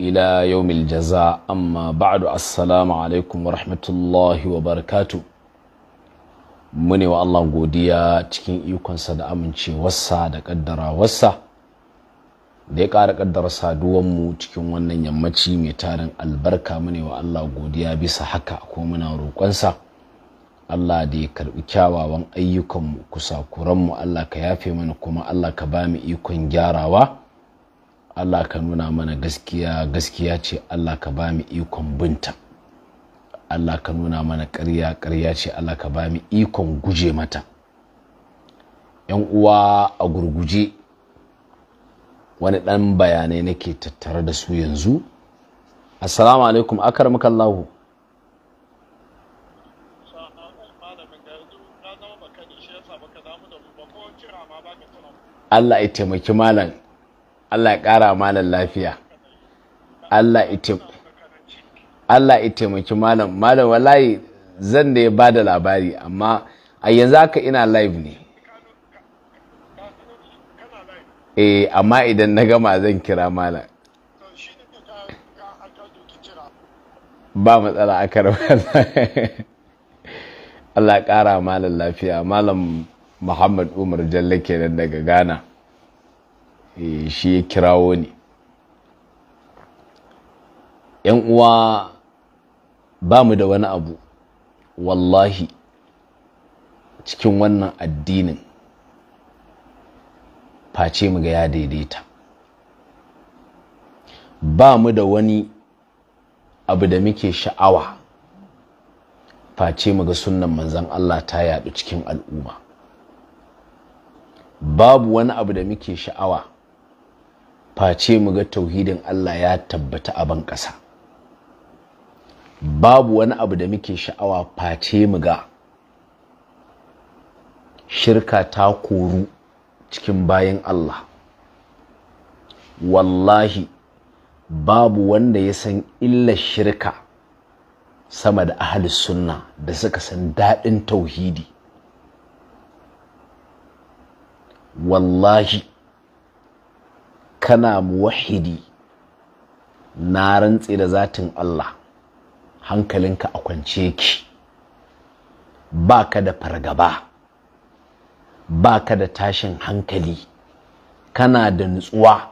ila mil jaza amma ba'adu assalamu alaikum wa rahmatullahi wa barakatu mune wa Allah godiya cikin ikonsa da amincewarsa da wasa. da ya ƙara kaddara saduwanmu cikin wannan yammaci mai tarin albarka mune wa Allah godiya bisa haka ko muna roƙonsa Allah da ya karɓi kyawawan ayyukanmu kuranmu Allah ka yafe mana kuma Allah ka ba mu ikon gyarawa Allah ka nuna mana gaskiya gaskiya ce Allah ka ba mu ikon binta Allah ka nuna mana ƙarya ƙarya ce Allah ka ba mu ikon guje mata yan uwa a gurguje wani ɗan bayanai nake tattare da su yanzu assalamu alaikum akar makallahu Allah ya taimaki malam Allah ya ƙara malam lafiya Allah ya taimaki malam malam wallahi zan da ya bada labari amma a yanzu haka ina live ne eh amma idan na gama zan kira malam ba matsala a karbar Allah ƙara malam lafiya malam Muhammad Umar Jalle kenan daga Ghana Eh, shi ya kirawo ne yan uwa ba mu da wani abu wallahi cikin wannan addinin face mu ga ya daidaita ba mu da wani abu da muke sha'awa face mu ga sunnan manzan Allah ta yaɗu cikin al'umma babu wani abu da muke sha'awa face mu ga tauhidin Allah ya tabbata a ban ƙasa babu wani abu da muke sha'awa face mu ga shirka ta koru cikin bayan Allah wallahi babu wanda ya san illar shirka sama da ahalus sunna da suka san daɗin tauhidi wallahi kana muwahidi na rantse da zatin Allah hankalinka a kwance ki ba ka da fargaba ba ka da tashin hankali kana da nutsuwa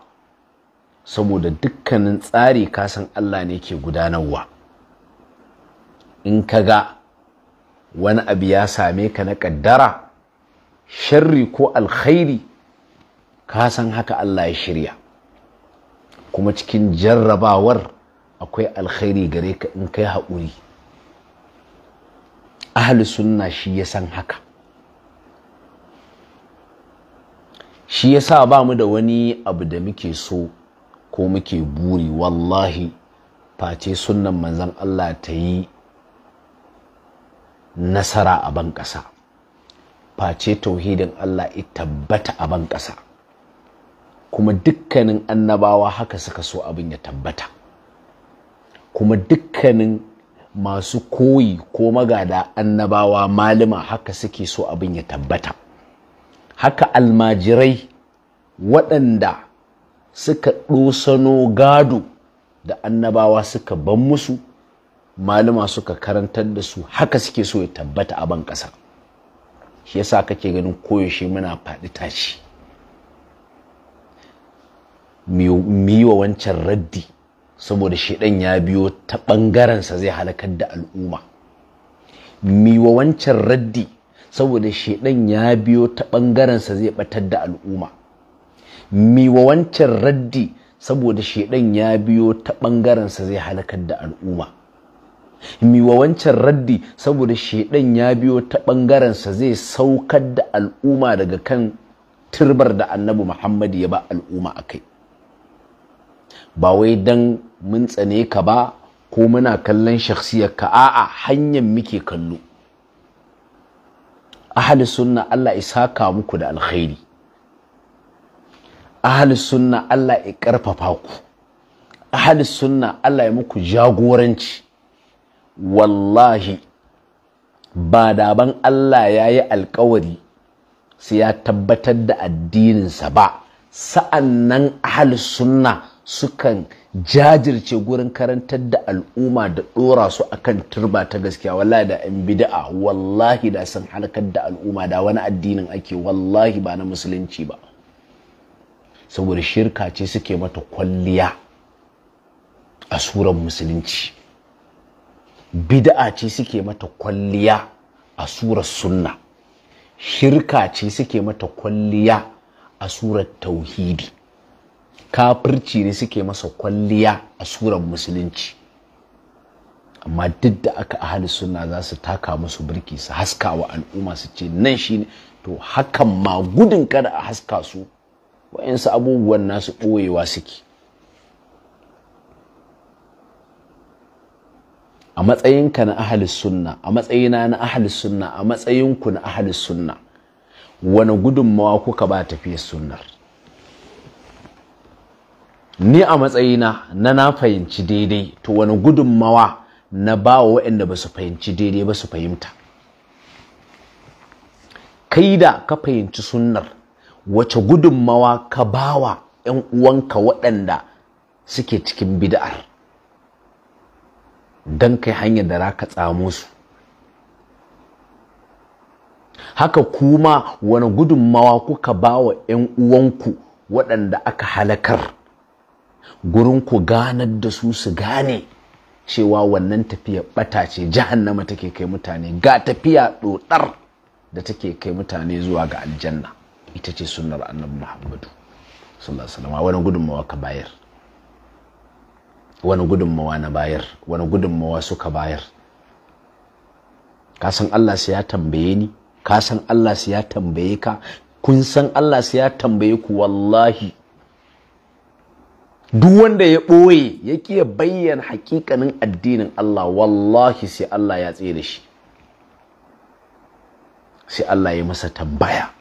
saboda dukkanin tsari kasan Allah ne ke gudanarwa in ka ga wani abu ya same ka na ƙaddara sharri ko alkhairi ka san haka Allah ya shirya kuma cikin jarrabawar akwai alkhairi gare ka in kai haƙuri ahli sunna shi ya san haka shi ya sa ba mu da wani abu da muke so ko muke buri wallahi face sunnan manzan Allah ta yi nasara a ban ƙasa face tauhidin Allah ya tabbata a ban ƙasa kuma dukkanin annabawa haka suka so abin ya tabbata kuma dukkanin masu koyi ko magada annabawa malama haka suke so abin ya tabbata haka almajirai waɗanda suka ɗosano gado da annabawa suka ban musu malama suka karantar da su haka suke so ya tabbata a ban ƙasa shi yasa kake ganin koyaushe muna faɗi tashi mu wa wancan raddi saboda shedan ya biyo ta ɓangarensa zai halakar da al'umma mu wa wancan raddi saboda shedan ya biyo ta ɓangarensa zai batar da al'umma mu wa wancan raddi saboda shedan ya biyo ta ɓangarensa zai halakar da al'umma wa wancan raddi saboda shedan ya biyo ta ɓangarensa zai saukar da al'umma daga kan turbar da annabi muhammad ya ba al'umma a kai ba wai dan mun tsane ka ba ko muna kallon shaksiyar ka a'a hanyar muke kallo ahal sunna Allah ya saka muku da alkhairi ahal sunna Allah ya karfafa ku ahal sunna Allah ya muku jagoranci wallahi ba daban Allah ya yi alkawari sai ya tabbatar da addininsa ba sa'an nan ahal sunna sukan jajirce gurin karantar da al'umma da ɗora su akan turba ta gaskiya wallahi da yan bida'a wallahi da sun halakar da al'umma da wani addinin ake wallahi ba na musulunci ba saboda shirka ce suke mata kwalliya a suran musulunci bida'a ce suke mata kwalliya a surar sunna shirka ce suke mata kwalliya a surar tauhidi kafirci ne suke masa kwalliya a suran musulunci amma duk da aka ahali suna za su taka musu birki su haska wa al'umma su ce nan shi ne to hakan ma gudun kada a haska su wa'insu abubuwan nasu ɓoyewa suke a matsayinka na ahli sunna a matsayina na ahli sunna a matsayinku na ahli sunna wani gudunmawa kuka ba tafiyar sunnar ni a matsayina na na fahimci daidai to wani gudunmawa na ba wa waɗanda ba su fahimci daidai ba su fahimta kai da ka fahimci sunnar wace gudunmawa ka bawa 'yan uwanka waɗanda suke cikin bid'ar don kai hanyar da za ka tsamo su haka kuma wani gudunmawa kuka ba wa 'yan uwanku waɗanda aka halakar gurin ku ganar da su su gane cewa wannan tafiya bata ce jahannama take kai mutane ga tafiya dodar da take kai mutane zuwa ga aljanna ita ce sunnar annabi muhammadu sallallahu wani gudunmawa ka bayar wani gudunmawa na bayar wani gudunmawa suka bayar ka san Allah sai ya tambaye ni ka san Allah sai ya tambaye ka kun san Allah sai ya tambaye ku wallahi duk wanda ya ɓoye ya ke bayyana hakikanin addinin Allah wallahi sai Allah ya tsere da shi sai Allah ya masa tambaya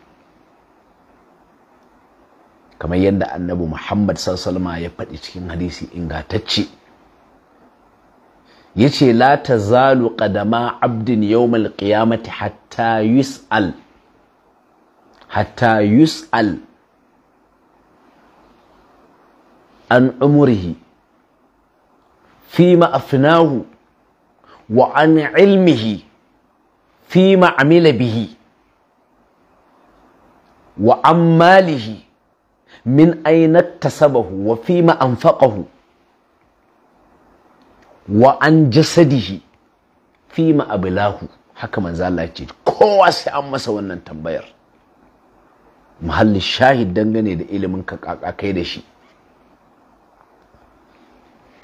kamar yadda annabi Muhammad sallallahu ya faɗi cikin hadisi ingatacce yace la zalu qadama abdin yawmal qiyamati hatta yus'al hatta yus'al an umurihi fima afnahu wa an ilmihi fima amila bihi wa an malihi min aina tasabahu wa fima anfaqahu wa an jasadihi fima abilahu haka manzo Allah ce kowa sai an masa wannan tambayar muhallin shahid dangane da ilimin ka kai da shi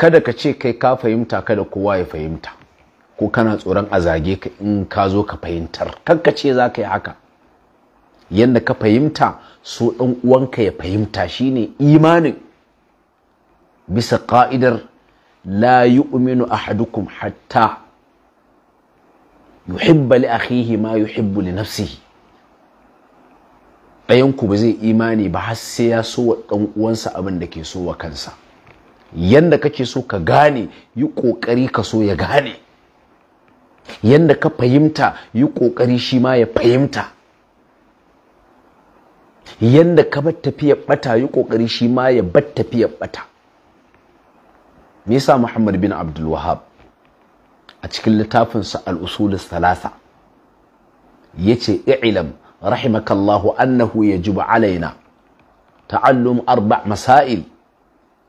kada ka ce kai ka fahimta kada kowa ya fahimta ko kana tsoron a zage ka in ka zo ka fahimtar kanka ce za ka yi haka yadda ka fahimta so ɗan uwanka ya fahimta shine imanin bisa ƙa'idar la yu'minu ahadukum hatta yuhibba li akhihi ma yuhibbu li nafsihi ɗayanku ba zai imani ba har sai ya so wa ɗan uwansa abin da ke so wa kansa yanda kake so ka gane yi ƙoƙari ka so ya gane yanda ka fahimta yi ƙoƙari shi ma ya fahimta yanda ka bar tafiyar bata yi ƙoƙari shi ma ya bar tafiyar bata me yasa Muhammad bin Abdulwahab, a cikin littafin littafinsa al-usul salasa yace i'lam rahimakallahu annahu yajibu alaina ta'allum arba' masail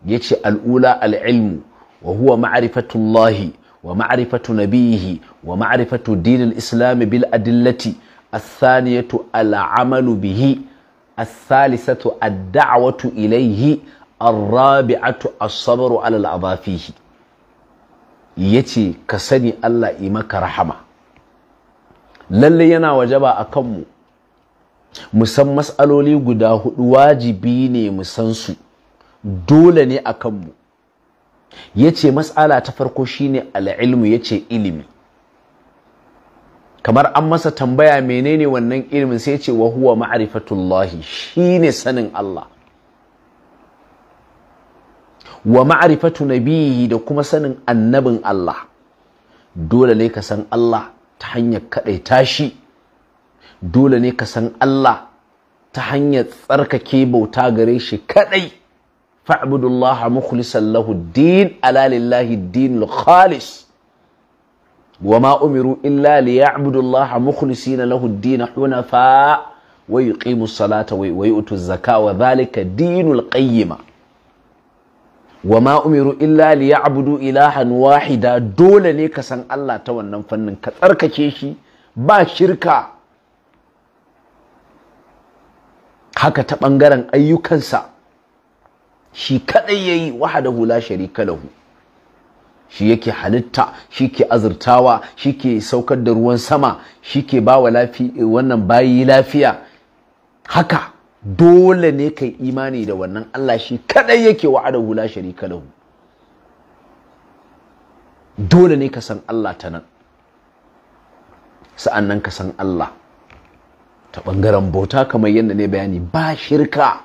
yace al'ula al'ilmu wa huwa ma'arifatullahi wa ma'arifatu nabiyihi wa ma'arifatu dinin islam bil adillati asaniyatu saniyatu al'amalu bihi asalisatu salisatu ilaihi dawatu ilayhi ar-rabi'atu as-sabru 'ala yace ka sani Allah yi maka rahama lalle yana wajaba a kanmu musan san matsaloli guda hudu wajibi ne mu san su dole ne a kanmu ya ce matsala ta farko shine al'ilmu ya ce ilimi kamar an masa tambaya menene wannan ilimin sai ce wa huwa shi shine sanin Allah wa ma'arifatu nabihi da kuma sanin annabin Allah dole ne ka san Allah ta hanyar kaɗai tashi? dole ne ka san Allah ta hanyar tsarkake bauta gare shi kaɗai fa'budullaha mukhlishan lahu din ala lillahi din khalis wa ma umiru illa liya'budullaha mukhlisina lahu din hunafa wa yuqimu salata wa yu'tu zaka wa dhalika dinul qayyima wa ma umiru illa liya'budu ilahan wahida dole ne ka san Allah ta wannan fannin ka tsarkake shi ba shirka haka ta ɓangaren ayyukansa shi kadai yayi hula la sharika lahu shi yake halitta shi ke azurtawa shi ke saukar da ruwan sama shi ke ba wa wannan bayi lafiya haka dole ne kai imani da wannan Allah shi kaɗai yake hula la sharika lahu dole ne ka san Allah ta nan Sa'an nan ka san Allah ta ɓangaren bauta kamar yadda ne bayani ba shirka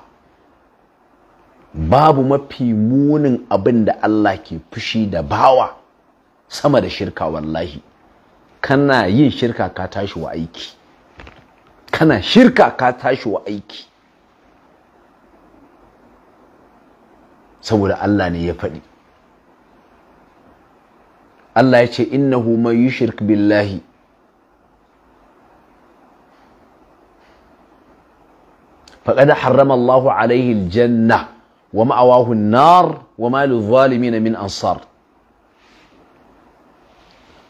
babu mafi munin abin da Allah ke fushi da bawa sama da shirka wallahi kana yin shirka ka tashi wa aiki kana shirka ka tashi wa aiki saboda Allah ne ya faɗi Allah ya ce innahu man yushrik billahi faqad harrama Allahu alaihi janna. wa ma'awahu nar wa malu zalimin min ansar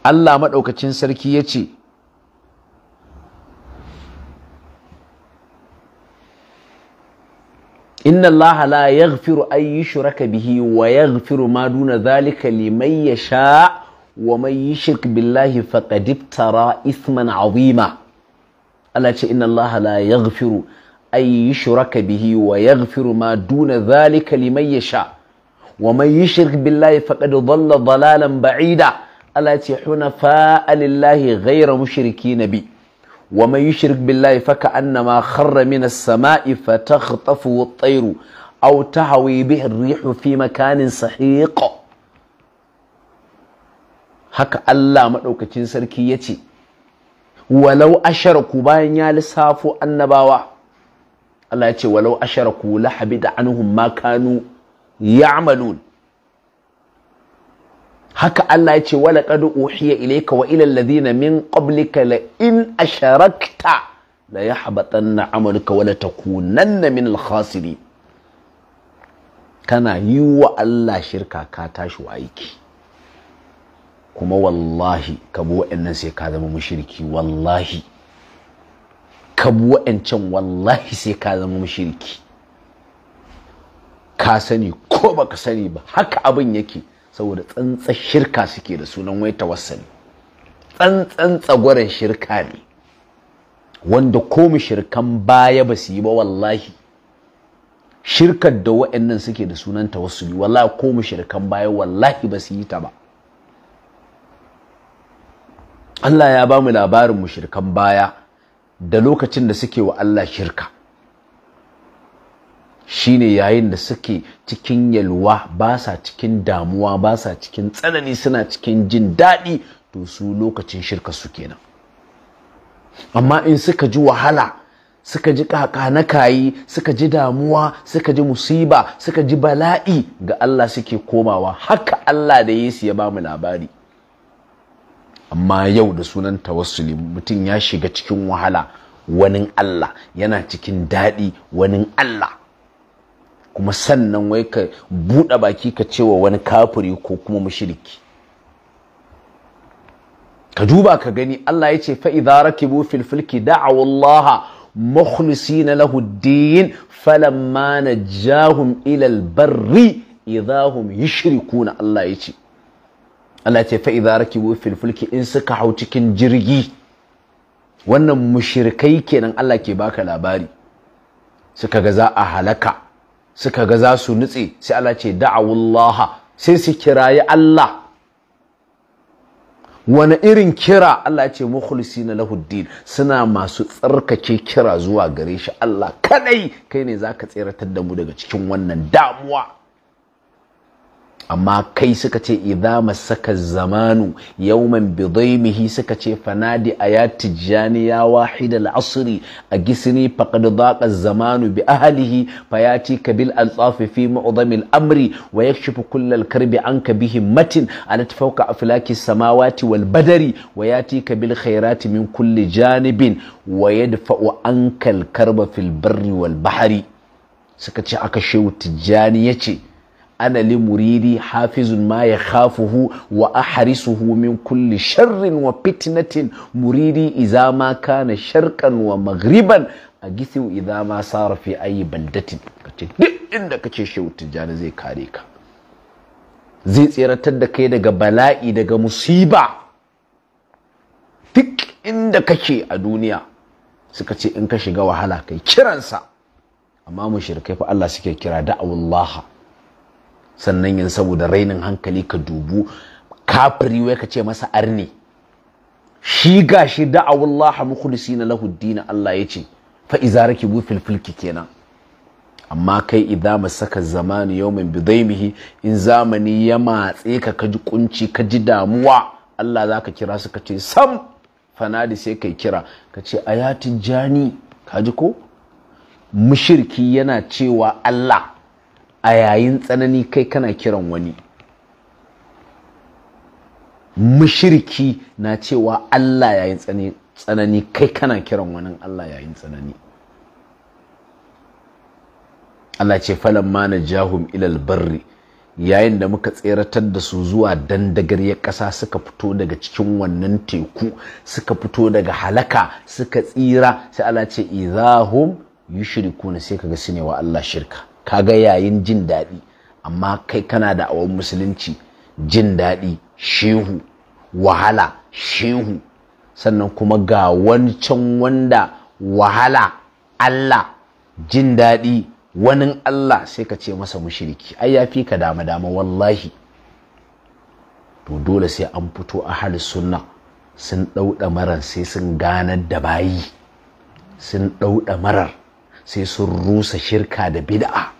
Allah maɗaukacin sarki ya ce inna Allah la yaghfiru an yushraka bihi wa yaghfiru ma duna zalika mai yasha wa man yushrik billahi faqad iftara ithman azima Allah ce inna Allah la yaghfiru ay yushraka bihi wa yaghfiru ma duna zalika liman yasha wa man yushrik billahi faqad dhalla dhalalan ba'ida Allah ce hunafa lillahi ghayra mushrikina bi wa man yushrik billahi faka annama kharra min as-sama'i fatakhtafu at-tayru aw tahwi bihi fi makanin sahiq haka Allah madaukakin sarki yace walau asharku bayan ya lissafo annabawa Allah ya ce walau asharaku la habida anhum ma kanu ya'malun haka Allah ya ce wala qad uhiya ilayka wa ila alladhina min qablika la in asharakta la yahbatanna amaluka wa la na min al kana yi wa Allah shirka ka tashi wa aiki kuma wallahi ka bi wa'annan sai ka zama mushriki wallahi ka bi wa'ancan wallahi sai ka zama mashirki ka sani ko baka sani ba haka abin yake saboda tsantsan shirka suke da sunan wai tawassali tsantsan tsagwaron shirka ne wanda ko mashirkan baya ba su yi ba wallahi shirkar da wa'annan suke da sunan tawassuli wallahi ko mashirkan baya wallahi ba su yi ta ba Allah ya ba mu labarin mashirkan baya da lokacin da suke wa Allah shirka shine yayin da suke cikin yalwa ba sa cikin damuwa ba sa cikin tsanani suna cikin jin daɗi to su lokacin shirka su kenan amma in suka ji wahala suka ji kaka na kayi suka ji damuwa suka ji musiba suka ji bala'i ga Allah suke komawa haka Allah da Yesu ya ba mu labari amma yau da sunan tawassuli mutum ya shiga cikin wahala wani Allah yana cikin daɗi wani Allah kuma sannan wai ka buɗe baki ka ce wa wani kafuri ko kuma mushriki ka duba ka gani Allah ya ce fa'iza rakibu filfilki filki da'awu Allah na na din falamma mana jahun ilal barri idahum yushrikuna Allah ya ce Allah ce fa idza rakibu fil fulki in suka hau cikin jirgi wannan mushrikai kenan Allah ke baka labari suka ga za a halaka suka ga za su nutse sai Allah ce da'awullaha sai su kirayi Allah wani irin kira Allah ce mukhlisina lahuddin suna masu tsarkake kira zuwa gare shi Allah kadai kai ne zaka tseratar da mu daga cikin wannan damuwa amma kai suka ce idza masaka zamanu yawman bidaimihi suka ce fanadi ayat tijani ya wahid al-asri a gisini faqad daqa zamanu bi ahlihi fayati kabil al-tsaf fi mu'dham al-amri wa yakshifu kull al-karbi anka bi himmatin ala tafawqa aflaki samawati wal badari wa yati kabil khairati min kulli janibin wa yadfa'u anka al-karba fil barri wal bahri suka ce aka shehu tijani yace ana li muridi hafizun ma ya khafuhu wa ahrisuhu min kulli sharrin wa fitnatin muridi idza ma kana sharqan wa maghriban a gisiu idza ma sara fi ayi bandatin kace duk inda kace shehu tijjani zai kare ka zai tseratar da kai daga bala'i daga musiba duk inda kake a duniya suka ce in ka shiga wahala kai kiransa amma mushrikai fa Allah suke kira da'awullaha sannan yin saboda rainin hankali ka dubu kafiri wai ka ce masa arni shi ga shi gashi da'awullah mukhlisina lahu din Allah ya ce fa iza rakibu fil fulki kenan amma kai idza masaka zamanu yawmin bidaimihi in zamani ya matse ka kaji kunci kaji damuwa Allah zaka kira su ka ce sam fanadi sai kai kira ka ce ayatin jani kaji ko mushirki yana cewa Allah a yayin tsanani kai kana kiran wani mushiriki na cewa Allah yayin tsanani kai kana kiran wani Allah yayin tsanani Allah ce falan mana jahum ilal barri yayin da muka tseratar da su zuwa dandagar ya ƙasa suka fito daga cikin wannan teku suka fito daga halaka suka tsira sai Allah ce idahum yushrikuna sai kaga su ne wa Allah shirka kaga yayin jin daɗi amma kai kana da awon musulunci jin daɗi shehu wahala shehu sannan kuma ga wancan wanda wahala Allah jin daɗi wani Allah sai ka ce masa mushiriki ai ya fi ka dama dama wallahi to dole sai an fito a halin sunna sun ɗauɗa marar sai sun gane da bayi sun ɗauɗa marar sai sun rusa shirka da bid'a.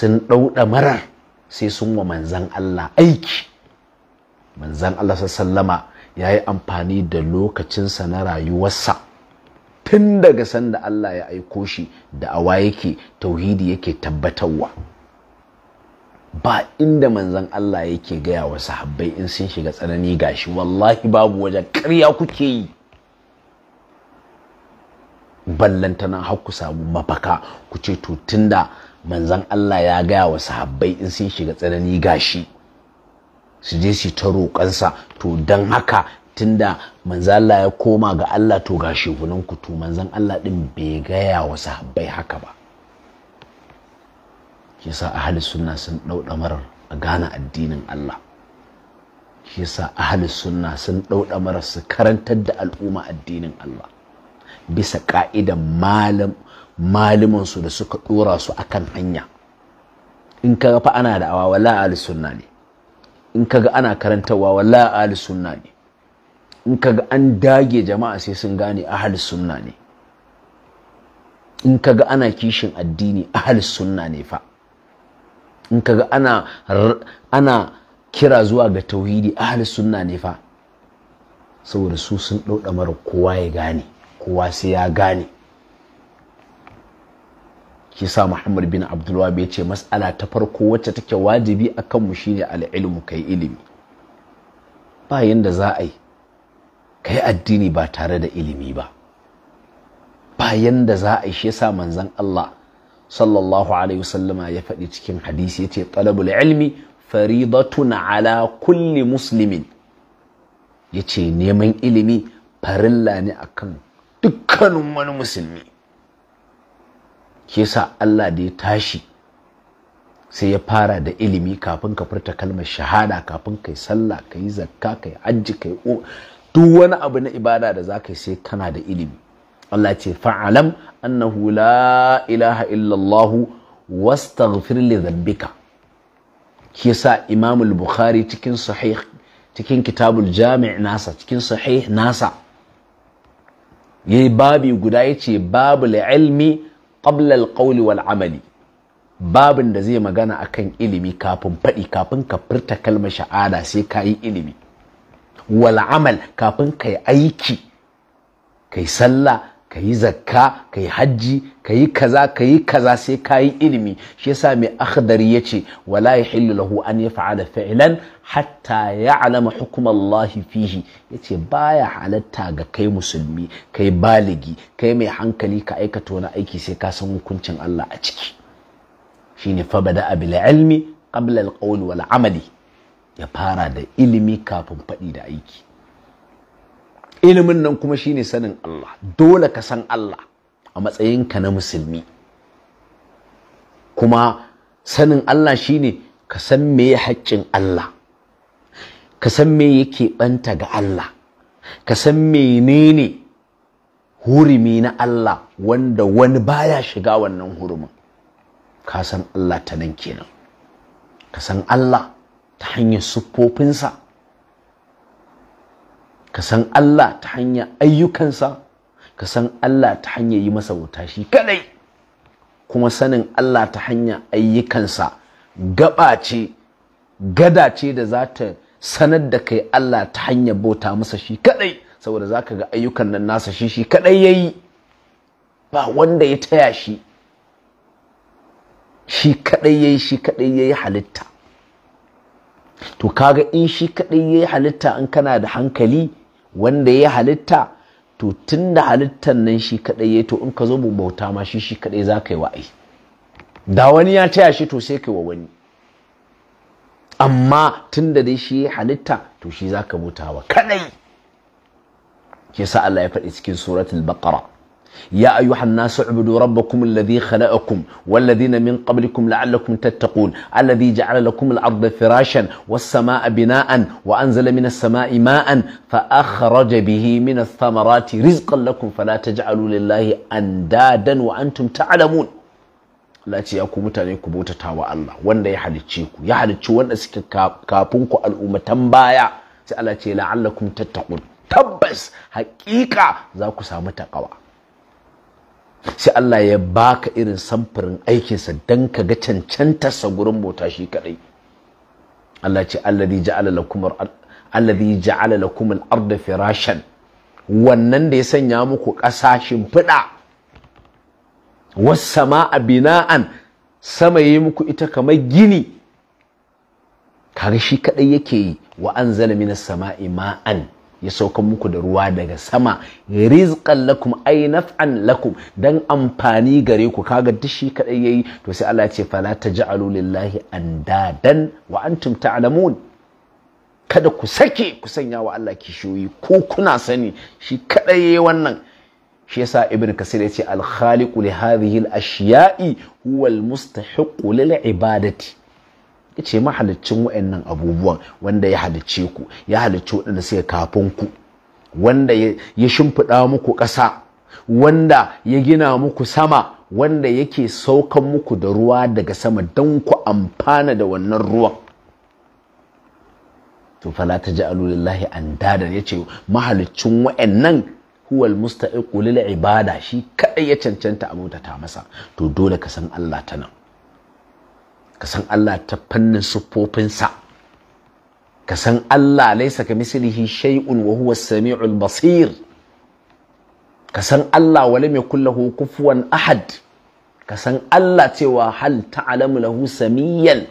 sun ɗauɗa marar sai sun wa manzan Allah aiki manzan Allah sallama ya yi amfani da lokacinsa na rayuwarsa tun daga sanda Allah ya aiko shi da awa yake tauhidi yake tabbatarwa ba inda manzan Allah yake gaya wa sahabbai in sun shiga tsanani gashi wallahi babu wajen ƙarya kuke yi ballantana har ku samu mafaka ku ce to tunda manzan Allah ya gaya wa sahabbai in sun shiga tsanani gashi su je su ta roƙansa to don haka tunda manzan Allah ya koma ga Allah to gashi shegunan ku to manzan Allah ɗin bai gaya wa sahabbai haka ba yasa ahli sunna sun dau damarar a gane addinin Allah shi yasa ahli sunna sun dau damarar su karantar da al'umma addinin Allah bisa ƙa'idan malam malumansu da suka ɗora su akan hanya in kaga fa ana da awa wala ahli sunna ne in kaga ana karantawa wala ahli sunna ne in kaga an dage jama'a sai sun gane ahli sunna ne in kaga ana kishin addini ahli sunna ne fa in kaga ana ana kira zuwa ga tauhidi ahli sunna ne fa saboda su sun dauɗa mara kowa ya gane kowa sai ya gane kisa Muhammad bin Abdulwa Wahab ya ce mas'ala ta farko wacce take wajibi akan mu shine al kai ilimi ba yanda za a yi kai addini ba tare da ilimi ba ba yanda za a yi shi yasa manzon Allah sallallahu alaihi wasallama ya faɗi cikin hadisi Yace ce talabul ilmi faridatun ala kulli muslimin yace neman ilimi farilla ne akan dukkanin wani musulmi ke Allah da ya tashi sai ya fara da ilimi kafin ka furta kalmar shahada kafin kai sallah kai zakka kai hajji kai duk wani abu na ibada da zaka yi sai kana da ilimi Allah ce fa'alam annahu la ilaha illallah wastaghfir li dhanbika ke sa Imam al-Bukhari cikin sahih cikin kitabul jami' nasa cikin sahih nasa yayi babi guda yace babu ilmi qabla al wal amali babin da zai magana akan ilimi kafin faɗi kafin ka furta kalmar sha'ada sai ka yi ilimi wal amal kafin ka yi aiki kai sallah ka yi zakka ka yi hajji ka yi kaza ka yi kaza sai ka yi ilimi shi yasa mai akhdari ya ce wala ya hillu lahu an ya fa'ala fa'ilan hatta ya alama hukumallahi fihi ya ce baya halatta ga kai musulmi kai baligi kai mai hankali ka aikata wani aiki sai ka san hukuncin Allah a ciki shine fa bada bil ilmi qabla al wal amali ya fara da ilimi kafin faɗi da aiki ilimin nan kuma shine sanin Allah dole ka san Allah a matsayinka na musulmi kuma sanin Allah shine ka san me haƙƙin Allah ka san me yake banta ga Allah ka san menene hurumi na Allah wanda wani baya shiga wannan hurumin ka san Allah ta nan kenan ka san Allah ta hanyar siffofinsa ka san Allah ta hanyar ayyukansa ka san Allah ta hanyar yi masa wuta shi kadai kuma sanin Allah ta hanyar ayyukansa gaba ce gada ce da za ta sanar da kai Allah ta hanyar bauta masa shi kadai saboda za ka ga ayyukan nan nasa shi shi kadai ya yi ba wanda ya taya shi shi kadai ya yi shi kadai ya yi halitta to kaga in shi kadai ya yi halitta in kana da hankali wanda ya halitta to tun da halittan nan shi kaɗai ya to in ka zo bauta ma shi shi kaɗai za ka yi wa'ai da wani ya taya shi to sai ka wa wani amma tun da dai shi ya halitta to shi za ka bauta wa kaɗai ke sa Allah ya faɗi cikin suratul baqara يا أيها الناس اعبدوا ربكم الذي خلقكم والذين من قبلكم لعلكم تتقون الذي جعل لكم الأرض فراشا والسماء بناء وأنزل من السماء ماء فأخرج به من الثمرات رزقا لكم فلا تجعلوا لله أندادا وأنتم تعلمون Allah ce ya ku mutane ku bautata wa Allah wanda ya halicce ku ya halicci wanda suke kafin ku al'ummatan baya sai Allah ce la'allakum tattaqun tabbas haƙiƙa za ku samu takawa sai Allah ya baka irin samfurin aikinsa don ka ga cancantarsa gurin mota shi kaɗai Allah ce alladhi ja'ala lakum ja'ala al-ard firashan wannan da ya sanya muku ƙasa shimfiɗa was sama'a bina'an sama yi muku ita kamar gini kaga shi kaɗai yake yi wa anzala minas sama'i ma'an ya sauka muku da ruwa daga sama rizqan lakum ay naf'an lakum dan amfani gare ku kaga dishi kadai yayi to sai Allah ya ce fala taj'alu lillahi andadan wa antum ta'lamun kada ku sake ku sanya wa Allah kishiyoyi ko kuna sani shi kadai yayi wannan shi yasa ibn kasir ya ce al khaliqu li hadhihi al ashiya'i huwa al mustahiqu lil ibadati ce mahaliccin wa'annan abubuwan wanda ya halicce ku ya halicci waɗanda suka kafin ku wanda ya shimfiɗa muku ƙasa wanda ya gina muku sama wanda yake saukan muku da ruwa daga sama don ku amfana da wannan ruwan to fala ta ji alulillahi an dadan ya ce mahalicin wa'annan huwal musta'iqu lil ibada shi kadai ya cancanta abota ta masa to dole ka san Allah ta nan ka san Allah ta fannin siffofinsa ka san Allah laisa ka mislihi shay'un wa huwa samiul basir ka san Allah wa lam yakul lahu kufuwan ahad ka san Allah cewa hal ta'lamu lahu samiyan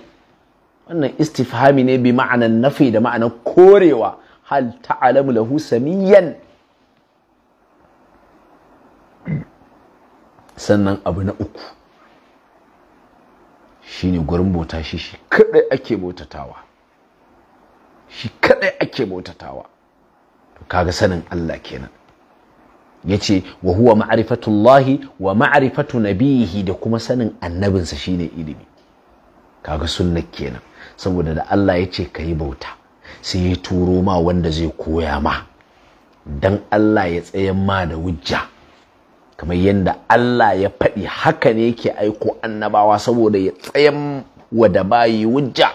wannan istifhami ne bi ma'anan nafi da ma'anan korewa hal ta'lamu lahu samiyan sannan abu na uku shine gurin bauta shi shi kaɗai ake bautatawa shi kadai ake bautatawa to kaga sanin Allah kenan yace wa huwa ma'rifatullahi wa ma'rifatu nabihi da kuma sanin annabinsa shine ilimi kaga sunna kenan saboda da Allah ya yace kai bauta sai ya turo ma wanda zai koya ma dan Allah ya tsayan ma da wujja kamar yadda Allah ya faɗi haka ne yake aiko annabawa saboda ya tsayan wa da bayi wujja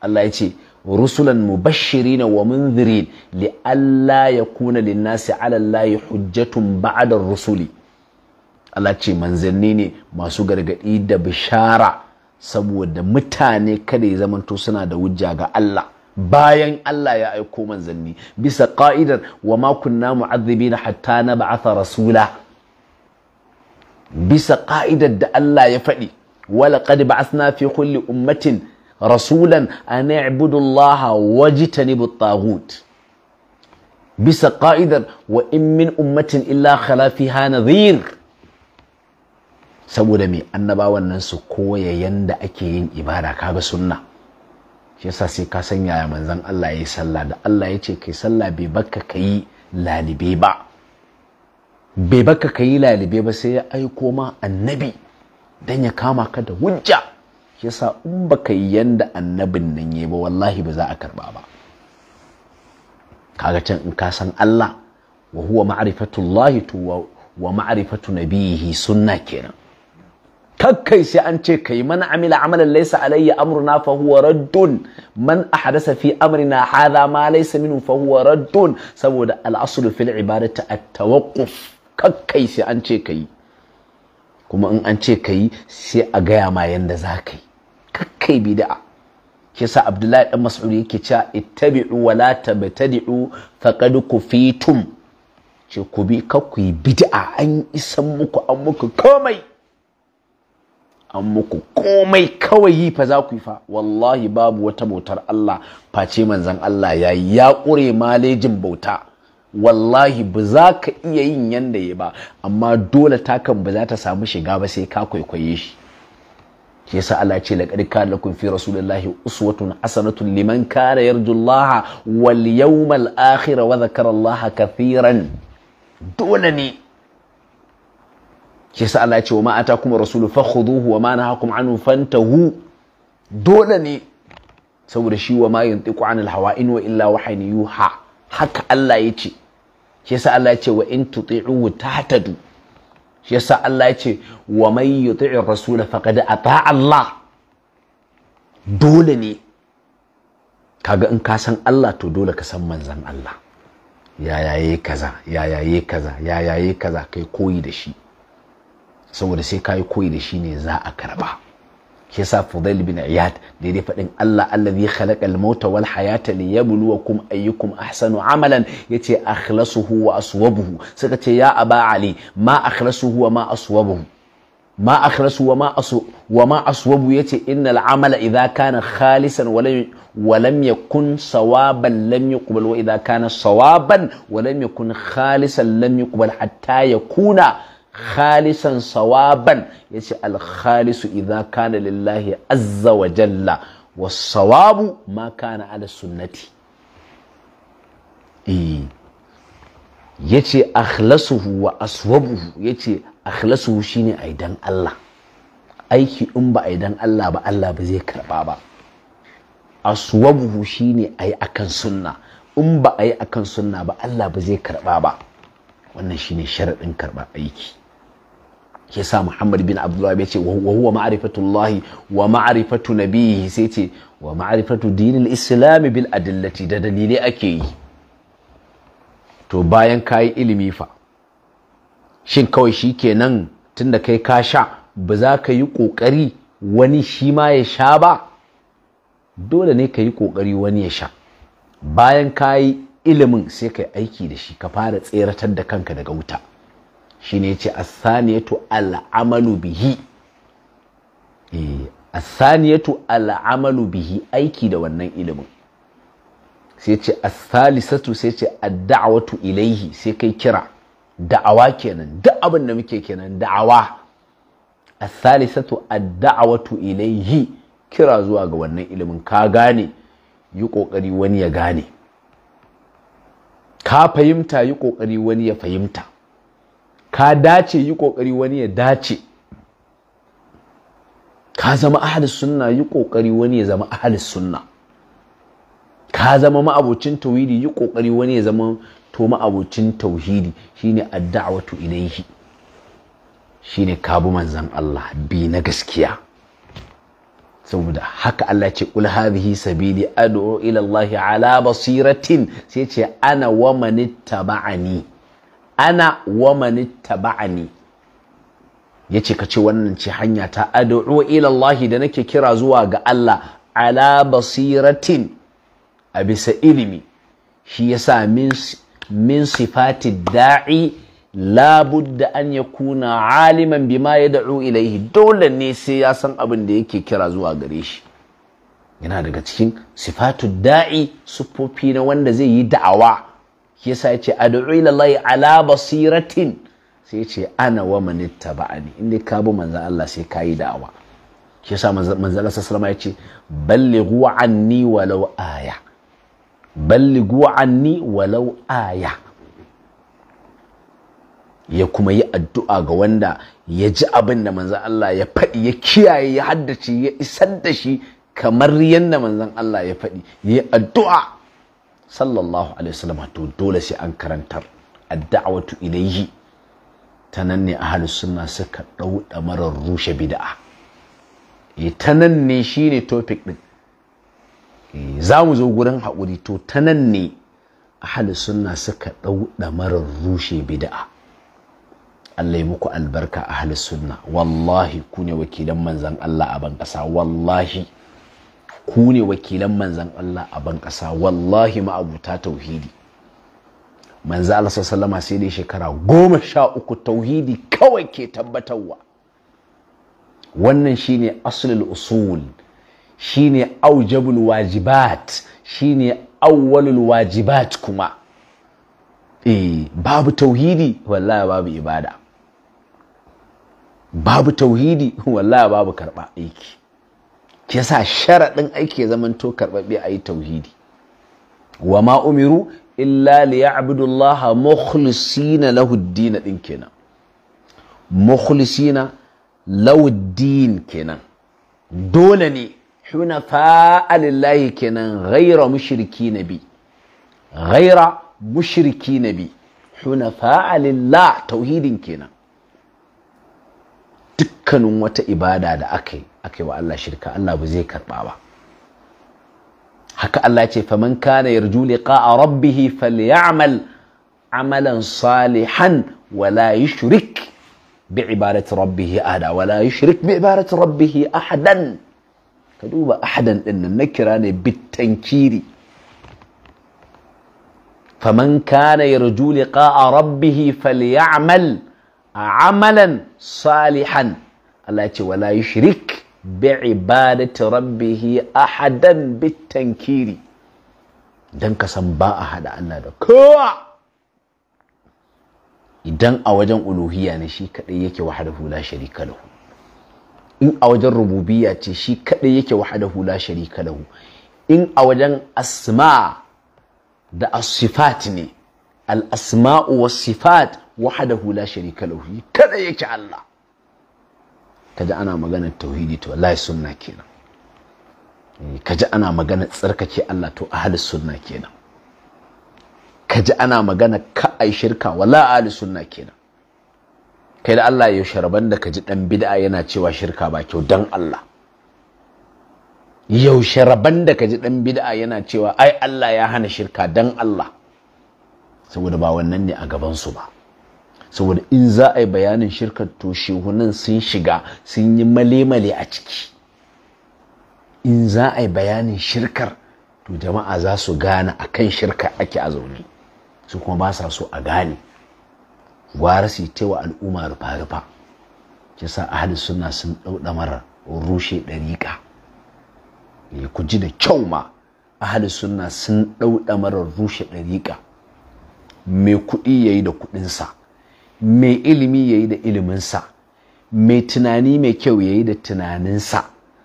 Allah ya ce rusulan mubashirina wa munzirin li alla yakuna linnasi ala Allah hujjatun ba'da rusuli Allah ce manzanni ne masu gargadi da bishara saboda mutane kada ya zamanto suna da wujja ga Allah bayan Allah ya aiko manzanni bisa ƙa'idar wa ma kunna mu'azzibina hatta na ba'atha rasula bisa ƙa'idar da Allah ya faɗi wala qad ba'athna fi kulli ummatin rasulan an i'budu Allah wajtanibu at-taghut bisa ƙa'idar wa in min ummatin illa khala fiha nadhir saboda mai annabawan nan su koya yanda ake yin ibada kaga sunna shi yasa sai ka san yaya manzon Allah yayi sallah da Allah ya ce kai sallah bai bakka kai lalibe ba bai baka ka yi lalibe ba sai ya aiko ma annabi don ya kama ka da hujja yasa in baka yi yanda annabin nan ya ba wallahi ba za a karba ba kaga can in ka san Allah wa huwa ma'rifatullahi tuwa wa ma'rifatu nabihi sunna kenan kakkai sai an ce kai man amila amalan laysa alayya amruna fa huwa raddun man ahdasa fi amrina hadha ma laisa minhu fa huwa raddun saboda al-aslu fil ibadati at-tawaqquf kakkai sai an ce ka yi kuma in an ce ka yi sai a gaya ma yadda za ka yi kakkai bida'a ke sa abdullahi dan mas'ud yake cewa ittabi'u wa la tabtadi'u faqad kufitum ce ku bi kakku yi bid'a an isan muku an muku komai an muku komai kawai yi fa za ku yi fa wallahi babu wata bautar Allah face manzon Allah yayi ya ƙure malejin bauta wallahi ba za ka iya yin yanda ya ba amma dole takan ba za ta samu shiga ba sai ka kwaikwaye shi shi yasa Allah ce laqad kana lakum fi rasulillahi uswatun hasanatun liman kana yarjullaha wal yawmal akhir wa dhakara Allah kathiran dole ne shi yasa Allah ce wa ma atakum rasulu fakhuduhu wa ma nahakum anhu fantahu dole ne saboda shi wa ma yantiqu anil hawa in wa illa wahyin yuha haka Allah ya ce shi yasa Allah ya ce wa in tuti'u tahtadu shi yasa Allah ya ce wa man yuti'u rasul faqad ata Allah dole ne kaga in ka san Allah to dole ka san manzon Allah ya yaye kaza ya yaye kaza ya yaye kaza kai koyi da shi saboda sai kayi koyi da shi ne za a karba ke sa Fudail bin Iyad daidai faɗin Allah allazi khalaqal mauta wal hayata liyabluwakum ayyukum ahsanu amalan yace akhlasuhu wa aswabuhu suka ce ya aba ali ma akhlasuhu wa ma aswabuhu ما أخلص yace أصو وما أصوب يتي kana العمل إذا كان خالصا ولم ولم يكن صوابا لم يقبل وإذا كان صوابا ولم يكن خالصا لم يقبل حتى يكون khalisan sawaban yace al khalisu idza kana lillahi azza wa jalla wa sawabu ma kana ala sunnati eh yace akhlasuhu wa aswabuhu yace akhlasuhu shine idan Allah aiki in ba idan Allah ba Allah ba zai karba ba aswabuhu shine yi akan sunna in ba yi akan sunna ba Allah ba zai karba ba wannan shine sharadin karba aiki ke sa Muhammad bin abdullahi ya ce wa huwa ma'rifatullahi wa ma'arifatu nabiyhi sai ce wa ma'arifatu dinil islami bil adillati da dalilai ake yi to bayan ka yi ilimi fa shin kawai shi tun tunda kai ka sha ba za ka yi ƙoƙari wani shi ma ya sha ba dole ne ka yi kokari wani ya sha bayan ka yi ilimin sai ka yi aiki da shi ka fara tseratar da kanka daga wuta shine yace ce saniyatu bihi eh asaniyatu saniyatu al'amalu bihi aiki da wannan ilimin sai ce asalisatu sai ce ad'awatu ilaihi sai kai kira da'awa kenan duk abin da muke kenan da'awa asalisatu ad'awatu ilaihi kira zuwa ga wannan ilimin ka gane yi kokari wani ya gane ka fahimta yi kokari wani ya fahimta ka dace yi kokari wani ya dace ka zama ahalis sunna yi kokari wani ya zama ahalis sunna ka zama ma'abocin tauhidi yi kokari wani ya zama to ma'abocin tauhidi shine adda'watu ilaihi shine ka bi manzon Allah bi na gaskiya saboda haka Allah ce kul hadhihi sabili ad'u ila Allah ala basiratin sai ce ana wa man ittaba'ani ana wa mani taba'ani ya ce ka ce wannan ce hanya ta ad'u ila ilallahi da nake kira zuwa ga Allah ala basiratin a bisa ilimi shi yasa min min sifati da'i da an ya kuna aliman bima ya da'u ilaihi dole ne sai ya san abin da yake kira zuwa gare shi yana daga cikin sifatu da'i su na wanda zai yi da'awa yasa yace ad'u ila Allah ala basiratin sai ce ana wa man ba'ani. inda ka bi manzan Allah sai ka yi da'awa yasa manzan Allah ce alaihi ce, ballighu anni walau aya ballighu anni walau aya ya kuma yi addu'a ga wanda ya ji abin da manzan Allah ya faɗi ya kiyaye ya haddace ya isar da shi kamar yadda manzan Allah ya faɗi ya addu'a sallallahu alaihi wasallam to dole sai an karantar ad-da'watu ilayhi ta nan ne ahlus sunna suka dau marar rushe bid'a e ta nan ne shine topic din eh, za mu zo gurin haƙuri to ta nan ne ahlus sunna suka ɗauɗa marar rushe bid'a Allah ya muku albarka ahlus sunna wallahi ku ne wakilan manzon Allah a ban ƙasa wallahi ku ne wakilan manzan Allah a ban ƙasa wallahi ma'abuta tauhidi manzan Allah sallama sai dai shekara goma sha uku tauhidi kawai ke tabbatarwa wannan shine aslul usul shine aujabul wajibat shine awwalul wajibat kuma eh babu tauhidi wallahi babu ibada babu tauhidi wallahi babu karɓa aiki yasa sharaɗin aiki ya zamanto karɓaɓɓe a yi tauhidi wa ma umiru illa li ya'budu Allah mukhlisina lahu din din kenan mukhlisina lahu din kenan dole ne hunafa lillahi kenan ghaira mushriki nabi ghaira mushriki nabi hunafa lillah tauhidin kenan dukkanin wata ibada da aka yi أكي والله شركا الله بزيكر بابا حكا الله يتي فمن كان يرجو لقاء ربه فليعمل عملا صالحا ولا يشرك بعبارة ربه أهدا ولا يشرك بعبارة ربه أحدا كدوبة أحدا إن النكران بالتنكير فمن كان يرجو لقاء ربه فليعمل عملا صالحا الله يتي ولا يشرك bi'ibadati rabbihi ahadan bitankiri dan ka san ba a hada Allah da kowa idan a wajen uluhiya ne shi kadai yake wahdahu la sharika lahu in a wajen rububiyya ce shi kadai yake wahdahu la sharika lahu in a wajen asma da asifat ne al-asma'u was-sifat wahdahu la sharika lahu kadai yake Allah kaji ana maganar tauhidi to wallahi sunna kenan eh, kaji ana maganar tsarkake Allah to ahli sunna kenan kaji ana magana ka ai shirka wala ahli sunna kenan kai da Allah ya sharban da kaji dan bid'a yana cewa shirka ba kyau dan Allah yaushe rabon da kaji dan bid'a yana cewa ai Allah ya hana shirka dan Allah saboda ba wannan ne a gaban su ba saboda in za a yi bayanin shirkar to shehunan sun shiga sun yi male-male a ciki in za a yi bayanin shirkar to jama'a za su gane a kan shirka ake a zaune su kuma ba sa so a gane gwara su ta wa al'umma rufa-rufa ke sa hadis suna sun ɗau mara rushe ɗariƙa eh, ku ji da kyau ma ahli suna sun ɗauɗa mara rushe ɗariƙa mai kuɗi ya yi da kuɗinsa mai ilimi ya yi da iliminsa mai tunani mai kyau ya yi da tunaninsa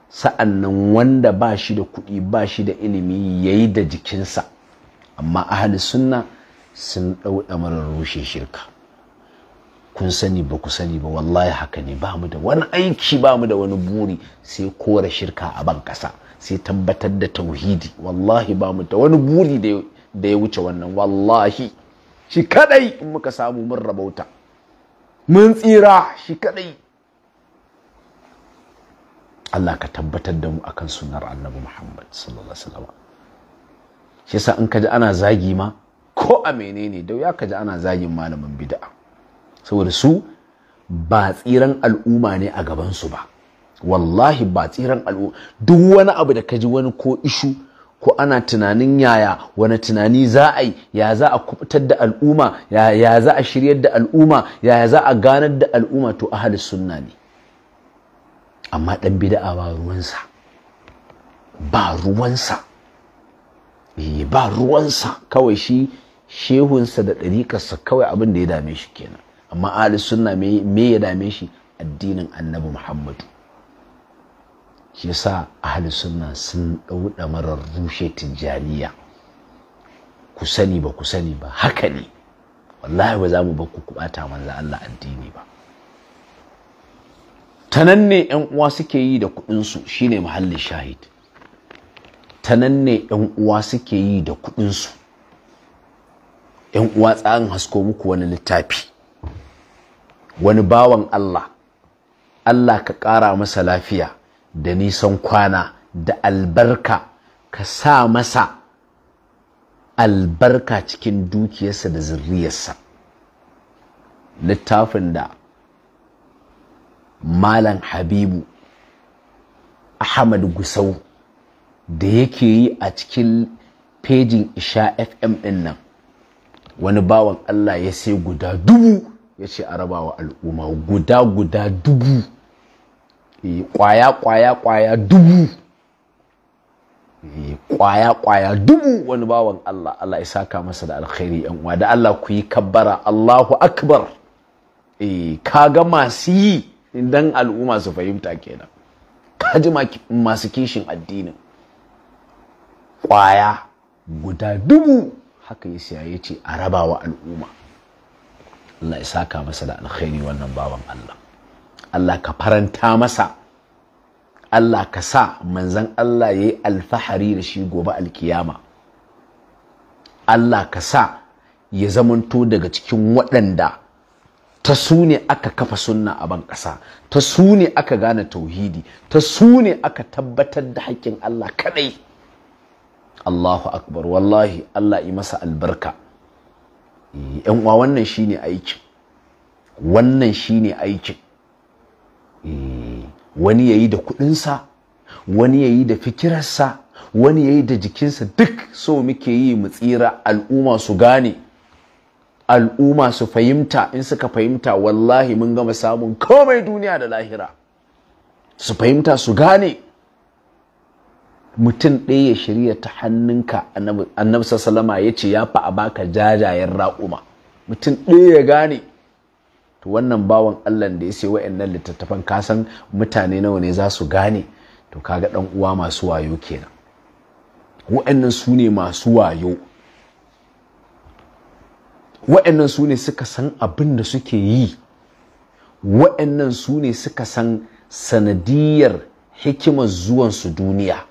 sa'an nan wanda ba shi da kuɗi ba shi da ilimi ya yi da jikinsa amma ahli sunna sun ɗau ɗamarar rushe shirka kun sani ba ku sani ba wallahi haka ne ba mu da wani aiki ba mu da wani buri sai kora shirka a ban ƙasa sai tabbatar da tauhidi wallahi ba mu da wani buri da ya wuce wannan wallahi shi kadai in muka samu mun rabauta mun tsira shi kadai Allah ka tabbatar da mu akan sunnar annabi Muhammad sallallahu alaihi wasallam shi yasa in ka ji ana zagi ma ko a menene da ya ka ji ana zagin malamin bid'a saboda su ba tsiran al'umma ne a gaban su ba wallahi ba tsiran al'umma duk wani abu da ka ji wani ko ishu ko ana tunanin yaya wani tunani za a yi ya za a kubutar da al'umma ya za a shiryar da al'umma ya za a ganar da al'umma to ahli sunna ne amma dan bid'a ba ruwansa ba ruwansa eh, ba ruwansa kawai shi shehunsa da ɗariƙarsa kawai abinda ya dame shi kenan amma ahli sunna me ya dame shi addinin annabi muhammadu ke yasa ahli sunna sun dauda marar rushe tijjaniya ku sani ba ku sani ba haka ne wallahi ba za mu ku kubata manzo Allah addini ba Tananne ne yan uwa suke yi da kuɗinsu su shine muhallin shahid Tananne ne yan uwa suke yi da kuɗin su yan uwa tsarin hasko muku wani littafi wani bawan Allah Allah ka ƙara masa lafiya da nisan kwana da albarka ka sa masa albarka cikin dukiyarsa da zurriyarsa littafin da malam habibu ahmad gusau da yake yi a cikin fejin isha fm din nan wani bawan allah ya sai guda dubu ya ce a rabawa al'umma guda guda dubu Eh, kwaya kwaya kwaya dubu eh, kwaya kwaya dubu wani bawan Allah Allah ya saka masa da alkhairi yan uwa da Allah ku yi kabbara Allahu akbar eh kaga masu yi dan al'umma su fahimta kenan kaji masu kishin addinin kwaya guda dubu haka ya siya ya ce a rabawa al'umma Allah ya saka masa da alkhairi wannan bawan Allah Allah ka faranta masa Allah ka sa manzan Allah ya yi alfahari da shi gobe alkiyama Allah ka sa ya zamanto daga cikin waɗanda ta su ne aka kafa sunna a ban ƙasa ta su ne aka gane tauhidi ta su ne aka tabbatar da haƙƙin Allah kaɗai Allahu akbar wallahi Allah yi masa albarka yan eh, uwa wannan shine aikin wannan shine aikin wani ya yi da kuɗinsa wani ya yi da fikirarsa wani ya yi da jikinsa duk so muke yi mu tsira al'umma su gane al'umma su fahimta in suka fahimta wallahi mun gama samun komai duniya da lahira su fahimta su gane mutum ɗaya ya shirya ta hannunka annabi salama ya ce ya fi a baka jajayen raƙuma mutum ɗaya ya gane to wannan bawan Allah da ya sai wa'annan littattafan kasan mutane nawa ne za su gane to kaga dan uwa masu wayo kenan wa'annan su ne masu wayo wa'annan su ne suka san abin da suke yi wa'annan su ne suka san sanadiyar hikimar zuwansu duniya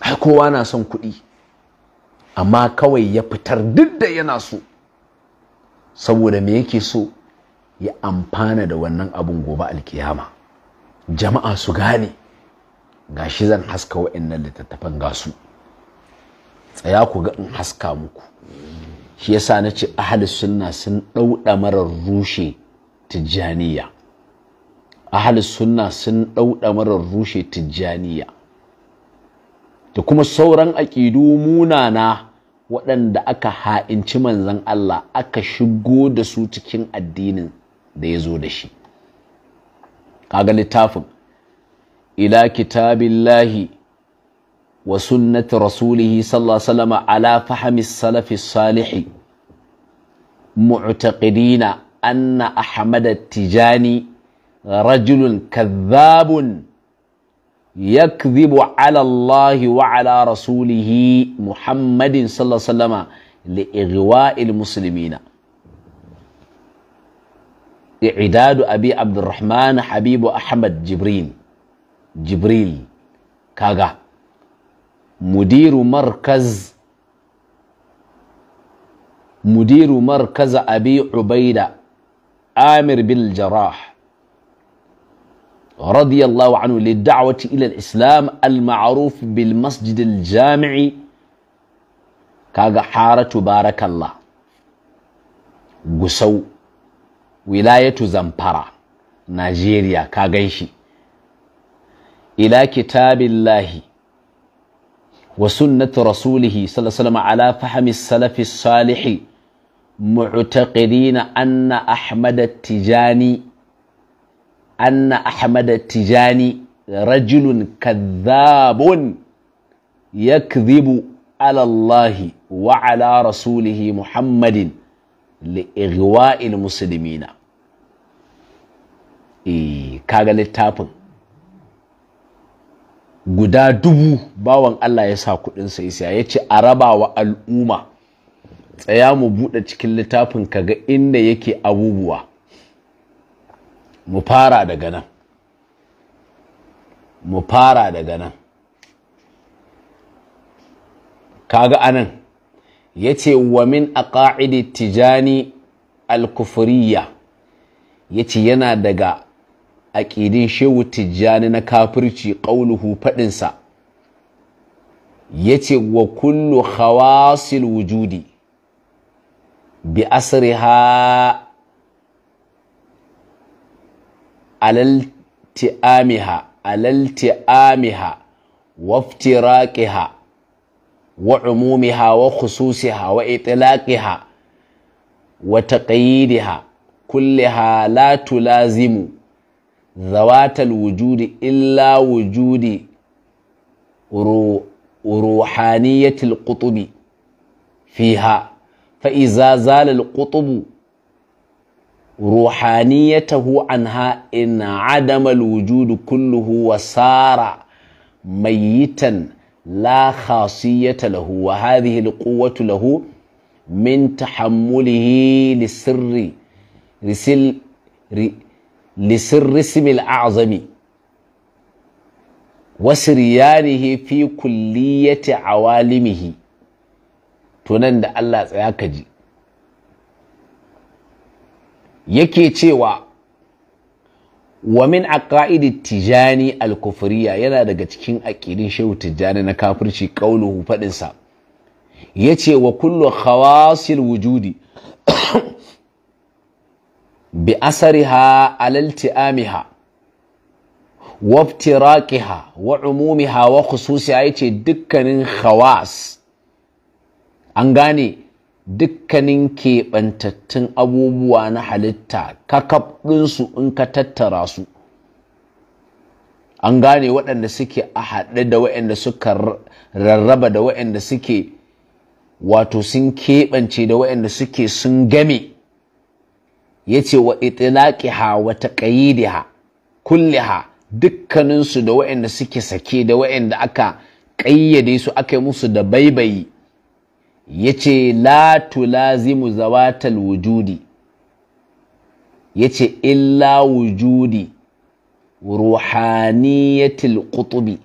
ai kowa na son kuɗi amma kawai ya fitar duk da yana so saboda me yake so ya amfana da wannan abin gobe alkiyama jama'a su gane gashi zan haska wa'annan littattafan gasu tsaya ku ga in haska muku shi yasa na ce ahalus sunna sun ɗauɗa marar rushe tijjaniya ahalus sunna sun ɗauɗa marar rushe tijjaniya da kuma sauran aƙidu munana waɗanda aka ha'inci manzan Allah aka shigo da su cikin addinin da ya zo da shi kaga littafin ila kitabillahi wa sunnati rasulihi sallallahu alaihi ala fahmi salafi salihi mu'taqidina anna ahmad tijani rajulun kadhabun يكذب على wa ala rasulihi muhammadin صلى الله عليه وسلم i'dadu abi abdurrahman habibu ahmad jibril jibril kaga mudiru markaz mudiru markaz abi ubaida amir bil jarah رضي الله عنه للدعوة إلى الإسلام المعروف بالمسجد الجامع كاغا حارة بارك الله قسو wilayatu zamfara najeriya ka gan shi ila kitabillahi wa sunnati rasulihi sallallahu ala fahmi salafi salihi mu'taqidina anna ahmad tijani anna ahmad tijani rajulun kadhabun yakdhibu wa الله rasulihi muhammadin li لإغواء المسلمين eh kaga littafin guda dubu bawan Allah ya sa sai-sai. ya ce a raba wa al'umma tsaya mu buɗe cikin littafin kaga inda yake abubuwa mu fara daga nan mu fara daga nan kaga anan ya ce wa min aqa'idi tijani al-kufriya ya ce yana daga aƙidin shehu tijjani na kafirci faɗinsa, ya yace wa kullu hawasil wujudi bi asriha alal ti'amiha alal wa umumiha wa khususiha wa itlaqiha wa taqyidiha kullaha la tulazimu ذوات الوجود إلا وجود روحانية القطب فيها فإذا زال القطب روحانيته عنها انعدم الوجود كله وصار ميتا لا خاصية له وهذه القوة له من تحمله لسر رسل lisirrisimil a'azami wasiriyanihi fi kulliyati awalimihi tunan da Allah tsaya ka ji yake cewa wa min aqaidi tijani al-kufriya yana daga cikin aqidin shehu tijani na kafirci qauluhu fadin sa yace wa kullu khawasil wujudi bi asariha amiha, wa raƙiha, wa umumiha wa ya ce dukkanin khawas an gane dukkanin keɓantattun abubuwa na halitta kakaf ɗinsu in ka tattara su an gane waɗanda suke a haɗe da waɗanda suka rarraba da waɗanda suke wato sun keɓance da waɗanda suke sun game yace wa itlaqiha wa taqyidiha kulliha dukkaninsu da waɗanda suke sake da waɗanda aka kayyade su aka yi musu da baibayi yace la tulazimu zawatal wujudi yace illa wujudi ruhaniyatil qutubi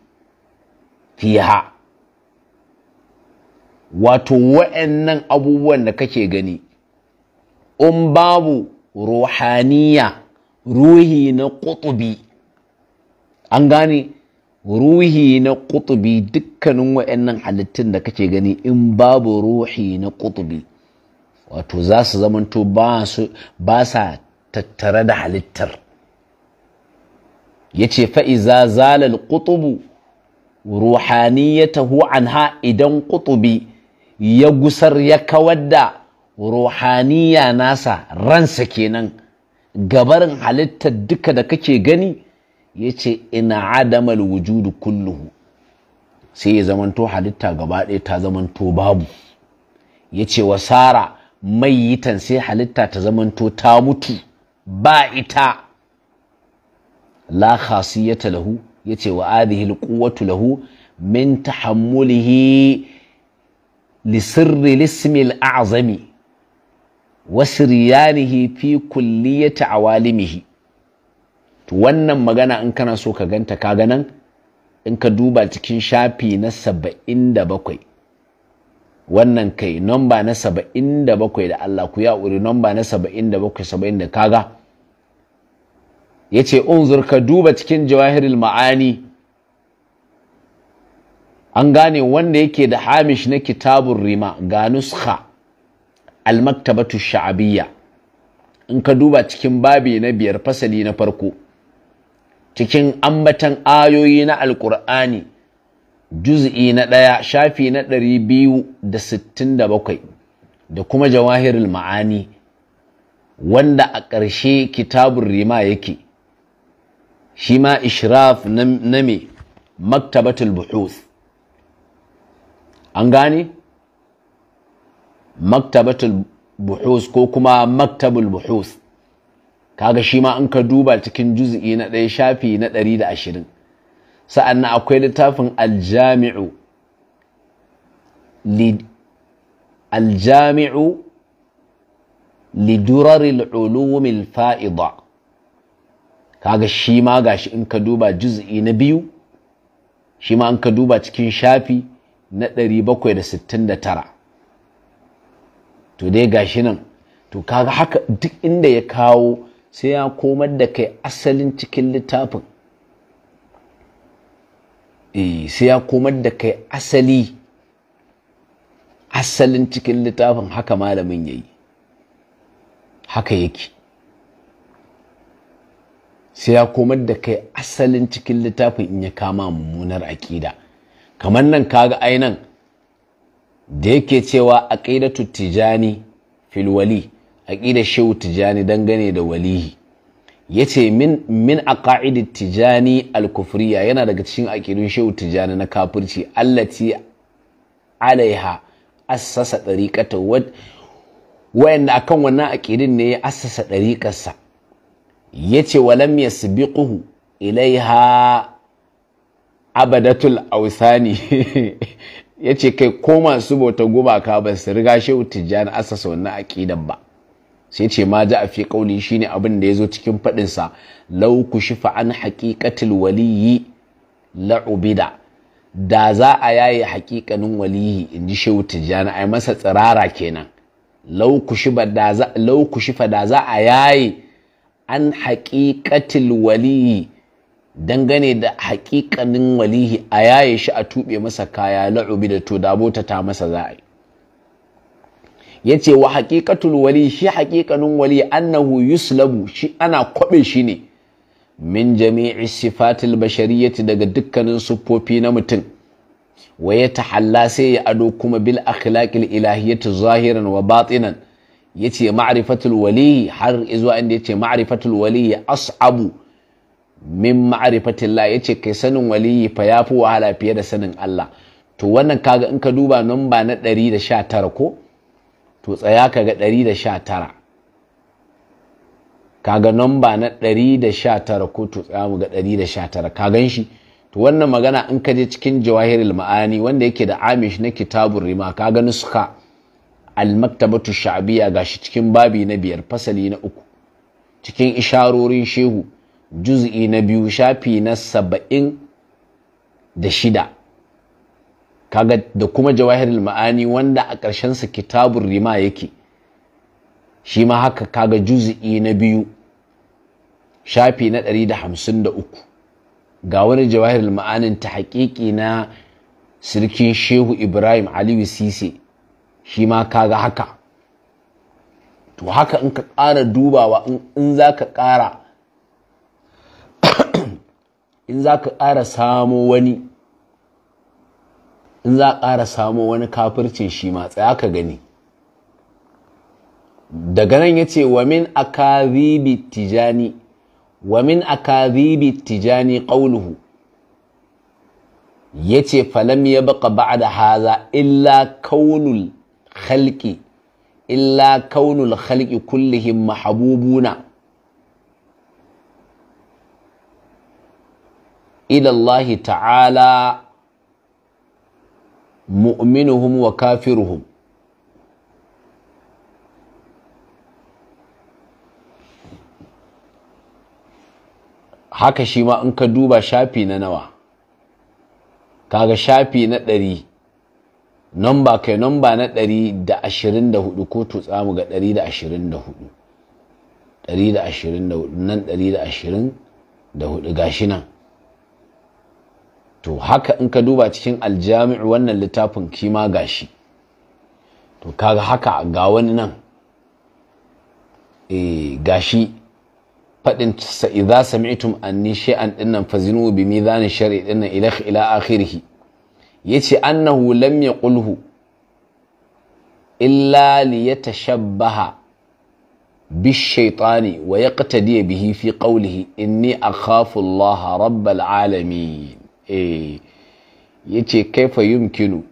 fiha wato wa'annan abubuwan da kake gani in babu ruhaniya ruhi na kutubi an gane ruhi na kutubi dukkanin wa'annan halittun da kake gani in babu ruhi na ƙuɗubi wato za su zamanto ba sa tattare da halittar ya ce fa'iza zalal ƙutubu ruhaniyatahu anha idan ƙuɗubi ya gusar ya kawar da ruhaniya nasa ransa kenan gabarin halittar duka da kake gani ya ce ina adamal wujudu kulluhu sai ya zamanto halitta gaba ɗaya ta zamanto babu ya ce mai yitan sai halitta ta zamanto ta mutu ba ita la khasiyata lahu ya ce wa adihil, ƙuwatu lahu min tahammulihi li sirri lissimil a'zami wasiriyanihi fi kulliyati awalimihi to wannan magana in kana so ka ganta kaga nan in ka duba cikin shafi na saba'in da bakwai wannan kai nomba na saba'in da bakwai da Allah ku yaƙuri nomba na saba'in da bakwai saba'in da kaga ya ce unzur ka duba cikin jawahirul ma'ani an gane wanda yake da hamish na kitabun rima ga nuskha almaktabatu sha'abiyya in ka duba cikin babi na biyar fasali na farko cikin ambatan ayoyi na alkur'ani juz'i na ɗaya shafi na ɗari biyu da sittin da bakwai da kuma jawahirul ma'ani wanda a ƙarshe kitabun rima yake shi ma ishraf na me maktabatul buhus an gane maktabatul buhus ko kuma maktabul buhus kaga shi ma in ka duba cikin juz'i na ɗaya shafi na ɗari da ashirin sa'annan akwai littafin aljami'u aljami'u liduraril ulumil fa'ida kaga shi ma gashi in ka duba juz'i na biyu shi ma in ka duba cikin shafi na ɗari bakwai da da sittin tara. to dai gashi nan to kaga haka duk inda ya kawo sai ya komar da kai asalin cikin littafin eh sai ya komar da kai asali asalin cikin littafin haka malamin yayi haka yake sai ya komar da kai asalin cikin littafin in ya kama mummunar aƙida kamar nan kaga ainihin da yake cewa aqidatu tijani filwali a aqidar shehu tijani dangane da walihi yace min min a tijani al-kufriya yana daga cikin aqidun shehu tijani na kafirci allati alaiha assasa dariqata wayanda akan wannan aqidin ne ya assasa ɗariƙarsa yace walam yasbiquhu ilaiha abadatul ausani ya ce kai ko masu bauta gumaka ka ba su riga shehu tijjani asasa wannan aƙidan ba sai ce ma ja a fi ƙauli shine abin da ya zo cikin faɗinsa lau ku an haƙiƙatil waliyi la'ubida da za a yaye haƙiƙanin waliyi in ji shehu tijjani ai masa tsirara kenan lau ku shifa da za a yaye an haƙiƙatil waliyi dangane da haƙiƙanin walihi a yaye shi a tuɓe masa kaya la'ubi da to dabo ta ta masa za'a ya ce wa haƙiƙatul wali shi haƙiƙanin wali annahu yuslabu shi ana kwaɓe shi ne min jami'i sifatil bashariyati daga dukkanin siffofi na mutum wa ya tahalla sai ya ado kuma bil akhlaqil ilahiyyati zahiran wa batinan yace ma'rifatul wali har izuwa inda yace ma'rifatul wali as'abu min ma'arifatillah yace kai sanin waliyi fa ya fi wahala fiye da sanin Allah to wannan kaga in ka duba namba na 119 ko to tsaya kaga 119 kaga namba na 119 ko to tsaya mu ga 119 ka gan shi to wannan magana in ka je cikin jawahirul ma'ani wanda yake da amish na kitabur rima kaga nuska al-maktabatu sha'biya gashi cikin babi na biyar fasali na uku cikin isharorin shehu juz'i na biyu shafi na saba'in da shida kaga da kuma jawahirul ma'ani wanda a ƙarshensa kitabun rima yake shi ma haka kaga juz'i na biyu shafi na ɗari da hamsin da uku ga wani jawahirul ma'anin ta haƙiƙi na sirkin shehu ibrahim aliyu sise shi ma kaga haka to haka in ka ƙara dubawa in za ka ƙara in za ka ƙara samo wani in za ƙara samo wani kafircin shi ma tsaya ka gani daga nan ya ce wa min akazibi tijani wa min akazibi tijani ƙauluhu ya ce falam ya baka da haza illa kaunul halki illa kaunul halki kullihim mahabubuna إلى ta'ala تعالى wa وكافرهم haka shi ma in ka duba shafi na nawa kaga shafi na ɗari Nan ba kai nan ba na ɗari da ashirin da hudu ko tutsa mu ga ɗari da ashirin da hudu ɗari da ashirin da hudu nan ɗari da ashirin da hudu ga shi nan to haka in ka duba cikin aljami'u wannan littafin kima gashi to kaga haka ga wani nan e gashi faɗin sa idza sami'tum anni shay'an dinnan fazinu bi mizan shar'i dinnan ila ila akhirih yace annahu lam yaqulhu illa liyatashabbaha بالشيطان ويقتدي به في قوله إني أخاف الله رب العالمين eh yace kaifa yumkinu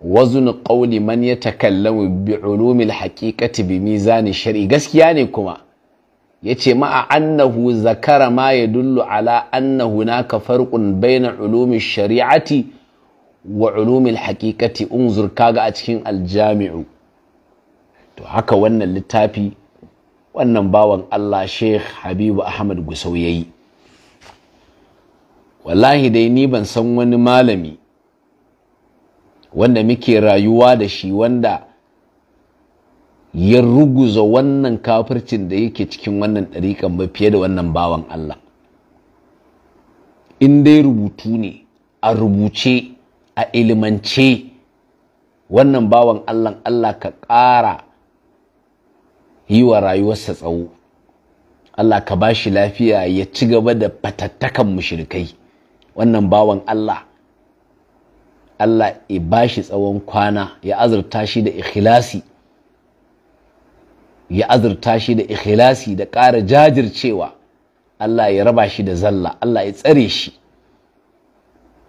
Wazun qawli man yatakallamu bi ulumil haqiqati bi mizani shar'i gaskiya ne kuma yace ma'a annahu zakara ma yadullu ala annahu hunaka farqun bayna ulumi shari'ati wa ulumi al unzur kaga a cikin aljami'u to haka wannan littafi wannan bawan Allah Sheikh Habibu Ahmad Gusau yayi wallahi dai ni ban san wani malami wanda muke rayuwa da shi wanda ya ruguza wannan kafircin da yake cikin wannan ɗariƙan ba fiye da wannan bawan Allah in dai rubutu ne a rubuce a ilimance wannan bawan Allah Allah ka ƙara yi wa rayuwarsa tsawo Allah ka ba shi lafiya ya ci gaba da fatattakan mushrikai wannan bawan Allah Allah ya bashi tsawon kwana ya azurta shi da ikhilasi ya azurta shi da ikhilasi da ƙara jajircewa Allah ya raba shi da zalla Allah ya tsare shi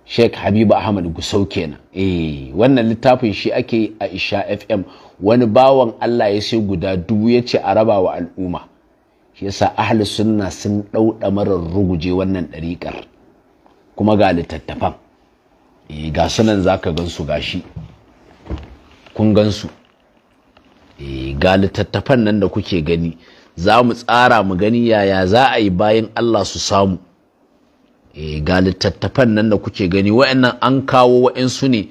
Sheikh Habibu Ahmad Gusau kenan eh wannan littafin shi ake a Isha FM wani bawan Allah ya sai guda dubu ya ce a raba wa al'umma shi yasa ahlus sunna sun ɗauɗa marar ruguje wannan ɗariƙar kuma ga littattafan eh, ga sunan za ka gansu ga shi kun gansu eh, ga littattafan nan da kuke gani za mu tsara mu gani yaya za a yi bayan Allah su samu eh, ga littattafan nan da kuke gani wa'annan an kawo wa'insu ne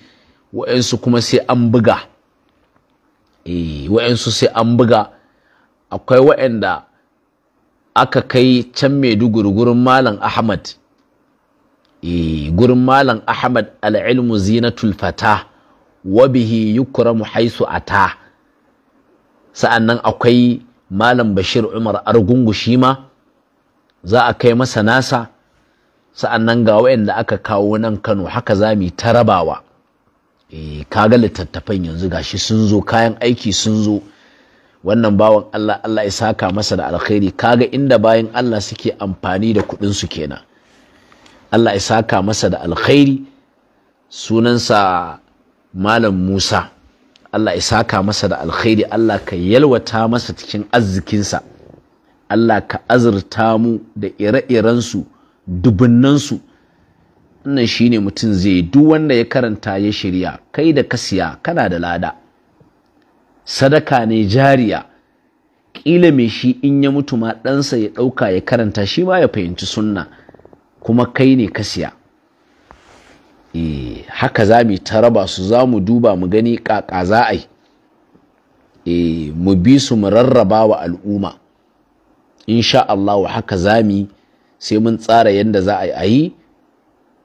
wa'insu kuma sai an buga wa'insu sai an buga akwai wa'anda aka kai can maiduguri gurin malam ahmad E, gurin malam ahmad al'ilmu zinatul fata wa bihi mu haisu ata nan akwai malam bashir umar argungu shi ma za a kai masa nasa nan ga wayanda aka kawo nan kano haka za mu ta rabawa e, kaga littattafan yanzu gashi sun zo kayan aiki sun zo wannan bawan Allah Allah ya saka masa da alkhairi kaga inda bayan Allah suke amfani da kuɗinsu kenan Allah ya saka masa da alkhairi sunansa malam Musa Allah ya saka masa da alkhairi Allah ka yalwata masa cikin arzikinsa Allah ka azurta mu da ire-irensu su. wannan shine mutum zai duk wanda ya karanta ya shirya kai da ka siya kana da lada sadaka ne jariya ƙila mai shi in ya mutu ma ɗansa ya ɗauka ya karanta shi ma ya fahimci sunna kuma kai ne ka siya e, haka za mu ta raba su za mu duba mu gani ƙaƙa za a yi eh, mu bi su mu rarraba wa al'umma insha Allah haka za mu sai mun tsara yadda za a yi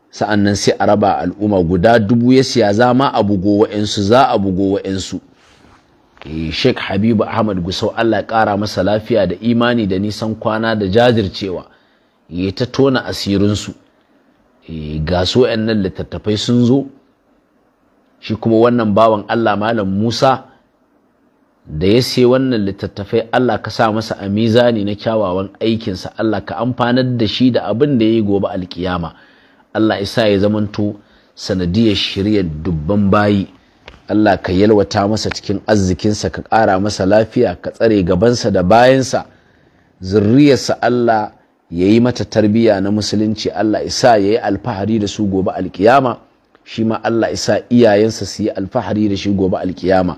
sa'an nan sai a raba al'umma guda dubu ya siya za ma a bugo wa'yansu za a bugo wa'yansu eh, Sheikh Habibu Ahmad Gusau Allah ƙara masa lafiya da imani da nisan kwana da jajircewa ya ta tona asirinsu eh, ga su nan littattafai sun zo shi kuma wannan bawan Allah malam Musa da ya sai wannan littattafai Allah ka sa masa a mizani na kyawawan aikinsa Allah ka amfanar da shi da abin da ya yi gobe alkiyama Allah isa ya zamanto sanadiyar shiryar dubban bayi Allah ka yalwata masa cikin arzikinsa ka ƙara masa lafiya ka tsare gabansa da bayansa zurriyarsa Allah ya yi mata tarbiyya na musulunci Allah isa ya yi alfahari da su gobe alkiyama shi ma Allah isa iyayensa su yi alfahari da shi gobe alkiyama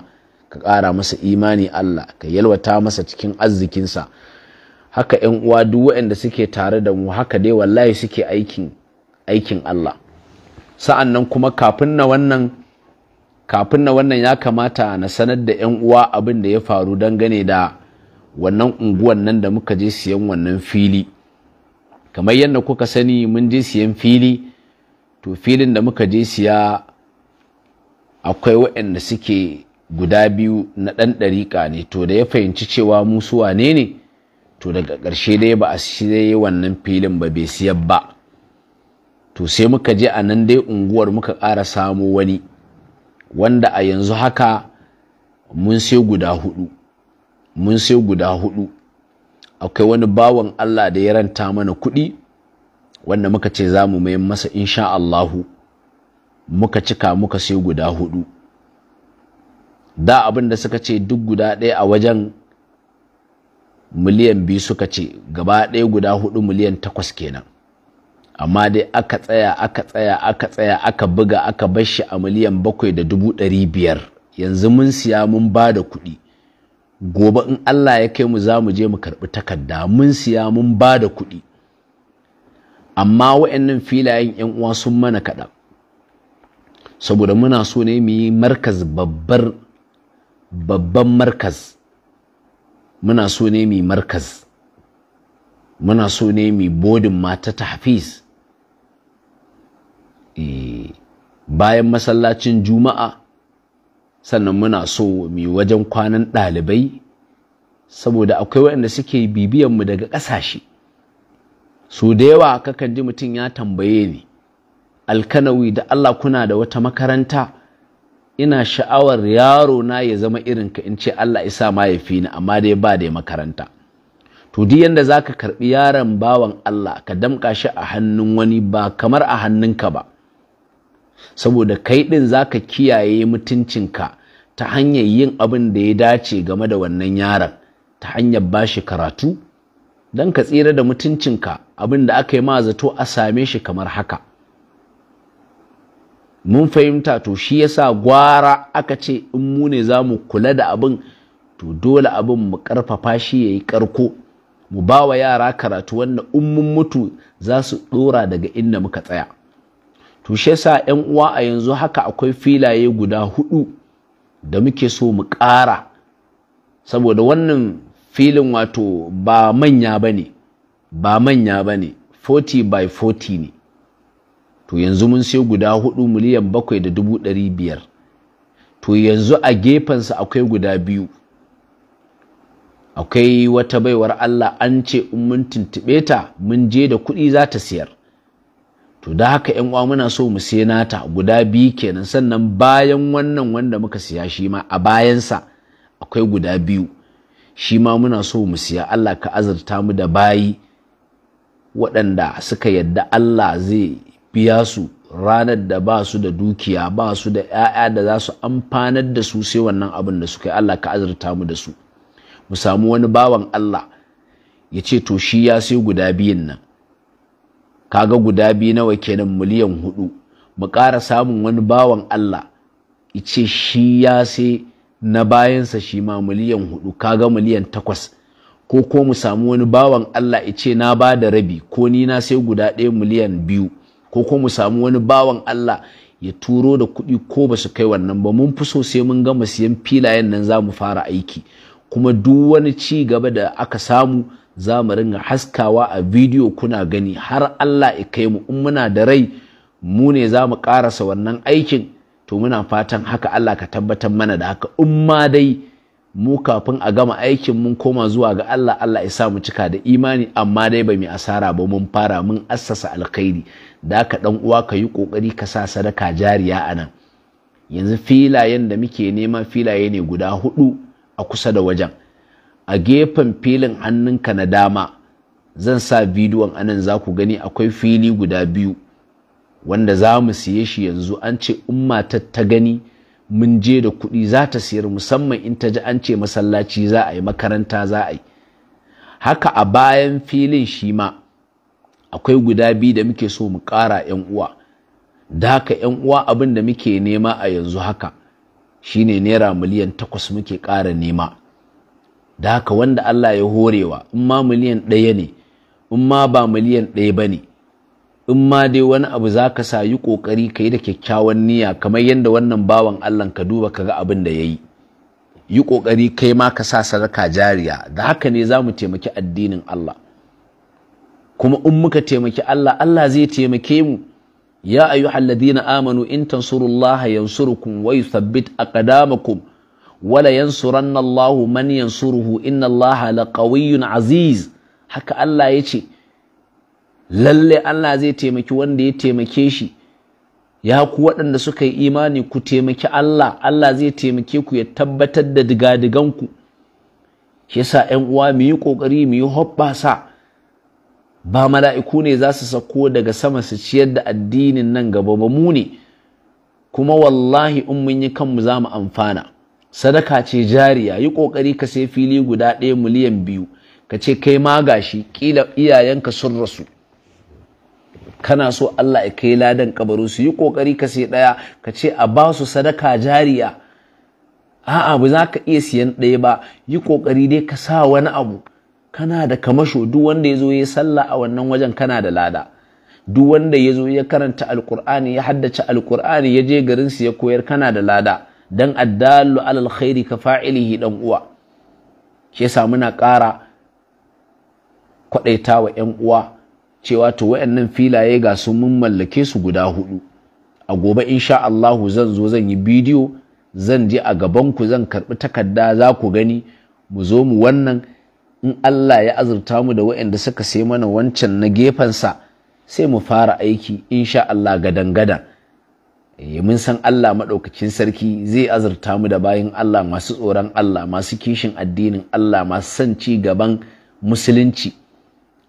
ka ƙara masa imani Allah ka yalwata masa cikin arzikinsa haka ‘yan uwa duk waɗanda suke tare da mu haka dai wallahi suke aikin Allah sa'an nan kuma kafin na wannan ya kamata na sanar da ‘yan uwa abin da ya faru dangane da wannan unguwan nan da muka je siyan wannan fili kamar yadda kuka sani mun je siyan fili to filin da muka je siya akwai waɗanda suke guda biyu na ɗan ɗariƙa ne to da ya fahimci cewa musu wane ne to daga ƙarshe dai ba a siya wannan filin ba bai siyar ba to sai muka je a nan dai unguwar muka ƙara samo wani wanda a yanzu haka mun sai guda hudu mun sai guda hudu akwai wani bawan Allah da ya ranta mana kuɗi wanda muka ce za mu mai masa insha Allahu muka cika muka sai guda hudu da abin da suka ce duk guda ɗaya a wajen miliyan biyu suka ce gaba ɗaya guda hudu miliyan takwas kenan amma dai aka tsaya aka tsaya aka tsaya aka buga aka bashi a miliyan bakwai da dubu ɗari biyar yanzu mun siya mun ba da kuɗi gobe in Allah ya kai mu za mu je mu karɓi takarda mun siya mun ba da kuɗi amma wa'annan filayen 'yan uwa sun mana kaɗa saboda muna so ne mu yi markaz babbar babban markaz muna so ne mu yi markaz muna so ne mu yi bodin mata ta hafiz eh, bayan masallacin juma'a sannan muna so mu wajen kwanan ɗalibai saboda akwai waɗanda suke bibiyan mu daga ƙasashe su da yawa kakan ji mutum ya tambaye ni alkanawi da Allah kuna da wata makaranta ina sha'awar yaro na ya zama irin ka in ce Allah isa ma ya ni amma dai ba da makaranta to duk yanda zaka karbi yaron bawan Allah ka damka shi a hannun wani ba kamar a hannunka ba saboda kai ɗin za ka kiyaye mutuncinka ta hanyar yin abin da ya dace game da wannan yaron ta hanyar ba shi karatu don ka tsira da mutuncinka abin da aka yi ma zato a same shi kamar haka mun fahimta to shi yasa gwara aka ce in mu ne za mu kula da abin to dole abin mu karfafa shi ya yi karko mu ba wa yara karatu wanda in mun mutu za su ɗora daga inda muka tsaya to shi yasa ƴan uwa a yanzu haka akwai filaye guda hudu da muke so mu ƙara saboda wannan filin wato ba manya bane ba manya bane 40 by 40 ne to yanzu mun sai guda hudu miliyan bakwai da dubu ɗari biyar to yanzu a gefensa akwai guda biyu akwai wata baiwar Allah an ce in mun tuntuɓe ta mun je da kuɗi za ta siyar to da haka yan uwa muna so mu sai nata guda biyu kenan sannan bayan wannan wanda muka siya shi ma a bayansa akwai guda biyu shi ma muna so mu siya Allah ka azurta mu da bayi waɗanda suka yadda Allah zai biya su ranar da ba su da dukiya ba su da 'ya'ya da za su amfanar da su sai wannan abin da suka yi Allah ka azurta mu da su mu samu wani bawan Allah ya ce to shi ya sai guda biyun nan kaga guda biyu nawa kenan miliyan hudu mu ƙara samun wani bawan Allah ice shi ya sai na bayansa shi ma miliyan hudu kaga miliyan takwas ko ko mu samu wani bawan Allah ice na ba da rabi ko ni na sai guda ɗaya miliyan biyu ko ko mu samu wani bawan Allah ya turo da kuɗi ko ba su kai wannan ba mun fi so sai mun gama siyan filayen nan za mu fara aiki kuma duk wani ci gaba da aka samu za mu ringa haskawa a bidiyo kuna gani har Allah ya kai mu in muna da rai mu ne za mu ƙarasa wannan aikin to muna fatan haka Allah ka tabbatar mana da haka in ma dai mu kafin a gama aikin mun koma zuwa ga Allah Allah ya sa mu cika da imani amma dai ba mu asara ba mun fara mun assasa alkhairi da ka dan uwa ka yi kokari ka sa sadaka jariya anan yanzu filayen da muke nema filaye ne guda hudu a kusa da wajen a gefen filin hannunka na dama zan sa bidiyon anan za ku gani akwai fili guda biyu wanda za mu siye shi yanzu an ce umma ta gani mun je da kuɗi za ta siyar musamman in ta ji an ce masallaci za a yi makaranta za a yi haka a bayan filin shi ma akwai guda biyu da muke so mu ƙara 'yan uwa da haka 'yan uwa abin da muke nema a yanzu haka shine naira miliyan takwas muke ƙara nema da haka wanda Allah ya horewa in ma miliyan ɗaya ne in ma ba miliyan ɗaya ba ne in ma dai wani abu za ka sa yi ƙoƙari ka yi da kyakkyawan niyya kamar yadda wannan bawan Allah ka duba ka ga abin da ya yi yi ƙoƙari kai ma ka sa sadaka jariya da haka ne za mu taimaki addinin Allah kuma in muka taimaki Allah Allah zai taimake mu ya ladina amanu in tansurullaha yansurukum wa yuthabbit aqdamakum wala yansuranna Allahu man yansuruhu inna Allaha laqawiyyun aziz haka Allah yace ce lalle Allah zai taimaki wanda ya taimake shi ya ku waɗanda suka yi imani ku taimaki Allah Allah zai taimake ku ya tabbatar da ku. yasa ƴan uwa mu yi ƙoƙari mu yi sa. ba mala'iku ne za su sako daga sama su ciyar da addinin nan gaba ba mu ne kuma wallahi in mun yi kanmu za mu amfana sadaka ce jariya yi kokari ka sai fili guda ɗaya miliyan biyu ka ce kai ma gashi kila iyayenka sun rasu kana so Allah ya kai ladan kabaru su yi kokari ka sai ɗaya ka ce a ba su sadaka jariya a'a ba za ka iya siyan ɗaya ba yi kokari dai ka sa wani abu kana da kamasho duk wanda ya zo ya sallah a wannan wajen kana da lada duk wanda ya zo ya karanta alkur'ani ya haddace alkur'ani ya je garinsu ya koyar kana da lada dan addalu alal khairi ka fa'ilihi dan uwa shi yasa muna ƙara kwadaita wa yan uwa cewa to wayannan filaye ga su mun mallake su guda hudu a gobe insha Allah zan zo zan yi bidiyo zan je a gabanku zan karɓi takarda za ku gani mu zo mu wannan in Allah ya azurta mu da wayanda suka sai mana wancan na gefansa sai mu fara aiki insha Allah gadan-gadan Eh, mun san Allah maɗaukacin sarki zai azurta mu da bayan Allah masu tsoron Allah masu kishin addinin Allah masu son ci gaban musulunci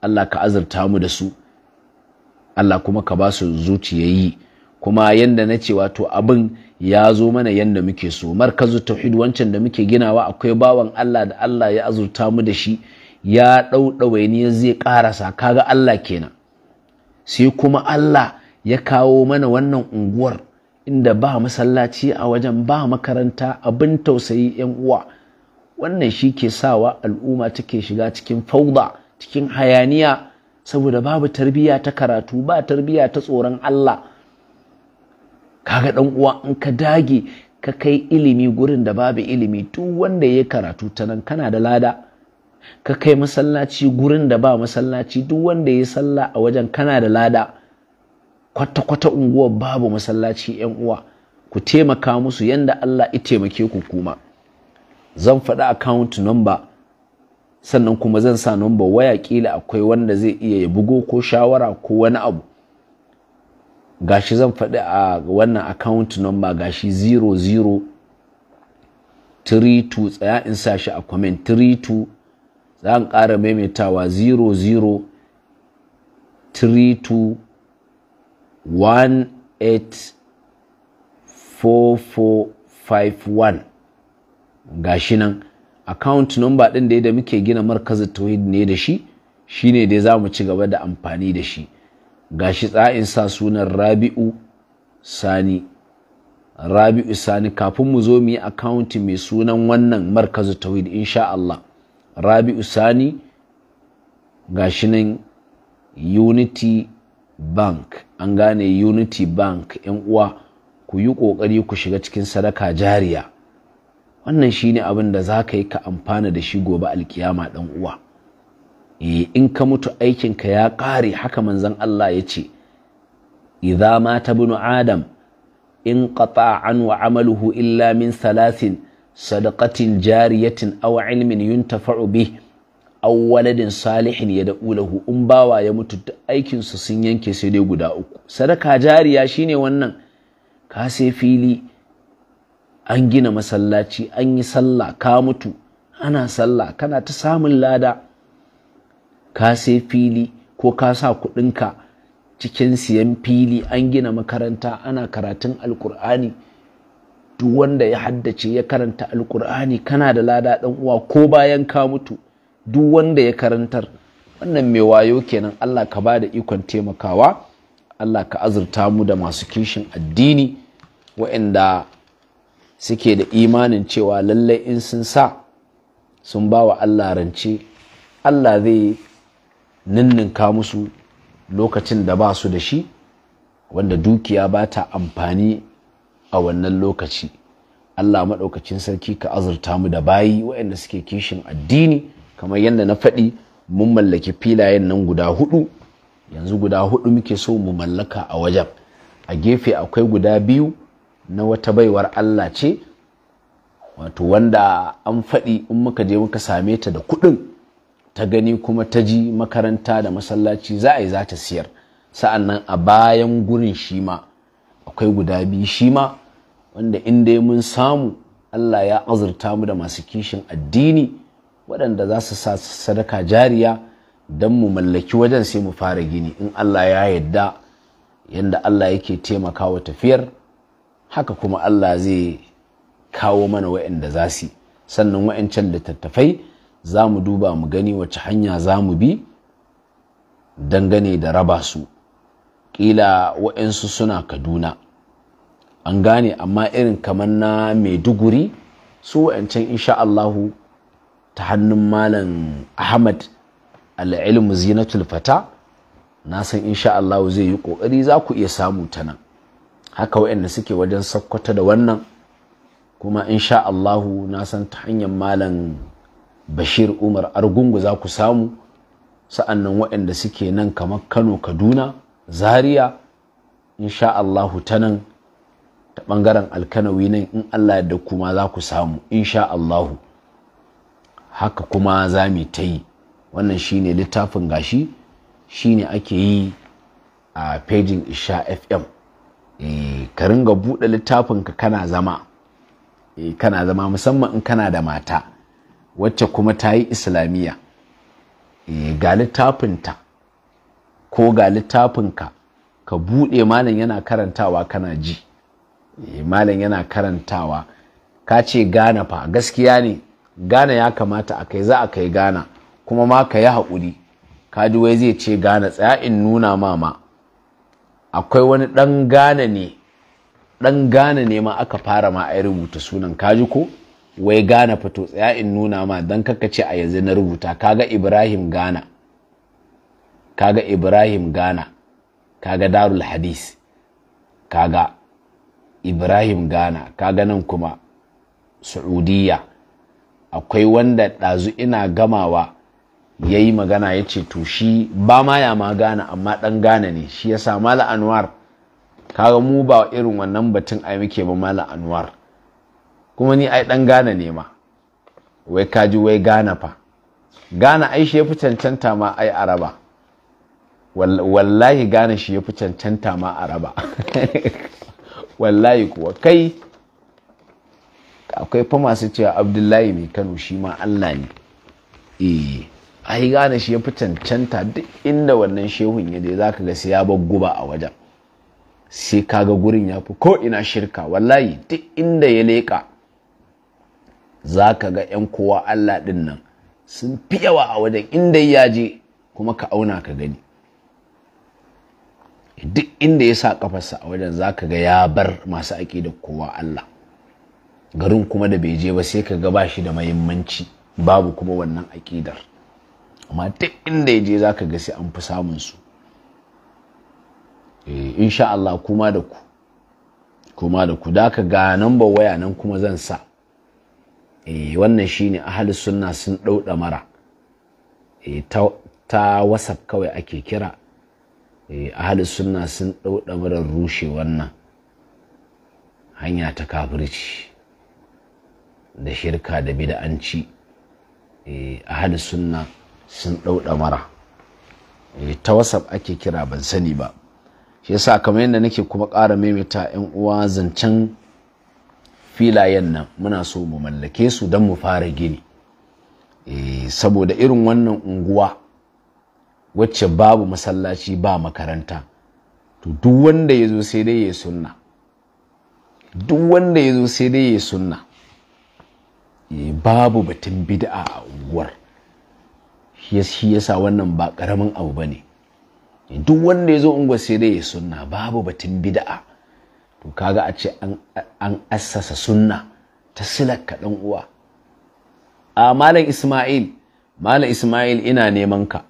Allah ka azurta mu da su Allah kuma ka ba su zuciyayi kuma yanda na ce wato abin ya zo mana yanda muke so markazu tauhid wancan da muke ginawa akwai bawan Allah da Allah ya azurta mu da shi ya ɗauɗawaye ne zai ƙarasa kaga Allah kenan sai kuma Allah ya kawo mana wannan unguwar inda ba masallaci a wajen ba makaranta abin tausayi 'yan uwa wannan shi ke sawa al'umma take shiga cikin fauda cikin hayaniya saboda babu tarbiyya ta karatu ba tarbiyya ta tsoron Allah kaga dan uwa in ka dage ka kai ilimi gurin da babu ilimi duk wanda ya karatu ta nan kana da lada ka kai masallaci gurin da ba masallaci duk wanda ya sallah a wajen kana da lada kwata-kwata unguwar babu masallaci 'yan uwa ku taimaka musu yadda Allah ya taimake ku kuma zan faɗi account number sannan kuma zan sa number waya kila akwai wanda zai iya ya bugo ko shawara ko wani abu gashi zan faɗi a wannan account number gashi 00 32 tsaya in sa shi a comment 32 za ƙara maimaitawa 00 32 184451 shi nan account number ɗin da ya da muke gina markazin tauhid ne da shi shine dai za mu ci gaba da amfani da shi ga gashi tsa'in sa sunan rabi'u sani rabi'u sani kafin mu zo mu yi account mai sunan wannan markazin tauhid insha Allah rabi'u sani ga shi nan unity bank an gane unity bank yan uwa ku yi ƙoƙari ku shiga cikin sadaka jariya wannan shine abin da za ka yi ka amfana da shi gobe alkiyama ɗan uwa eh, in ka mutu aikinka ya ƙare haka manzon Allah ya ce idza mata bunu adam in qata an wa amaluhu illa min salasin sadaqatin jariyatin aw ilmin yuntafa'u bih aw waladin salihin ya da ulahu in bawa ya mutu da aikin su sun yanke sai dai guda uku sadaka jariya shine wannan ka sai fili an gina masallaci an yi sallah ka mutu ana sallah kana ta samun lada ka sai fili ko ka sa ka, cikin siyan fili an gina makaranta ana karatun alkur'ani duk wanda ya haddace ya karanta alkur'ani kana da lada ɗan uwa ko bayan ka mutu duk wanda ya karantar wannan mai wayo kenan Allah ka bada ikon taimakawa Allah ka azurta mu da masu kishin addini wa'inda suke da imanin cewa lallai in sun sa sun ba wa Allah rance Allah zai ninninka musu lokacin da ba su da shi wanda dukiya ba ta amfani a wannan lokaci Allah maɗaukacin sarki ka azurta mu da bayi wa'inda suke kishin addini kamar yadda na faɗi mun mallaki filayen nan guda hudu yanzu guda hudu muke so mu mallaka a wajen a gefe akwai guda biyu na wata baiwar Allah ce wato wanda an faɗi in muka je muka same ta da kuɗin ta gani kuma ta ji makaranta da masallaci za a yi za ta siyar sa'an nan a bayan gurin shi ma akwai guda biyu shi ma wanda inda dai mun samu Allah ya azurta mu da masu kishin addini waɗanda za su sa sadaka jariya don mu mallaki wajen sai mu fara gini in Allah ya yadda yadda Allah yake taimakawa tafiyar haka kuma Allah zai kawo mana waɗanda za su sannan da littattafai za mu duba mu gani wace hanya za mu bi dangane da raba su ƙila waɗansu suna kaduna an gane amma irin kamar na maiduguri su waɗancan insha Allahu ta hannun malam ahmad al'ilmu zinatul fata na san insha Allah zai yi kokari za ku iya samu ta nan haka waɗanda suke wajen sakkwata da wannan kuma insha Allah na san ta hanyar malam bashir umar argungu za ku samu sa'annan waɗanda suke nan kamar kano kaduna zaria insha Allah ta nan ta ɓangaren alkanawi nan in Allah da kuma za ku samu insha Allahu haka kuma za mu ta yi wannan shine littafin gashi shine ake yi a fejin isha fm e eh, ka ringa buɗe littafin ka kana zama eh, kana zama musamman in kana da mata wacce kuma ta yi islamiyya eh, ga littafinta ko ga littafinka ka ka buɗe malam yana karantawa kana ji e malam yana karantawa ka ce gane fa gaskiya ne gana ya kamata a kai za a kai gana kuma ma ka yi haƙuri kaji wai zai ce gana tsaya in nuna ma ma akwai wani ɗan gana ne ɗan gana ne ma aka fara ma a rubuta sunan kaji ko wai gana fito tsaya in nuna ma don kaka ce a yanzu na rubuta kaga ibrahim gana kaga ibrahim gana kaga darul hadis kaga ibrahim gana kaga nan kuma su'udiyya akwai wanda ɗazu ina gamawa ya yi magana ya ce to shi ba ma ya ma gane amma ɗan gane ne shi ya sa mala anwar kaga mu ba irin wannan batun ai muke ba mala anwar kuma ni ai ɗan gane ne ma wai kaji wai gane fa gane ai shi ya fi cancanta ma ai araba wallahi gane shi ya fi cancanta ma araba wallahi kuwa kai akwai fa masu cewa abdullahi mai kano shi ma allah ne eh yi gane shi ya fi cancanta duk inda wannan shehun ya je za ka ga sai ya guba a wajen sai ka ga gurin ya fi ina shirka wallahi duk inda ya leƙa za ka ga 'yan kowa allah ɗin nan sun fi yawa a wajen inda ya je kuma ka auna ka gani duk inda ya sa kafarsa a wajen za ka ga ya bar masu aƙidar kowa allah garin kuma da bai je ba sai ka ga ba shi da mahimmanci babu kuma wannan aƙidar amma duk inda ya je za ka ga sai an fi samun su eh, insha Allah kuma da ku kuma da ku da ka ga ba waya nan kuma zan sa eh, wannan shi ne ahalis sunna sun ɗau ɗamara eh, ta wasap kawai ake kira ahalis sunna sun ɗau ɗamarar rushe wannan hanya ta kafirci da shirka da A hada eh, sunna sun ɗauɗa mara eh, ta wasap ake kira ban sani ba shi yasa kamar yadda nake kuma ƙara maimaita 'yan uwa zancen filayen nan muna so mu mallake su don mu fara gini eh, saboda irin wannan unguwa wacce babu masallaci ba makaranta to duk wanda ya zo sai dai ya sunna duk wanda ya zo sai dai ya sunna Eh, babu batun bid'a a unguwar shi ya sa wannan ba karamin abu ba ne eh, duk wanda ya zo unguwar sai dai ya sunna babu batun bid'a to kaga a ce an assasa sunna ta silar ka uwa a malam ismail malam ismail ina neman ka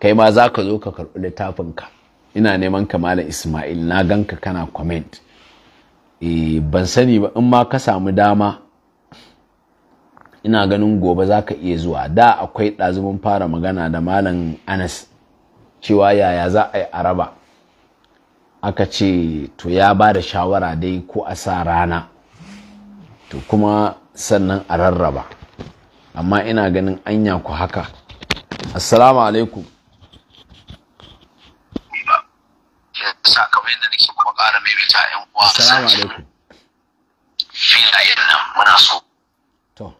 kai ma za ka zo ka karɓi littafin ka ina neman ka malam ismail na ganka kana comment eh, ban sani ba in ma ka samu dama ina ganin gobe za ka iya zuwa da akwai ɗazumin fara magana da malam anas cewa yaya za a yi araba aka ce to ya ba da shawara dai ko a sa rana to kuma sannan a rarraba amma ina ganin anya ku haka assalamu alaikum sakamai da nake kuma ƙara mai bita 'yan uwa assalamu alaikum filayen nan muna so to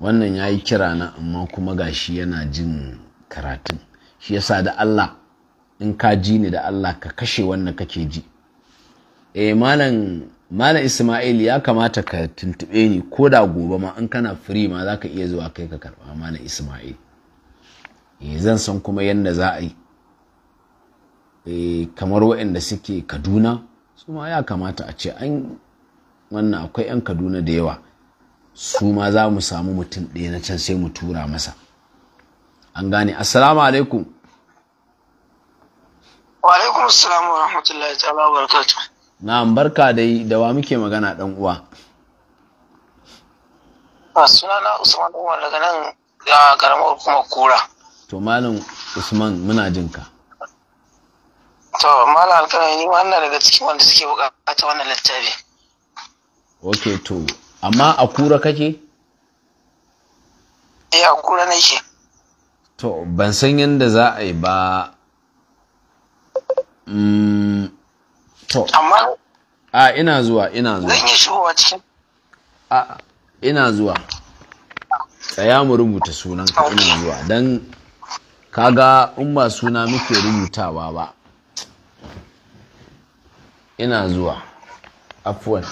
wannan ya yi kira na amma kuma gashi yana jin karatun shi yasa da Allah in ka ji ni da Allah ka kashe wannan kake ji eh malam Ismail ya kamata ka tuntube ni ko da gobe ma in kana free ma zaka iya zuwa kai ka karba malam Ismail eh zan san kuma yanda za a yi eh kamar waɗanda suke Kaduna su ma ya kamata a ce an wannan akwai 'yan Kaduna da yawa su ma za mu samu mutum ɗaya na can sai mu tura masa an gane assalamu alaikum wa alaikum assalam wa rahmatullahi ta'ala wa barakatuh na barka dai da wa muke magana dan uwa a ah, sunana usman umar daga nan ga karamar kuma kura to malam usman muna jin ka to malam alkalami ni wannan daga cikin wanda suke bukata wannan littafi okay to amma a kura kake? eh a kura nake to ban san yadda za a yi ba mm, to amma a ina zuwa ina zuwa zan yi shigowa a ina zuwa tsaya mu rubuta sunanka ina zuwa don kaga in ba suna muke rubutawa ba ina zuwa afuwan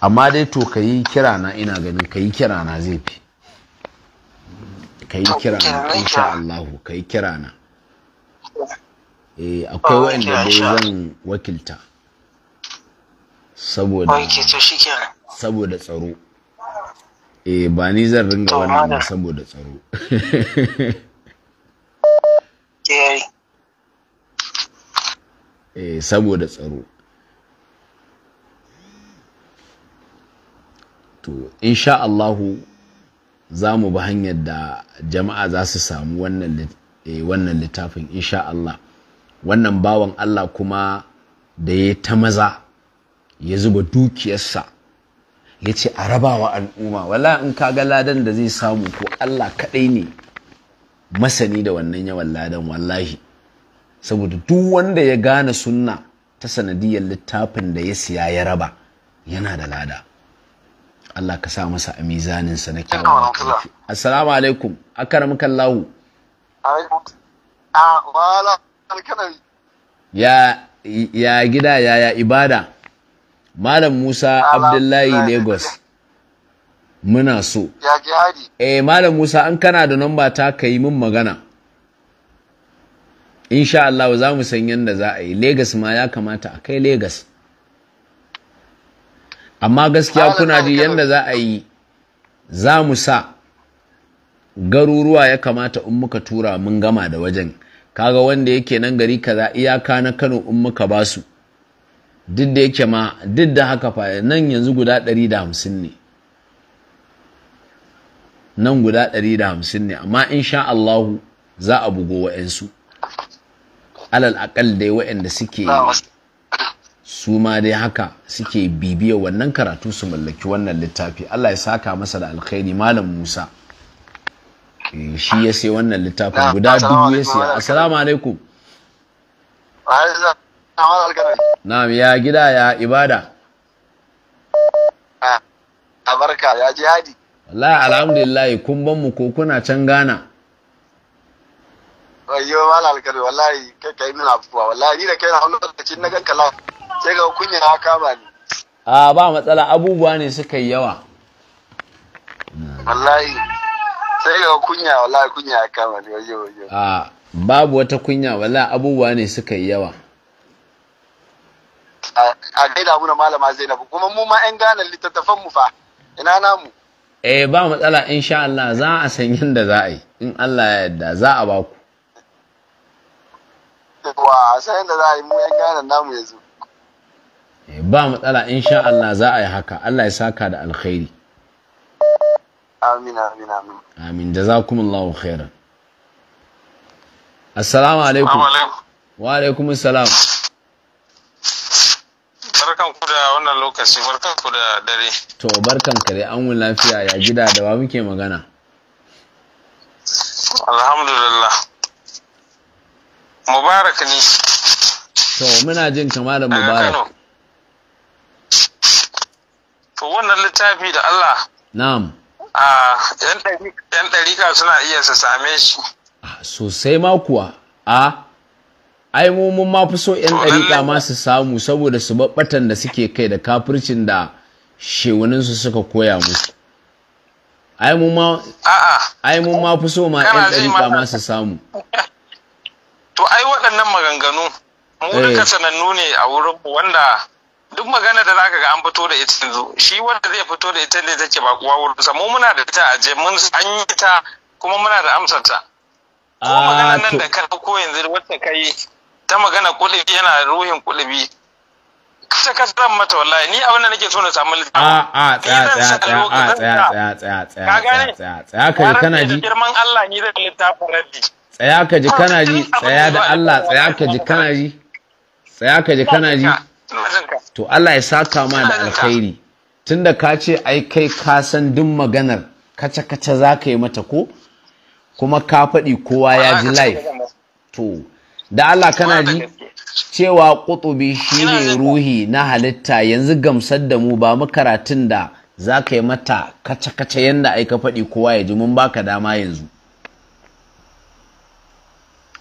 amma dai to ka yi kira na ina ganin ka yi kira na zai fi ka yi kira na insha Allah ka yi kira na eh akwai wanda dai zan wakilta saboda saboda tsaro eh ba ni zan ringa wannan ba saboda tsaro eh saboda tsaro to insha Allahu za mu bi hanyar da jama'a za su samu eh, wannan littafin insha Allah wannan bawan Allah kuma da ya ta maza ya zuba dukiyarsa ya ce a rabawa al'umma wala in ga ladan da zai samu ko Allah kaɗai ne masani da wannan yawan ladan wallahi saboda duk wanda ya gane sunna ta sanadiyar littafin da ya siya ya raba yana da lada Allah ka sa masa a mizanin sa na kyawawan assalamu alaikum akramakallahu ah, a ya ya gida ya ya ibada malam musa abdullahi lagos muna so ya jihadi eh malam musa an kana da namba ta yi min magana insha Allah za mu san yadda za a yi Legas ma ya kamata a kai Legas. amma gaskiya kuna ji yadda za a yi za mu sa garuruwa ya kamata in muka tura mun gama da wajen kaga wanda yake nan gari kaza iyaka na kano in muka ba su duk da yake ma duk da haka fa nan yanzu guda 150 ne nan guda 150 ne amma insha Allahu za a bugo wa'ansu alal aƙal dai wa'anda suke su ma dai haka suke bibiya wannan karatu su mallaki wannan littafi Allah ya saka masa da alkhairi malam Musa eh, shi ya sai wannan littafin guda dubu ya sai assalamu alaikum na'am ya gida ya ibada a ah, barka ya jihadi wallahi alhamdulillah kun ban mu ko kuna can Ghana wayo malal kare wallahi kai kai mina afuwa wallahi ni da kai na wani lokacin na ganka lafiya sai ga kunya ya kama ni a ba matsala abubuwa ne suka yi yawa wallahi sai ga kunya wallahi kunya ya kama ni waje waje a babu wata kunya wallahi abubuwa ne suka yi yawa a gaida mu na malama Zainab kuma mu ma 'yan gane littattafan mu fa ina namu eh ba matsala insha Allah za a san yadda za a yi in Allah ya yarda za a ba ku wa san yadda za a yi mu 'yan gane namu yanzu Eh, ba matsala insha Allah za a yi haka Allah ya saka da alkhairi amin amin amin amin jazakumullahu khairan assalamu alaikum wa alaikum assalam barkan ku da wannan lokaci barkan ku da dare to barkan ka dai an wun lafiya ya gida da ba muke magana alhamdulillah mubarak ne to muna jin kamar mubarak to wannan littafi da Allah na'am a yan ɗarika suna iya su same shi ah, sosai ma kuwa a ai mu mun ma fi so yan ɗarika ma su samu saboda su babbatan da suke kai da kafircin da shewuninsu suka koya musu ai ma ai ma fi so ma yan ɗarika ma su samu to ai waɗannan maganganu mu duka eh. sanannu ne a wurin wanda duk magana da zaka ga an fito da ita yanzu shi wanda zai fito da ita ne take ba kuwa wurin sa mu muna da ita a je mun san ita kuma muna da amsar ko ah, magana nan da ka ko yanzu wacce kai ta magana kulubi yana ruhin kulubi ka kasar mata wallahi ni abin da nake so na samu ah, ah, a a tsaya tsaya tsaya tsaya tsaya tsaya tsaya tsaya kai kana ji girman Allah ni zan littafin rabbi tsaya ka ji kana ji tsaya da Allah tsaya ka ji kana ji tsaya ka ji kana ji to Allah ya saka ma da alkhairi tunda ka ce ai kai ka san duk maganar kace-kace za ka yi mata ko kuma ka faɗi kowa ya ji live to da Allah kana ji cewa ƙutubi shine ruhi na halitta yanzu gamsar da mu ba mu karatun da za ka yi mata kace-kace yadda ai ka faɗi kowa ya ji mun baka dama yanzu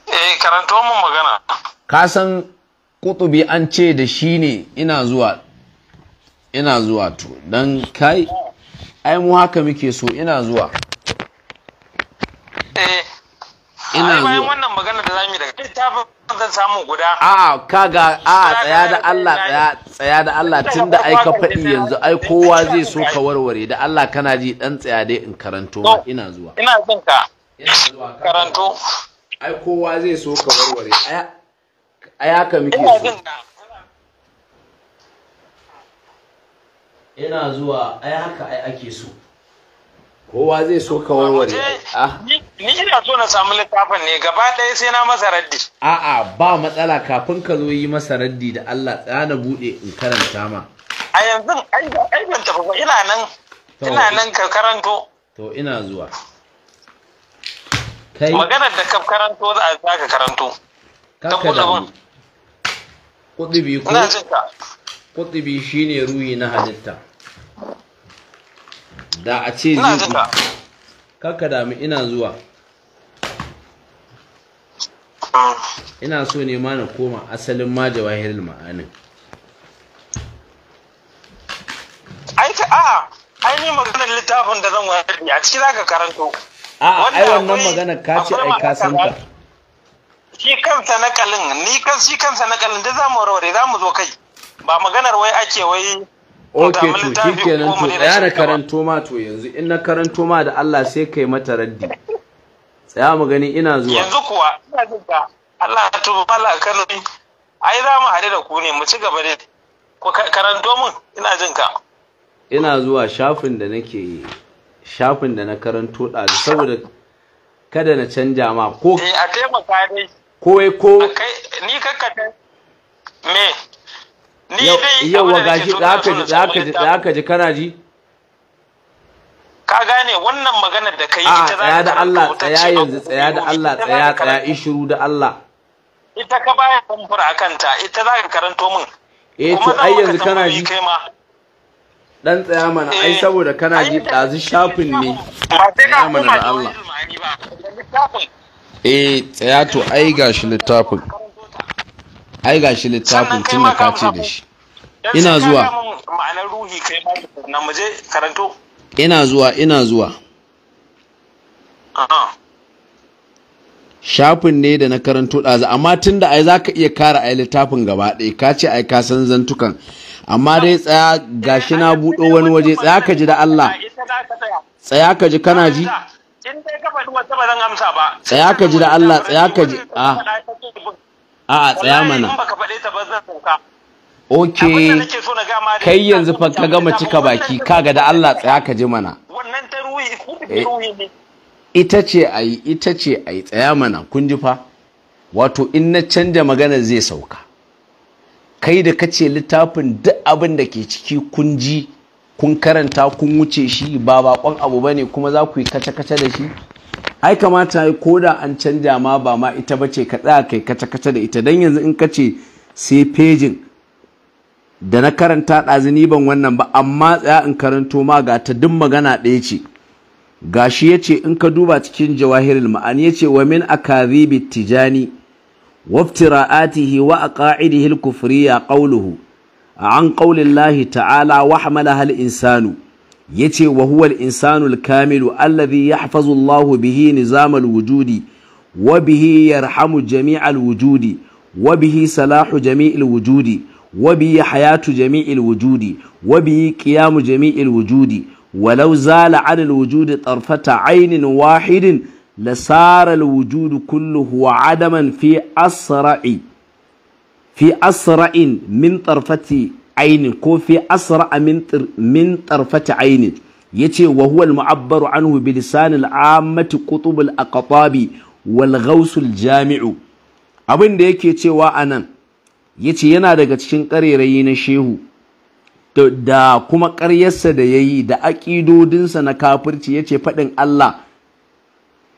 eh karanto mun magana ka san kutubi an ce da shi ne ina zuwa ina zuwa to don kai ai mu haka muke so ina zuwa eh. ina zuwa a kaga tsaya da Allah tsaya da Allah tunda ai ka faɗi yanzu ai kowa zai so ka warware da Allah kana ji dan tsaya dai in karanto ina zuwa a yaka muke so ina zuwa ai haka ai ake so kowa zai so ka warware ah. ni ina so na samu littafin ne gaba ɗaya sai na masa raddi a'a ba matsala kafin ka zo yi masa raddi da Allah tsana buɗe bude in karanta ma a yanzu ai ban tafi ba ina nan ina nan ka karanto to ina zuwa kai maganar da ka karanto za zaka karanto ka kuɗa kutubi ko ne shine ruhi na halitta da a ce zai Kaka dami ina zuwa ina so ne ma na koma asalin ma jawahirul ma'anin aika a ai ni maganar littafin da zan wayar a ciki zaka karanto a ai wannan maganar ka ce ai ka san ta shi kansa nakalin ni kan shi kansa nakalin da mu warware mu zo kai ba maganar wai ake wai ok to kenan to tsaya da karanto ma to yanzu in na karanto ma da Allah sai kai mata raddi tsaya mu gani ina zuwa yanzu kuwa ina jin Allah to tuba mala Kano ai za mu haɗu da ku ne mu ci gaba da karanto mun ina jin ka ina zuwa shafin da nake shafin da na karanto ɗazu saboda kada na canja ma ko eh a taimaka dai ko ya ko ni kakkata me ni dai yawa gashi zaka ji zaka ji zaka ji kana ji ka gane wannan magana da kai ita za ka da Allah tsaya yanzu tsaya da Allah tsaya tsaya ishiru da Allah ita ka baya samfura kanta ita za ka karanto min eh to ai yanzu kana ji dan tsaya mana ai eh, saboda kana ji dazu shafin ne ba sai ka mana da Allah eh tsaya to ai shi littafin ai shi littafin tun da ka ce da shi ina zuwa ina zuwa ina zuwa shafin ne da na karanto ɗazu amma tun da ai za ka iya kara ai littafin gaba ɗaya ka ce ai ka san zantukan amma dai tsaya shi na buɗo wani waje tsaya ka ji da Allah tsaya ka ji kana ji in dai ka faɗi wata ba zan amsa ba tsaya ka ji da Allah tsaya ka ji a a tsaya mana in baka faɗe ta ba zan sauka ok kai yanzu fa ka gama cika baki kaga da Allah tsaya ka ji mana eh, ita ce yi ita ce yi tsaya mana kun ji fa wato in na canja magana zai sauka kai da kace littafin duk abin da ke ciki kun ji kun karanta kun wuce shi ba bakon abu ba ne kuma za ku yi kace-kace da shi ai kamata ko da an canja ma ba ma ita ba ce ka tsaya kai kace-kace da ita don yanzu in ka ce sai fejin da na karanta ɗazini ban wannan ba amma tsaya in karanto ma ga ta duk magana ɗaya ce gashi ya ce in ka duba cikin jawahirin, ma'ani ya ce wa min akadhibi tijani waftira'atihi wa aqa'idihi al-kufriya qawluhu an qaulillahi ta'ala wa hal insanu yace wa huwa al-insanu kamilu alladhi yahfazu Allahu bihi nizamar wujudi wa bihi yarhamu jami' wujudi wa bihi salahu jami' wujudi wa bihi hayatu jami' al-wujudi wa bihi qiyamu jami' al-wujudi ولو زال عن الوجود طرفة عين واحد لسار الوجود كله عدما في أسرع fi asra'in min tarfati ainin ko fi asra'a min tarfati ainin yace wa huwa al-mu'abbaru anhu bi lisan al-ammati qutub al-aqtabi wal ghaus jamiu abin da yake cewa anan yace yana daga cikin karerayi na shehu da kuma karyarsa da yayi da aƙidodinsa na kafirci yace faɗin Allah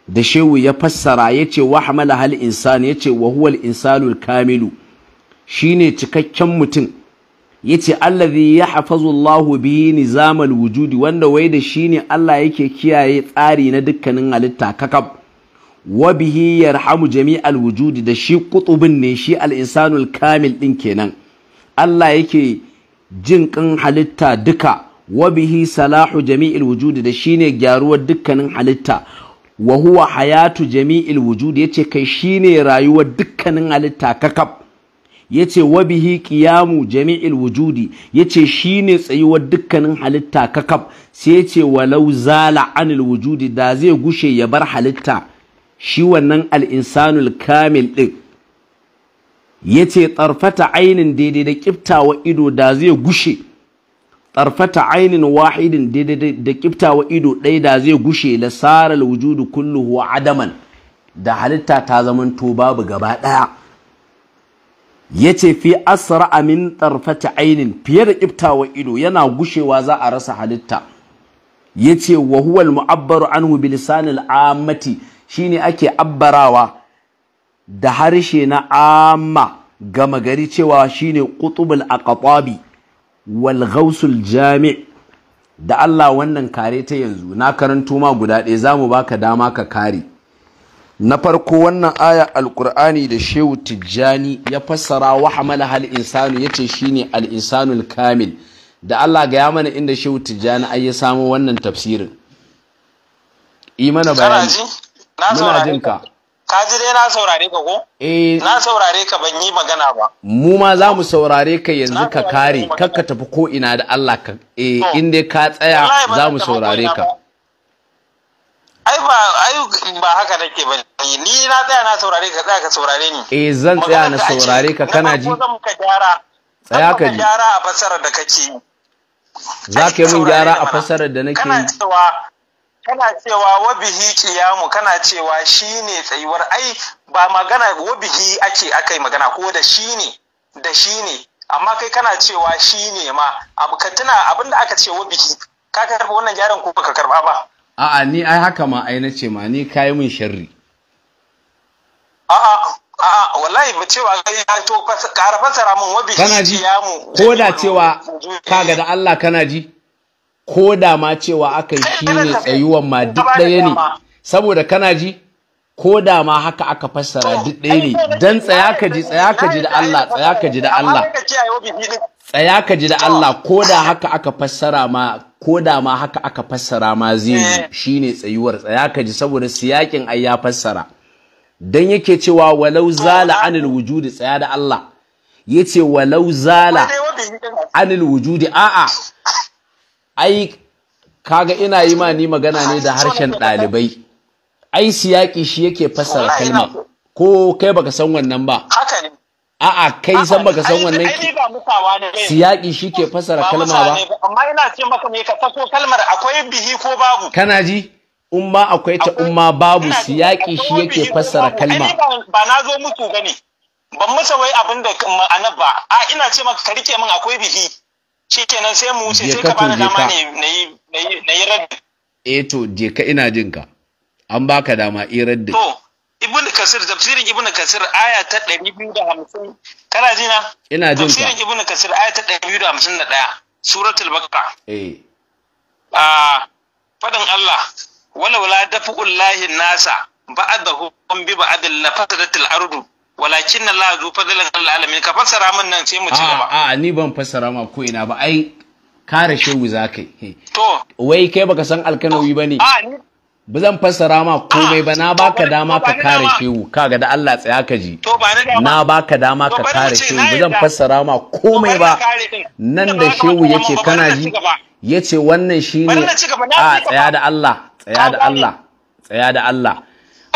da shehu ya fassara yace wa hamala hal insan yace wa huwa al-insanu al-kamilu shine cikakken mutum yace allazi yahfazu Allahu bihi nizamal wujudi wanda wai da shine Allah yake kiyaye tsari na dukkanin halitta kakab wa bihi yarhamu jami'al wujudi da shi kutubin ne shi al kamil din kenan Allah yake jin kan halitta duka wa bihi salahu jami'il wujudi da shine gyaruwar dukkanin halitta wa huwa hayatu jami'il wujudi yace kai shine rayuwar dukkanin halitta kakab yace wabihi qiyamu jami'il wujudi yace shine tsayuwar dukkanin halitta kakab sai yace wa zala anil wujudi da zai gushe ya bar halitta shi wannan al-insanul kamil din yace tarfata ainin daidai da kiftawa ido da zai gushe tarfata ainin wahidin daidai da kiftawa ido ɗaya da zai gushe la saral wujudu kulluhu adaman da halitta ta zamanto babu gaba ɗaya Ya ce fi asra min tarfati ainin fiye da kiftawa ido yana gushewa za a rasa halitta yace wa huwal al mu'abbaru anhu bi lisanil shine ake abbarawa da harshe na amma gama gari cewa shine qutubul aqtabi wal ghausul jami' da Allah wannan kare ta yanzu na karanto ma guda ɗaya za zamu baka dama ka kare na farko wannan aya alkur'ani da shehu tijjani ya fassara wa hamala hal insanu yace shine al insanul kamil da Allah ga ya mana inda shehu tijjani ai ya samu wannan tafsirin imana bayani muna jin ka ka ji dai na saurare ka ko eh na saurare ka ban yi magana ba mu ma za mu saurare ka yanzu ka kare kakka tafi ko ina da Allah ka eh in dai ka tsaya za mu saurare ka ai ba ai ba haka nake ba ni na tsaya na saurare ka tsaya ka saurare ni eh zan tsaya na saurare ka kana ji zan ka gyara tsaya ka ji gyara a fasarar da kake za ka yi min gyara a fasarar da nake kana cewa kana cewa wabihi qiyamu kana cewa shine tsayuwar ai ba magana wabihi ake akai magana ko da shine da shine amma kai kana cewa shine ma abu ka tuna abinda aka ce wabihi ka karba wannan gyaran ko ka karba ba a'a ni ai haka ma ai nace ma ni kai min sharri a'a a'a wallahi ba cewa ya to ƙara fasara min wabi kana ji ko da cewa kaga da Allah kana ji ko da ma cewa akai shi ne tsayuwan ma duk ɗaya ne saboda kana ji ko da ma haka aka fassara duk ɗaya ne dan tsaya ka ji tsaya ka ji da Allah tsaya ka ji da Allah tsaya ka ji da Allah ko da haka aka fassara ma ko da ma haka aka fassara ma zai yi eh. shine tsayuwar tsaya ka ji saboda siyakin ai ya fassara dan yake cewa walau zala ah. anil wujudi tsaya da Allah yace walau zala anil wujudi a'a ai kaga ina yi ma ni magana ne da harshen ɗalibai ai siyaki shi yake fassara kalma ko kai baka san wannan ba haka ne A'a kai san baka san wannan ki. siyaki shi ke fasara kalma ba. Amma ina ce maka me ka sako kalmar akwai bihi ko babu. Kana ji? Umma akwai ta umma babu siyaki shi yake fasara kalma. Ba na zo muku gani. Ban musa wai abin da ma'ana ba. A ina ce maka ka rike min akwai bihi. Shikenan sai mu wuce sai ka bani dama ne na yi raddi. Eh to je ka ina jinka. An baka dama i eh, raddi. To ibn kasir tafsirin ibn kasir aya ta 250 kana ji na ina jin ka. tafsirin ibn kasir aya ta 251 suratul baqara eh ah fadan Allah wala wala dafu'ul lahi nasa ba'dahum bi ba'dil nafatatil ardu walakin Allah zu fadlan lil alamin ka fassara min nan sai mu ci gaba a ni ban fassara ma ko ina ba ai kare shehu zakai to wai kai baka san alkanawi bane a ba zan fassara ma komai ba ah, na baka dama ka kare shehu kaga da Allah tsaya ka ji na baka dama ka kare shehu ba zan fassara ma komai ba nan da shehu yake kana ji yace wannan shine ah, a ah, tsaya da Allah tsaya da Allah tsaya da Allah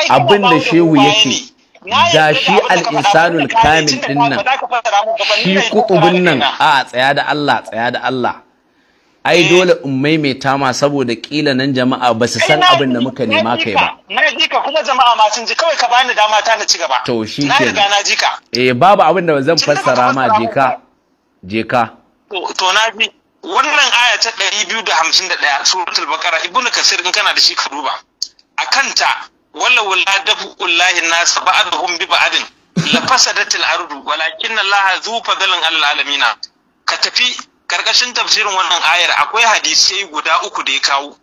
abin da shehu yake da shi al-insanul kamil dinnan shi kutubun nan a tsaya da Allah tsaya da Allah ai eh. dole in maimaita ma saboda kila nan jama'a ba su san abin da muka nema kai ba na ji ka kuma jama'a ma sun ji kawai ka bani dama ta na cigaba. to shi ke na riga na ji ka eh babu abin da zan fassara ma je ka je ka to na ji wannan aya ta 251 suratul baqara ibnu kasir in kana da shi ka duba akanta wala wala dafu ullahi nas ba'dhum bi ba'din la fasadatil ardu walakin allaha zu fadlan alal alamin ka tafi karkashin tafsirin wannan ayar akwai hadisai guda uku da ya kawo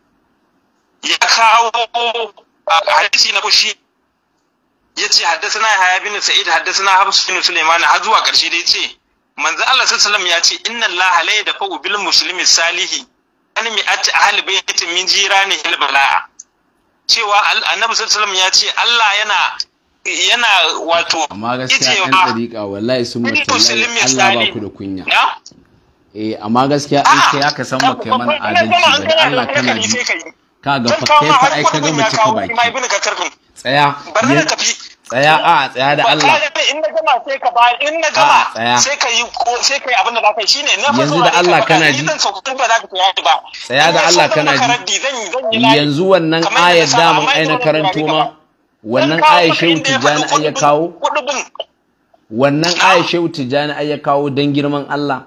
ya kawo hadisi na kushi ya ce haddasana haya bin sa'id haddasana hafsu bin sulaiman har zuwa karshe da ya ce manzo Allah sallallahu ya ce inna Allah la yadfa'u bil muslimi salihi an mi'ati ahli baitin min jirani hil bala'a cewa annabi sallallahu ya ce Allah yana yana wato amma gaskiya ɗan dariƙa wallahi sun mutum Allah ba ku da kunya eh amma gaskiya in kai aka san baka mana ah! adalci ba Allah kana ji ka ga fakkai ka ai ka ga mace ka baki tsaya tsaya a tsaya da Allah in na gama sai ka ba in na gama sai ka yi sai ka yi abin da za ka yi shine na yanzu da Allah kana ji tsaya da Allah kana ji yanzu wannan ayar da mun aina karanto ma wannan ah! ayar shehu tijani ayya kawo wannan ayar shehu tijani ayya kawo dan girman Allah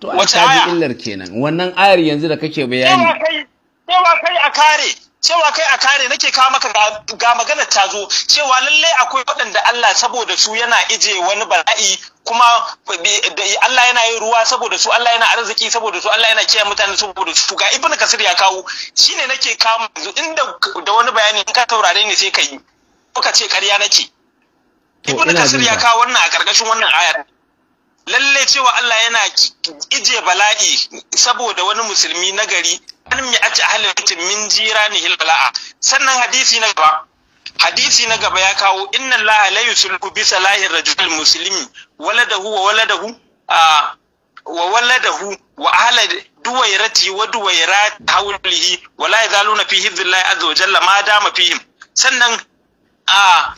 to a kaji illar kenan wannan ayar yanzu da kake bayani cewa kai a kare cewa kai a kare nake kawo maka ga magana ta zo cewa lallai akwai waɗanda Allah saboda su yana ije wani bala'i kuma Allah yana yin ruwa saboda su Allah yana arziki saboda su Allah yana kiyaye mutane saboda su ga ibnu kasir ya kawo shine nake kawo yanzu inda da wani bayani in ka taurare ni sai ka yi ko ka ce karya nake ibnu kasir ya kawo wannan a karkashin wannan ayar lalle cewa Allah yana ije bala'i saboda wani musulmi nagari an mi ati ahlin min jirani hilbala'a sannan hadisi na gaba hadisi na gaba ya kawo inna Allah la yusulhu bi salahi rajul muslimi waladahu wa waladahu wa waladahu wa duwai duwairati wa duwairat hawlihi wa la yazaluna fi hizbillahi azza wa jalla ma dama fihim sannan a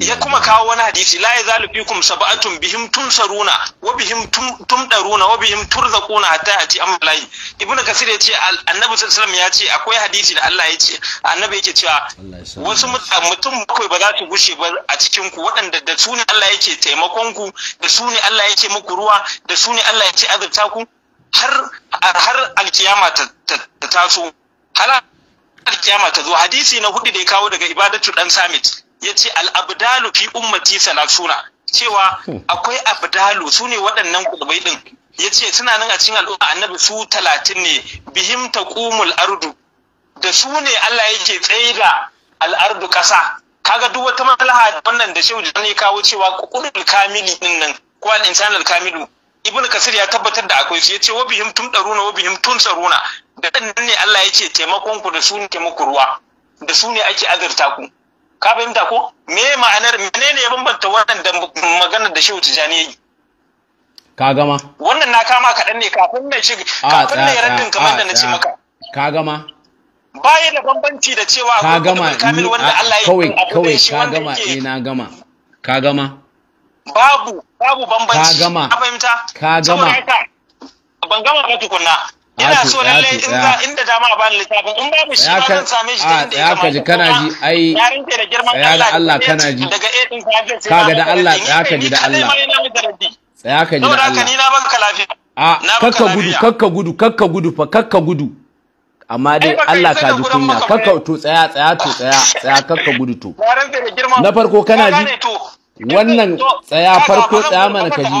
ya kuma kawo wani hadisi la yazalu fikum sab'atun bihim tumsaruna wa bihim tumdaruna wa bihim turzaquna hatta ati amlai ibnu kasir yace annabi sallallahu alaihi ya ce akwai hadisi da Allah ya ce annabi yake cewa wasu mutum bakwai ba za su gushe ba a cikin ku waɗanda da su ne Allah yake taimakon ku da su ne Allah yake muku ruwa da su ne Allah yake azabta ku har har alkiyama ta taso har alkiyama ta zo hadisi na hudu da ya kawo daga ibadatu dan samit ya ce al'abdalu fi ummati salasuna cewa hmm. akwai abdalu su ne waɗannan kudubai ɗin ya ce suna nan a cikin al'umma annabi su talatin ne bihim ta ƙumul ardu da su ne Allah yake tsaye da al'ardu ƙasa kaga duk wata malaha wannan da shehu ne kawo cewa kuɗin kamili ɗin nan ko al al kamilu ibnu kasir ya tabbatar da akwai su yace wabihim tumdaruna wabihim tunsaruna da nan ne Allah yake taimakon ku da su ne muku ruwa da su ne ake azurta ku ka fahimta ko me ma'anar menene ya bambanta wannan da maganar da shehu tijani yayi ka gama wannan na kama kaɗan ne kafin na shiga ah, kafin na raddin kamar da ah, na ce maka ka gama baya da bambanci da cewa ka gama kamil wanda ah, Allah ya yi kawai ka gama eh na gama ka gama babu babu bambanci ka gama ka fahimta ka gama ban gama ba tukunna ina so lalle in za inda dama ba ni littafin in babu shi ba zan same shi inda ya kamata kana ji ai da girman Allah kana ji daga A din kaga da Allah ya ka ji da Allah tsaya ka ji da Allah ni na baka lafiya kakka gudu kakka gudu kakka gudu fa kakka gudu amma dai Allah ka ji kunya kakka to tsaya tsaya to tsaya tsaya kakka gudu to na farko kana ji wannan tsaya farko tsaya mana ka ji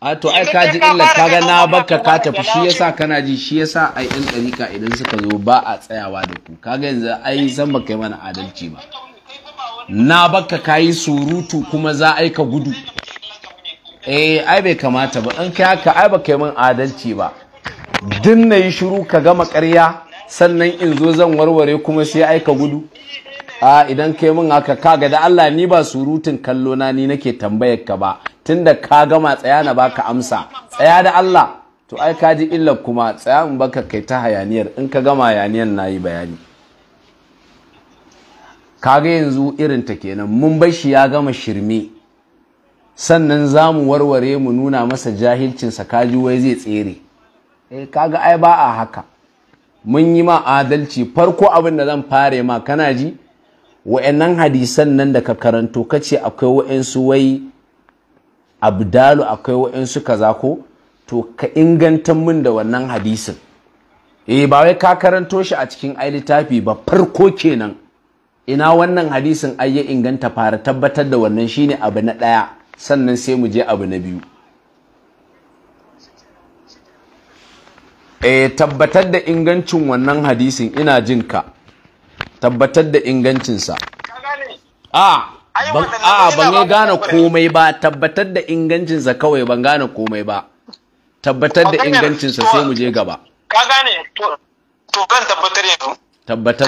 a ah, to ai ka ji illa ga na baka ka tafi shi yasa kana ji shi yasa ai ɗan ɗarika idan suka zo ba a tsayawa da ku kaga yanzu ai san baka yi mana adalci ba na baka ka yi surutu kuma za a ka gudu eh ai bai kamata ba in kai haka ai baka yi min adalci ba din yi shiru ka gama ƙarya sannan in zo zan warware kuma sai ai ka gudu a idan kai mun haka kaga da Allah ni ba surutun kallo na ni nake tambayar ka ba tunda ka gama tsaya na baka amsa tsaya da Allah to ai ka ji illar kuma tsaya in baka kai ta hayaniyar in ka gama hayaniyar nayi bayani kaga yanzu irin ta kenan mun bar shi ya gama shirme sannan za mu warware mu nuna masa jahilcinsa kaji wai zai tsere eh kaga ai ba a haka mun yi ma adalci farko abin da zan fare ma kana ji wa'annan hadisan nan da ka karanto kace akwai wa'ansu wai abdalu akwai wa'ansu kaza ko to ka inganta min da wannan hadisin eh ba wai ka karanto shi a cikin ai littafi ba farko kenan ina wannan hadisin ai ya inganta fara tabbatar da wannan shine abu na ɗaya sannan sai mu je abu na biyu eh tabbatar da ingancin wannan hadisin ina jin ka tabbatar da ingancinsa a ah, ban ah, gane komai ba tabbatar da ingancinsa kawai ban gane komai ba tabbatar da ingancinsa sai mu je gaba ka gane to kan tabbatar yanzu tabbatar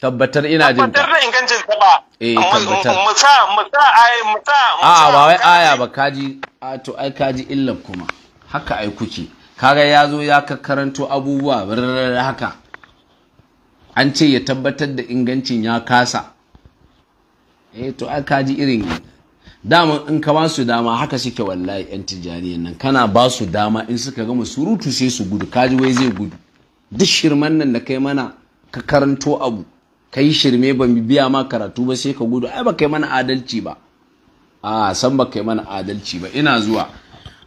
tabbatar ina jin ka tabbatar da ba eh tabbatar mu ai a ah, ba wai aya ba kaji a to ai kaji illan kuma haka ai kuke kaga ya zo ya karanto abubuwa haka an ce ya tabbatar da ingancin ya kasa eh to aka ji irin dama in ka ba su dama haka suke wallahi yan tijaniyan nan kana ba su dama in suka gama surutu sai su gudu kaji wai zai gudu duk shirman nan da kai mana ka karanto abu ka yi shirme ban biya ma karatu ba sai ka gudu ai ba kai mana adalci ba a san ba kai mana adalci ba ina zuwa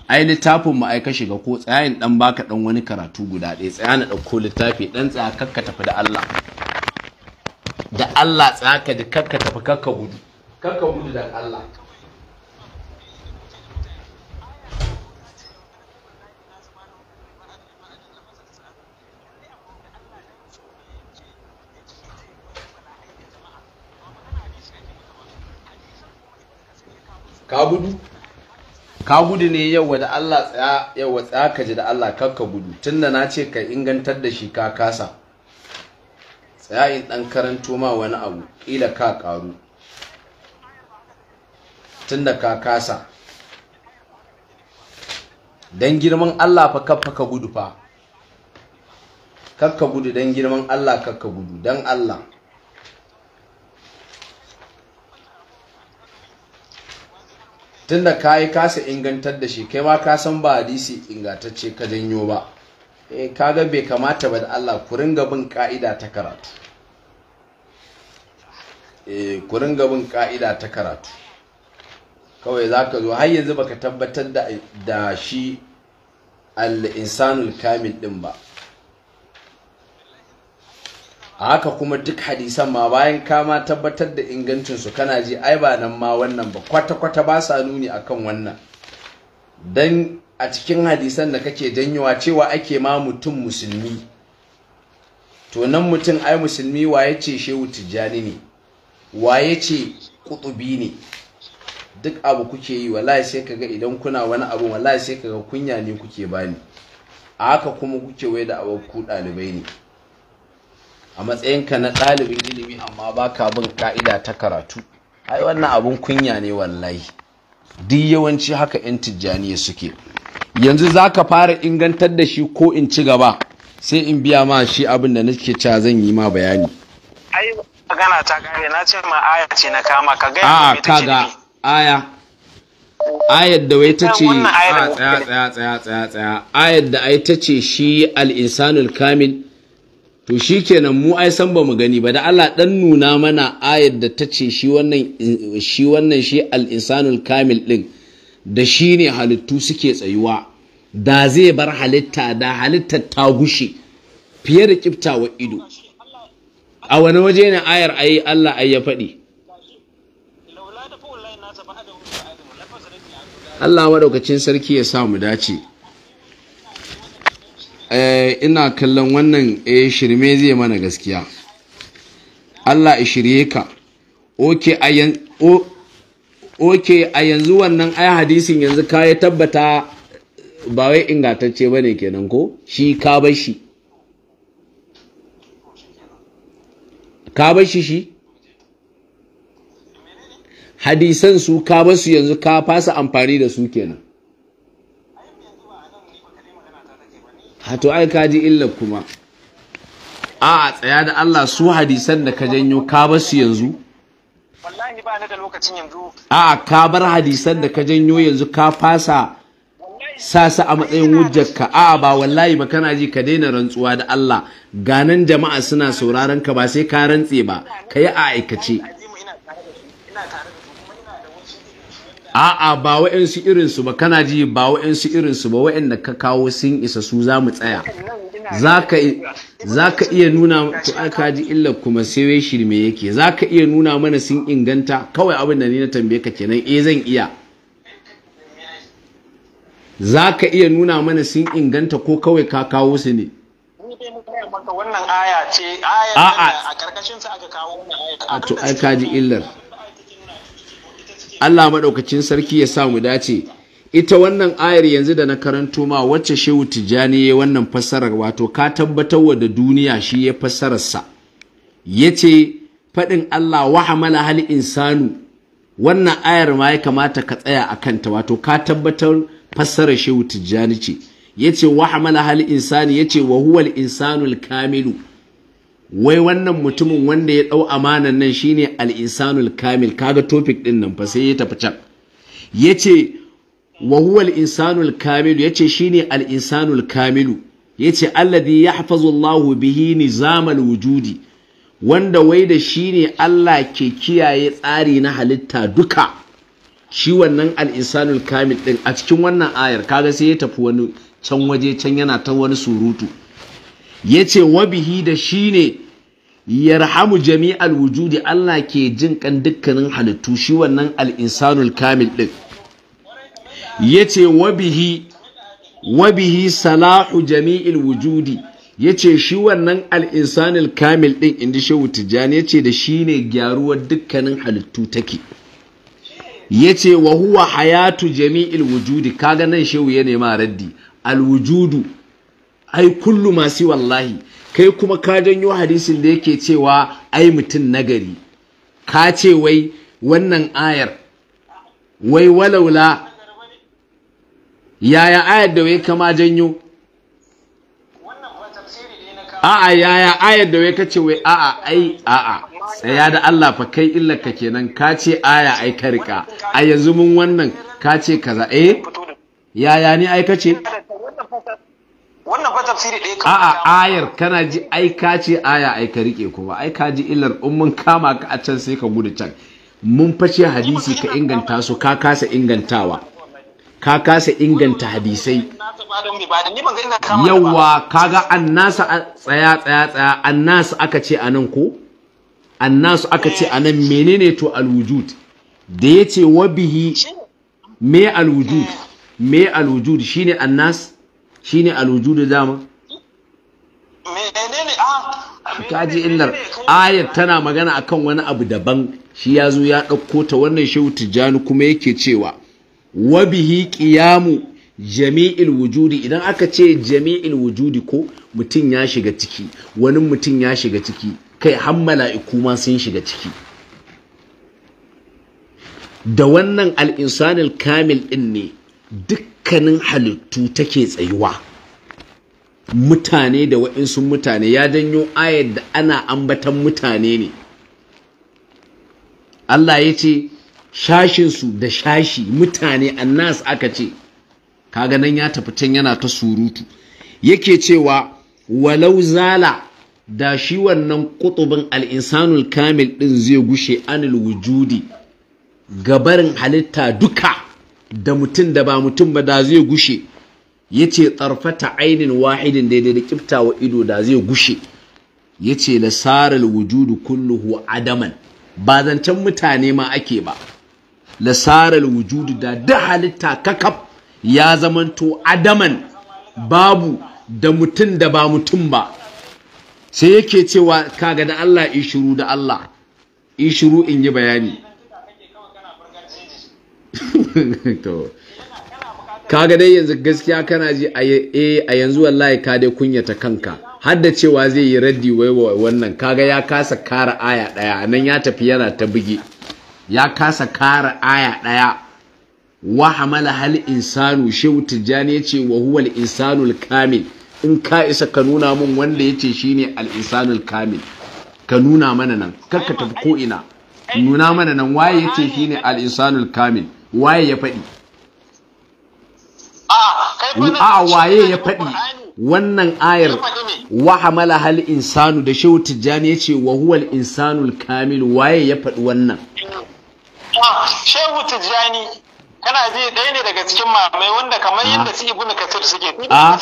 ai littafin mu ai ka shiga ko tsayayin dan baka dan wani karatu guda ɗaya tsaya na ɗauko littafi dan tsaya kakka tafi da Allah da Allah tsaya ka da kakka tafi kakka gudu kakka gudu da Allah ka gudu ka gudu ne wa da Allah tsaya wa tsaya ka ji da Allah ka gudu tunda na ce ka ingantar da shi ka kasa tsaya in dan karanto ma wani abu kila ka karu tunda ka kasa dan girman Allah fa kakka ka gudu fa ka gudu dan girman Allah ka gudu dan Allah tunda yi kasa ingantar da shi kai ma ka san ba hadisi ingantacce ka janyo ba eh kaga bai kamata ba da Allah ku ringa bin ka'ida ta karatu eh ku ringa ka'ida ta karatu kawai zaka zo har yanzu baka tabbatar da da shi al-insanul kamil din ba haka kuma duk hadisan ma bayan kama tabbatar da ingancinsu kana ji ai ba nan ma wannan ba kwata-kwata ba sa nuni akan wannan don a cikin hadisan da kake janyowa cewa ake ma mutum musulmi to nan mutum ai musulmi ya ce shehu tijjani ne ya ce kutubi ne duk abu kuke yi wallahi sai kaga idan kuna wani abu wallahi sai kaga kunya ne kuke bani a haka kuma kuke wai da abu ku ɗalibai ne a matsayinka na ɗalibin ilimi amma ba ka bin ka'ida ta karatu ai wannan abun kunya ne wallahi duk yawanci haka 'yan tijjaniya suke yanzu za ka fara ingantar da shi ko in ci gaba sai in biya ma shi abin da nake cewa zan yi ma bayani ai magana ta kare na ce ma aya ce na kama ka ga a ga aya ayar da wai ta ce tsaya tsaya tsaya tsaya tsaya ayar da ai ta ce shi al-insanul kamil to shi kenan mu ai san ba mu gani ba da Allah dan nuna mana ayar da ta ce shi wannan shi wannan shi al-insanul kamil din da shi ne halittu suke tsayuwa da zai bar halitta da halitta ta gushe fiye da wa ido a wani waje ne ayar ayi Allah ai ya faɗi Allah madaukacin sarki ya sa mu dace Eh, ina kallon wannan a eh, shirme zai mana gaskiya Allah a shirye ka oke a yanzu wannan ayi hadisin yanzu ka ya tabbata ba wai ingantacce ke kenan ko shi ka bashi shi ka shi hadisan su ka basu yanzu ka fasa amfani da su kenan hato ai ka ji illar kuma a a tsaya da Allah su hadisan da ka janyo ka bar su yanzu wallahi ba ni da lokacin yanzu a a ka bar hadisan da ka janyo yanzu ka fasa sasa a matsayin ka. a ba wallahi ba kana ji ka daina rantsuwa da Allah ga nan jama'a suna sauraron ka ba sai ka rantse ba ka a aikace a'a ba wa'ansu irinsu ba kana ji ba wa'ansu irinsu ba wa'anda ka kawo sun isa su za mu tsaya za ka iya nuna aka ji illar kuma sai shirme yake za ka iya nuna mana sun inganta kawai abin da ni na tambaye ka kenan eh zan iya za ka iya nuna mana sun inganta ko kawai ka kawo su ne A'a, a karkashin sa aka kawo a to ji illar Allah maɗaukacin sarki ya sa mu dace ita wannan ayar yanzu da na karanto ma wacce shehu tijjani ya wannan fassarar wato ka tabbatar wa da duniya shi ya fassararsa ya ce faɗin Allah wa hamala hal insanu wannan ayar ma ya kamata ka tsaya a kanta wato ka tabbatar fassarar shehu tijjani ce ya ce wa hamala hal insani ya ce wa huwal insanul kamilu wai wannan mutumin wanda ya dau amanan nan shine al-insanul kamil kaga topic ɗin nan fa sai ya tafi can yace wa huwa al-insanul kamil yace shine al-insanul kamilu yace alladhi yahfazu Allahu bihi nizamal wujudi wanda wai da shine Allah ke kiyaye tsari na halitta duka shi wannan al-insanul kamil din a cikin wannan ayar kaga sai ya tafi wani can waje can yana ta wani surutu yace wa bihi da shine yarhamu jami'al wujudi Allah ke jin kan dukkanin halittu shi wannan al-insanul kamil din yace wabihi wabihi salahu jami'il wujudi yace shi wannan al-insanul kamil din inda shehu tijani yace da shi ne gyaruwar dukkanin halittu take yace wa huwa hayatu jami'il wujudi kaga nan shehu ya nema raddi al-wujudu ai kullu ma si wallahi kai kuma ka janyo hadisin da yake cewa ai mutum nagari ka ce wai wannan ayar wai walaula yaya ayar da wai kama janyo a'a yaya ayar da wai kace wai a'a ai a'a tsaya da Allah fa kai ke kenan ka ce aya ai ka a yanzu mun wannan ka ce kaza eh yaya ne ai kace wannan fa tafsiri ɗaya kawai a'a ayar kana ji aika ce aya ai ka rike kuma ai ka ji illar in mun kama ka a can sai ka gudu can mun fashe hadisi ka inganta su ka kasa ingantawa ka kasa inganta hadisai yawa kaga annasa tsaya tsaya tsaya annasu aka ce anan ko annasu aka ce anan menene to alwujud da ya yace wabihi me alwujud me alwujud shine annas Shi shine alwujudu dama menene a ah, kaji illar ayat tana magana a kan wani abu daban shi ya zo ya ɗauko ta wannan shehu tijjani kuma yake cewa wabihi ƙiyamu jami'il wujudi idan aka ce jami'il wujudi ko mutum ya shiga ciki wani mutum ya shiga ciki kai har mala'iku ma sun shiga ciki da wannan al'insanil kamil ɗin ne duk dukkanin halittu take tsayuwa mutane da waɗansu mutane ya janyo ayar da ana ambatan mutane ne Allah ya ce shashinsu da shashi mutane annas aka ce kaga nan ya tafi can yana ta surutu yake cewa walau zala da shi wannan kutubin al'insanul kamil ɗin zai gushe anil wujudi gabarin halitta duka da mutum da ba mutum ba da zai gushe ya yace tsarfata ainin wahidin daidai da kiftawa ido da zai gushe yace ce saral wujudu kulluhu adaman ba zancen mutane ma ake ba Lasarar wujudu da da halitta kakaf ya zamanto adaman babu da mutum da ba mutum ba sai yake cewa kaga da Allah ishiru da Allah ishiru in yi bayani to kaga dai yanzu gaskiya kana ji eh, a yanzu wallahi ka dai kunyata kanka har da cewa zai yi raddi wai wannan kaga ya kasa kara aya daya nan ya tafi yana ta bugi ya kasa kara aya daya wa hamala hal insanu shehu tijjani yace wa huwa al insanul kamil in ka isa ka nuna min wanda yace shine al insanul kamil ka nuna mana nan karka tafi ko ina nuna mana nan waye yace shine al insanul kamil waye ya faɗi a waye ya faɗi wannan ayar wa hamala hal insanu da shehu tijjani ya ce wa huwal insanul kamil waye ya faɗi wannan ah, shehu tijjani kana ji ɗaya ne daga cikin mamai wanda kamar yadda su ibn kasir suke ah.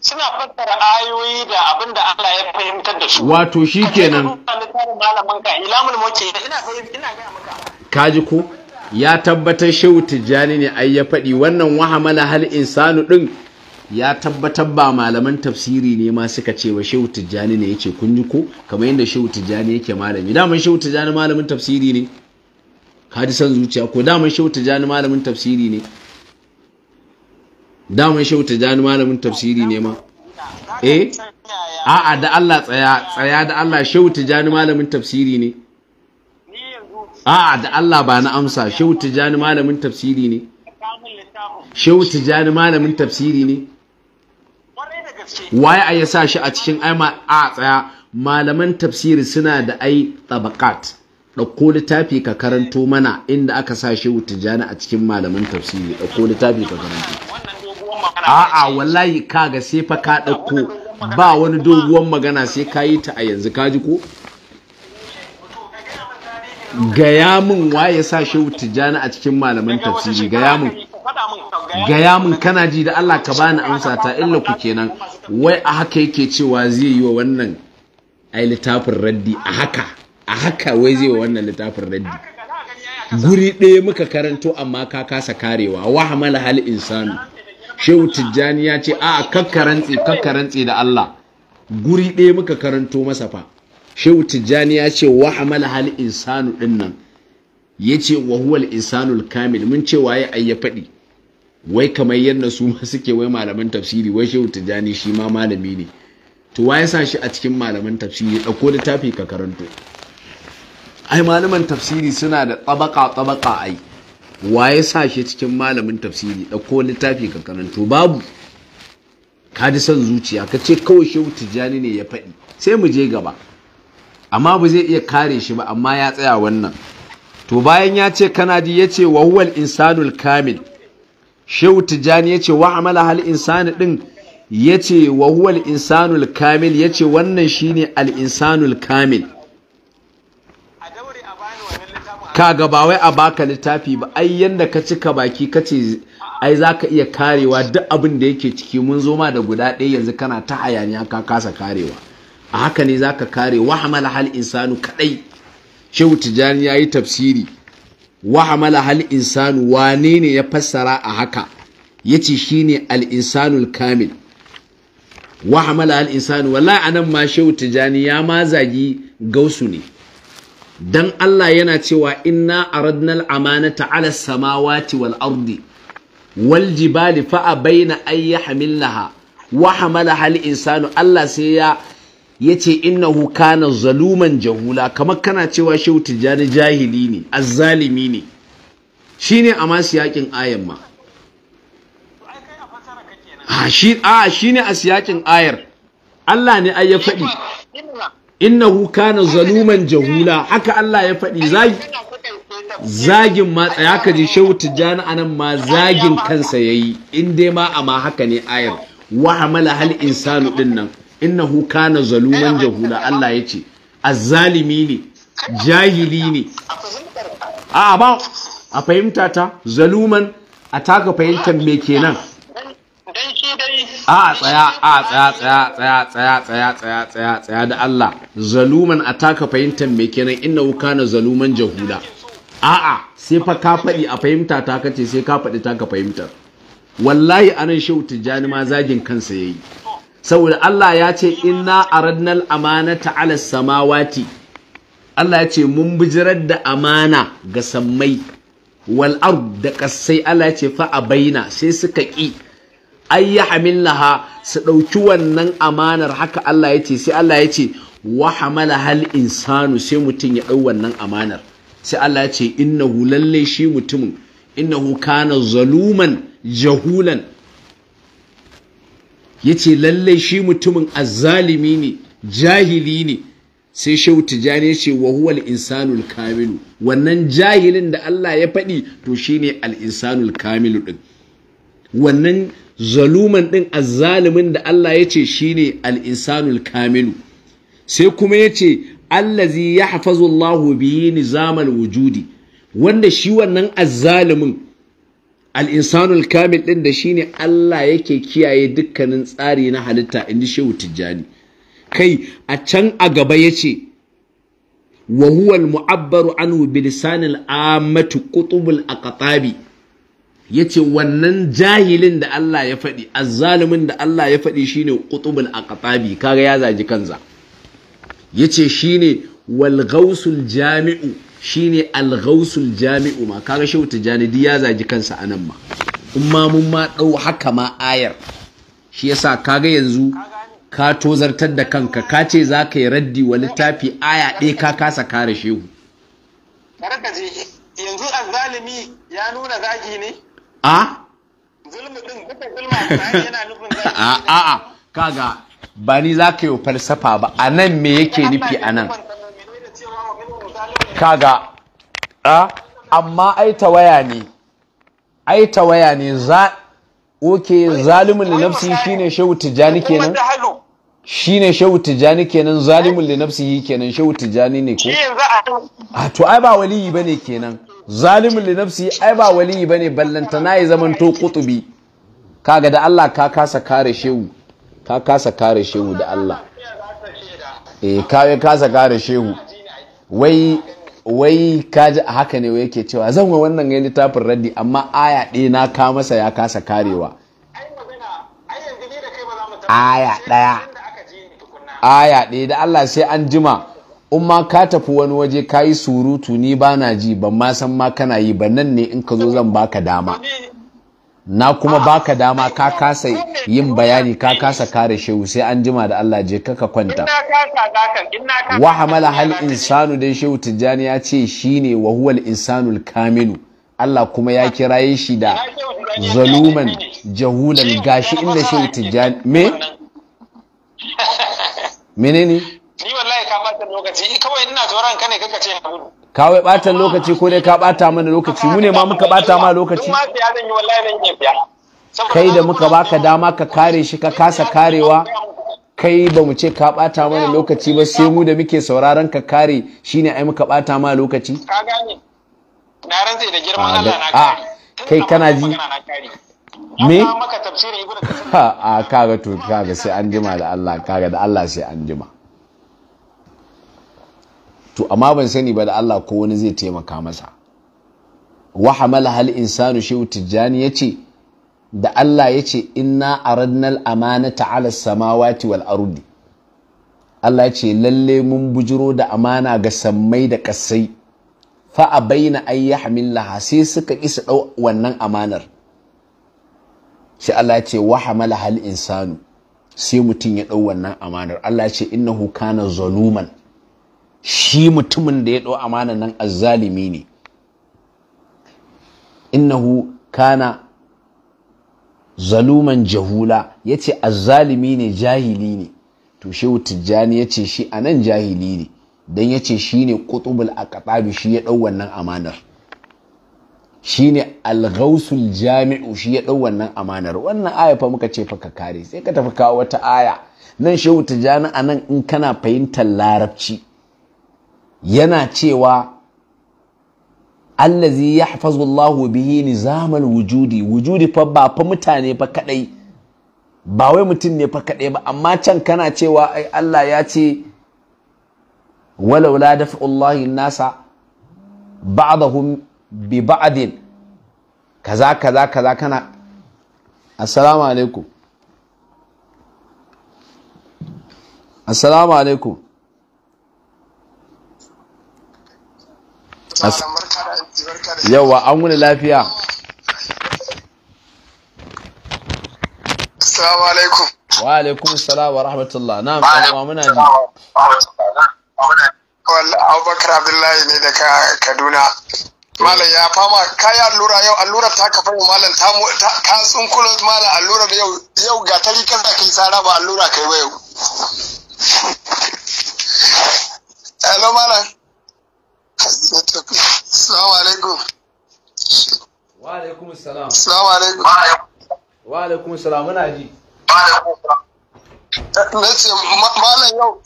suna fassara ayoyi da abin da Allah ya fahimtar da su wato shikenan malamin ka ilamul muke ina ga maka kaji ko ya tabbatar shehu tijjani ne ai ya faɗi wannan wahamala hal insanu ɗin ya tabbatar ba malaman tafsiri ne ma suka ce wa shehu tijjani ne yace kun yi ko kamar yadda shehu tijjani yake malami daman shehu tijjani malamin tafsiri ne san zuciya ko daman shehu tijjani malamin tafsiri ne daman shehu tijjani malamin tafsiri ne ma eh a'a da Allah tsaya tsaya da Allah shehu tijjani malamin tafsiri ne a'a da Allah ba na amsa shehu tijani malamin tafsiri ne shehu tijani malamin tafsiri ne waye a yasa shi a cikin ma a tsaya malaman tafsiri suna da ai tabakat ɗauko littafi ka karanto mana inda aka sa shehu tijani a cikin malaman tafsiri ɗauko littafi ka karanto a'a wallahi kaga sai fa ka dauko, ba wani doguwar magana sai kayi ta a yanzu kaji ko gaya min waye sa shehu tijjani a cikin malaman tafsiri gaya min gaya min kana ji da Allah ka bani amsa ta illa ku kenan wai a haka yake cewa zai yi wa wannan ai littafin raddi a haka a haka wai zai wa wannan littafin raddi guri ɗaya muka karanto amma ka kasa karewa wa hamala hal insanu shehu tijjani ya ce a kakkarantsi kakkarantsi da Allah guri ɗaya muka karanto masa fa shehu tijjani ya ce wa hamala hal insanu dinnan nan ya ce wa huwal insanul kamil mun ce waye ai ya fadi wai kamar yadda su ma suke wai malaman tafsiri wai shehu tijjani shi ma malami ne to waye sa shi a cikin malaman tafsiri ɗauko littafi ka karanto ai malaman tafsiri suna da tabaka tabaka ai waye sa shi cikin malamin tafsiri ɗauko littafi ka karanto babu ka ji son zuciya ka ce kawai shehu tijjani ne ya fadi sai mu je gaba amma ba zai iya kare shi ba amma ya tsaya wannan to bayan ya ce ji ya ce wa huwal insanul kamil shehu tijjani ya ce wa amala hal insani din ya ce wa huwal insanul kamil ya ce wannan shine al insanul kamil kaga ba wai a baka littafi ba ai yanda ka cika baki ka ce ai ka iya karewa duk abin da yake ciki mun zo ma da guda ɗaya yanzu kana ta hayaniya ka kasa karewa a haka ne zaka kare wahamala hal insanu kadai shehu tijani yayi tafsiri wahamala hal insanu wane ne ya fassara a haka yace shine al insanul kamil wahamala hal insanu wallahi nan ma shehu tijani ya ma zagi gausu ne dan Allah yana cewa inna aradnal amanata ala samawati wal ardi wal jibali fa'a abaina ay yahmilnaha wa insanu Allah sai ya yace innahu kana zaluman jahula kamar kana cewa shehu tijjani jahili ne azzalimi ne shine a masu yakin ayar ma a shine a siyakin ayar Allah ne ai ya faɗi innahu kana zaluman jahula haka Allah ya faɗi zagin ma tsaya ka ji shehu tijjani anan ma zagin kansa yayi in dai ma amma haka ne ayar wa hamala hal insanu dinnan nan innahu kana zaluman jahula Allah ya ce azzalimi ne jahili ne a ba a fahimta ta zaluman a taka fahimtar me kenan a tsaya a tsaya tsaya tsaya tsaya tsaya tsaya tsaya da Allah zaluman a taka fahimtar me kenan innahu kana zaluman jahula a'a sai fa ka faɗi a fahimta ta kace sai ka faɗi ta ka fahimtar wallahi anan shehu tijjani ma zagin kansa yayi saboda Allah ya ce inna aradnal amanata ala samawati Allah ya ce mun bijirar da amana ga sammai wal da kasai Allah ya ce fa baina sai suka ki ay yahmilaha su ɗauki wannan amanar haka Allah ya ce sai Allah ya ce wa hamala hal insanu sai mutum ya dau wannan amanar sai Allah ya ce innahu lalle shi mutumin innahu kana zaluman jahulan yace lallai shi mutumin azzalimi ne jahili ne sai shehu tijani ya ce wa huwal insanul kamilu wannan jahilin da Allah ya faɗi to shine al insanul kamilu din wannan zaluman din azzalimin da Allah ya ce shine al insanul kamilu sai kuma ya ce allazi yahfazu Allahu bihi nizamal wujudi wanda shi wannan azzalimin al-insanul kamil ɗin da ne Allah yake kiyaye dukkanin tsari na halitta inji shehu tijjani kai a can a gaba yace wa huwa al-mu'abbaru anhu bi kutubul a qutubul ya yace wannan jahilin da Allah ya faɗi azzalumin da Allah ya faɗi shi shine a aqtabi kaga ya zaji ya ce shi ne walgausul jami'u shine al-ghausul jami'u ma kaga shehu tijani duk ya zagi kansa anan ma in ma mun ma dau haka ma ayar shi yasa kaga yanzu ka tozartar da kanka ka ce za ka yi raddi wa littafi aya ɗaya ka kasa kare shehu yanzu azzalimi ya nuna zagi ne a zulmi din duka zulma yana nufin zagi kaga ba ni za ka yi falsafa ba a nan me yake nufi a nan kaga a amma ai waya ne ai waya ne za oke zalimin da nafsi shine shehu tijani kenan shine shehu tijani kenan zalimin da nafsi kenan shehu tijani ne ko a to ai ba waliyi bane kenan zalimin da nafsi ai ba waliyi bane ballanta na yi zaman to kutubi. kaga da Allah ka kasa kare shehu ka kasa kare shehu da Allah eh ka kasa kare shehu wai wai kaji a haka ne yake cewa zan wa wannan ya littafin raddi amma aya ɗaya na ka masa ya kasa karewa aya ɗaya aya ɗaya da Allah sai an jima in ma ka tafi wani waje ka yi surutu ni ba na ji ban ma san ma kana yi ba nan ne in ka zo zan baka dama na kuma baka dama ka kasa yin bayani ka kasa kare shehu sai an jima da Allah je kaka kwanta wa hamala hal insanu dai shehu tijjani ya ce shine wa huwal insanul kamilu Allah kuma ya kira shi da zaluman jahulan gashi inda shehu tijjani me menene ni wallahi ka bata lokaci kawai ina tsoron kane ne kaka ce na gudu kawai ɓatan lokaci ko dai ka ɓata mana lokaci mu ne ma muka ɓata ma lokaci kai da muka baka dama ka kare shi ka kasa karewa kai ba mu ce ka ɓata mana lokaci ba sai mu da muke sauraron ka kare shine ai muka ɓata ma lokaci ka gane na da girman Allah na kare kai kana ji me a kaga to kaga sai an jima da Allah kaga da Allah sai an jima to amma ban sani ba da Allah ko wani zai taimaka masa wa hamala hal insanu shehu tijjani ya ce da Allah ya ce inna aradnal amanata ala samawati wal ardi Allah ya ce lalle mun bujiro da amana ga sammai da kassai fa a bayyana an yi sai suka isa ɗau wannan amanar shi Allah ya ce wa hamala hal insanu sai mutum ya ɗau wannan amanar Allah ya ce innahu kana zaluman shi mutumin da ya ɗau amana nan azzalimi ne innahu kana zaluman jahula ya ce azzalimi ne jahili ne to shehu tijjani ya ce shi a nan jahili ne don ya ce shi ne kutubul akatabi shi ya ɗau wannan amanar shi ne alghausul jami'u shi ya ɗau wannan amanar wannan aya fa muka ce fa ka kare sai ka tafi kawo wata aya nan shehu tijjani a nan in kana fahimtar larabci yana cewa allazi yahfazu Allahu bihi nizamal wujudi wujudi fa ba fa mutane fa kadai ba wai mutum ne fa kadai ba amma can kana cewa ai Allah ya ce walau la dafa'ullahi nasa ba'dahum bi ba'din kaza kaza kaza kana assalamu alaikum assalamu alaikum yawa an wuni lafiya assalamu alaikum wa alaikum assalam wa rahmatullah na amma muna ne Abubakar Abdullahi ne daga Kaduna Malam ya fama kayi allura yau allura ta kafa wa malam ta ka tsunkulo malam allura yau yau ga tari kan za ka yi tsara ba allura kai ba yau. Hello malam. Salamu alaikum. Wa alaikum salam. Salamu alaikum. Wa alaikum salam muna ji. Na ce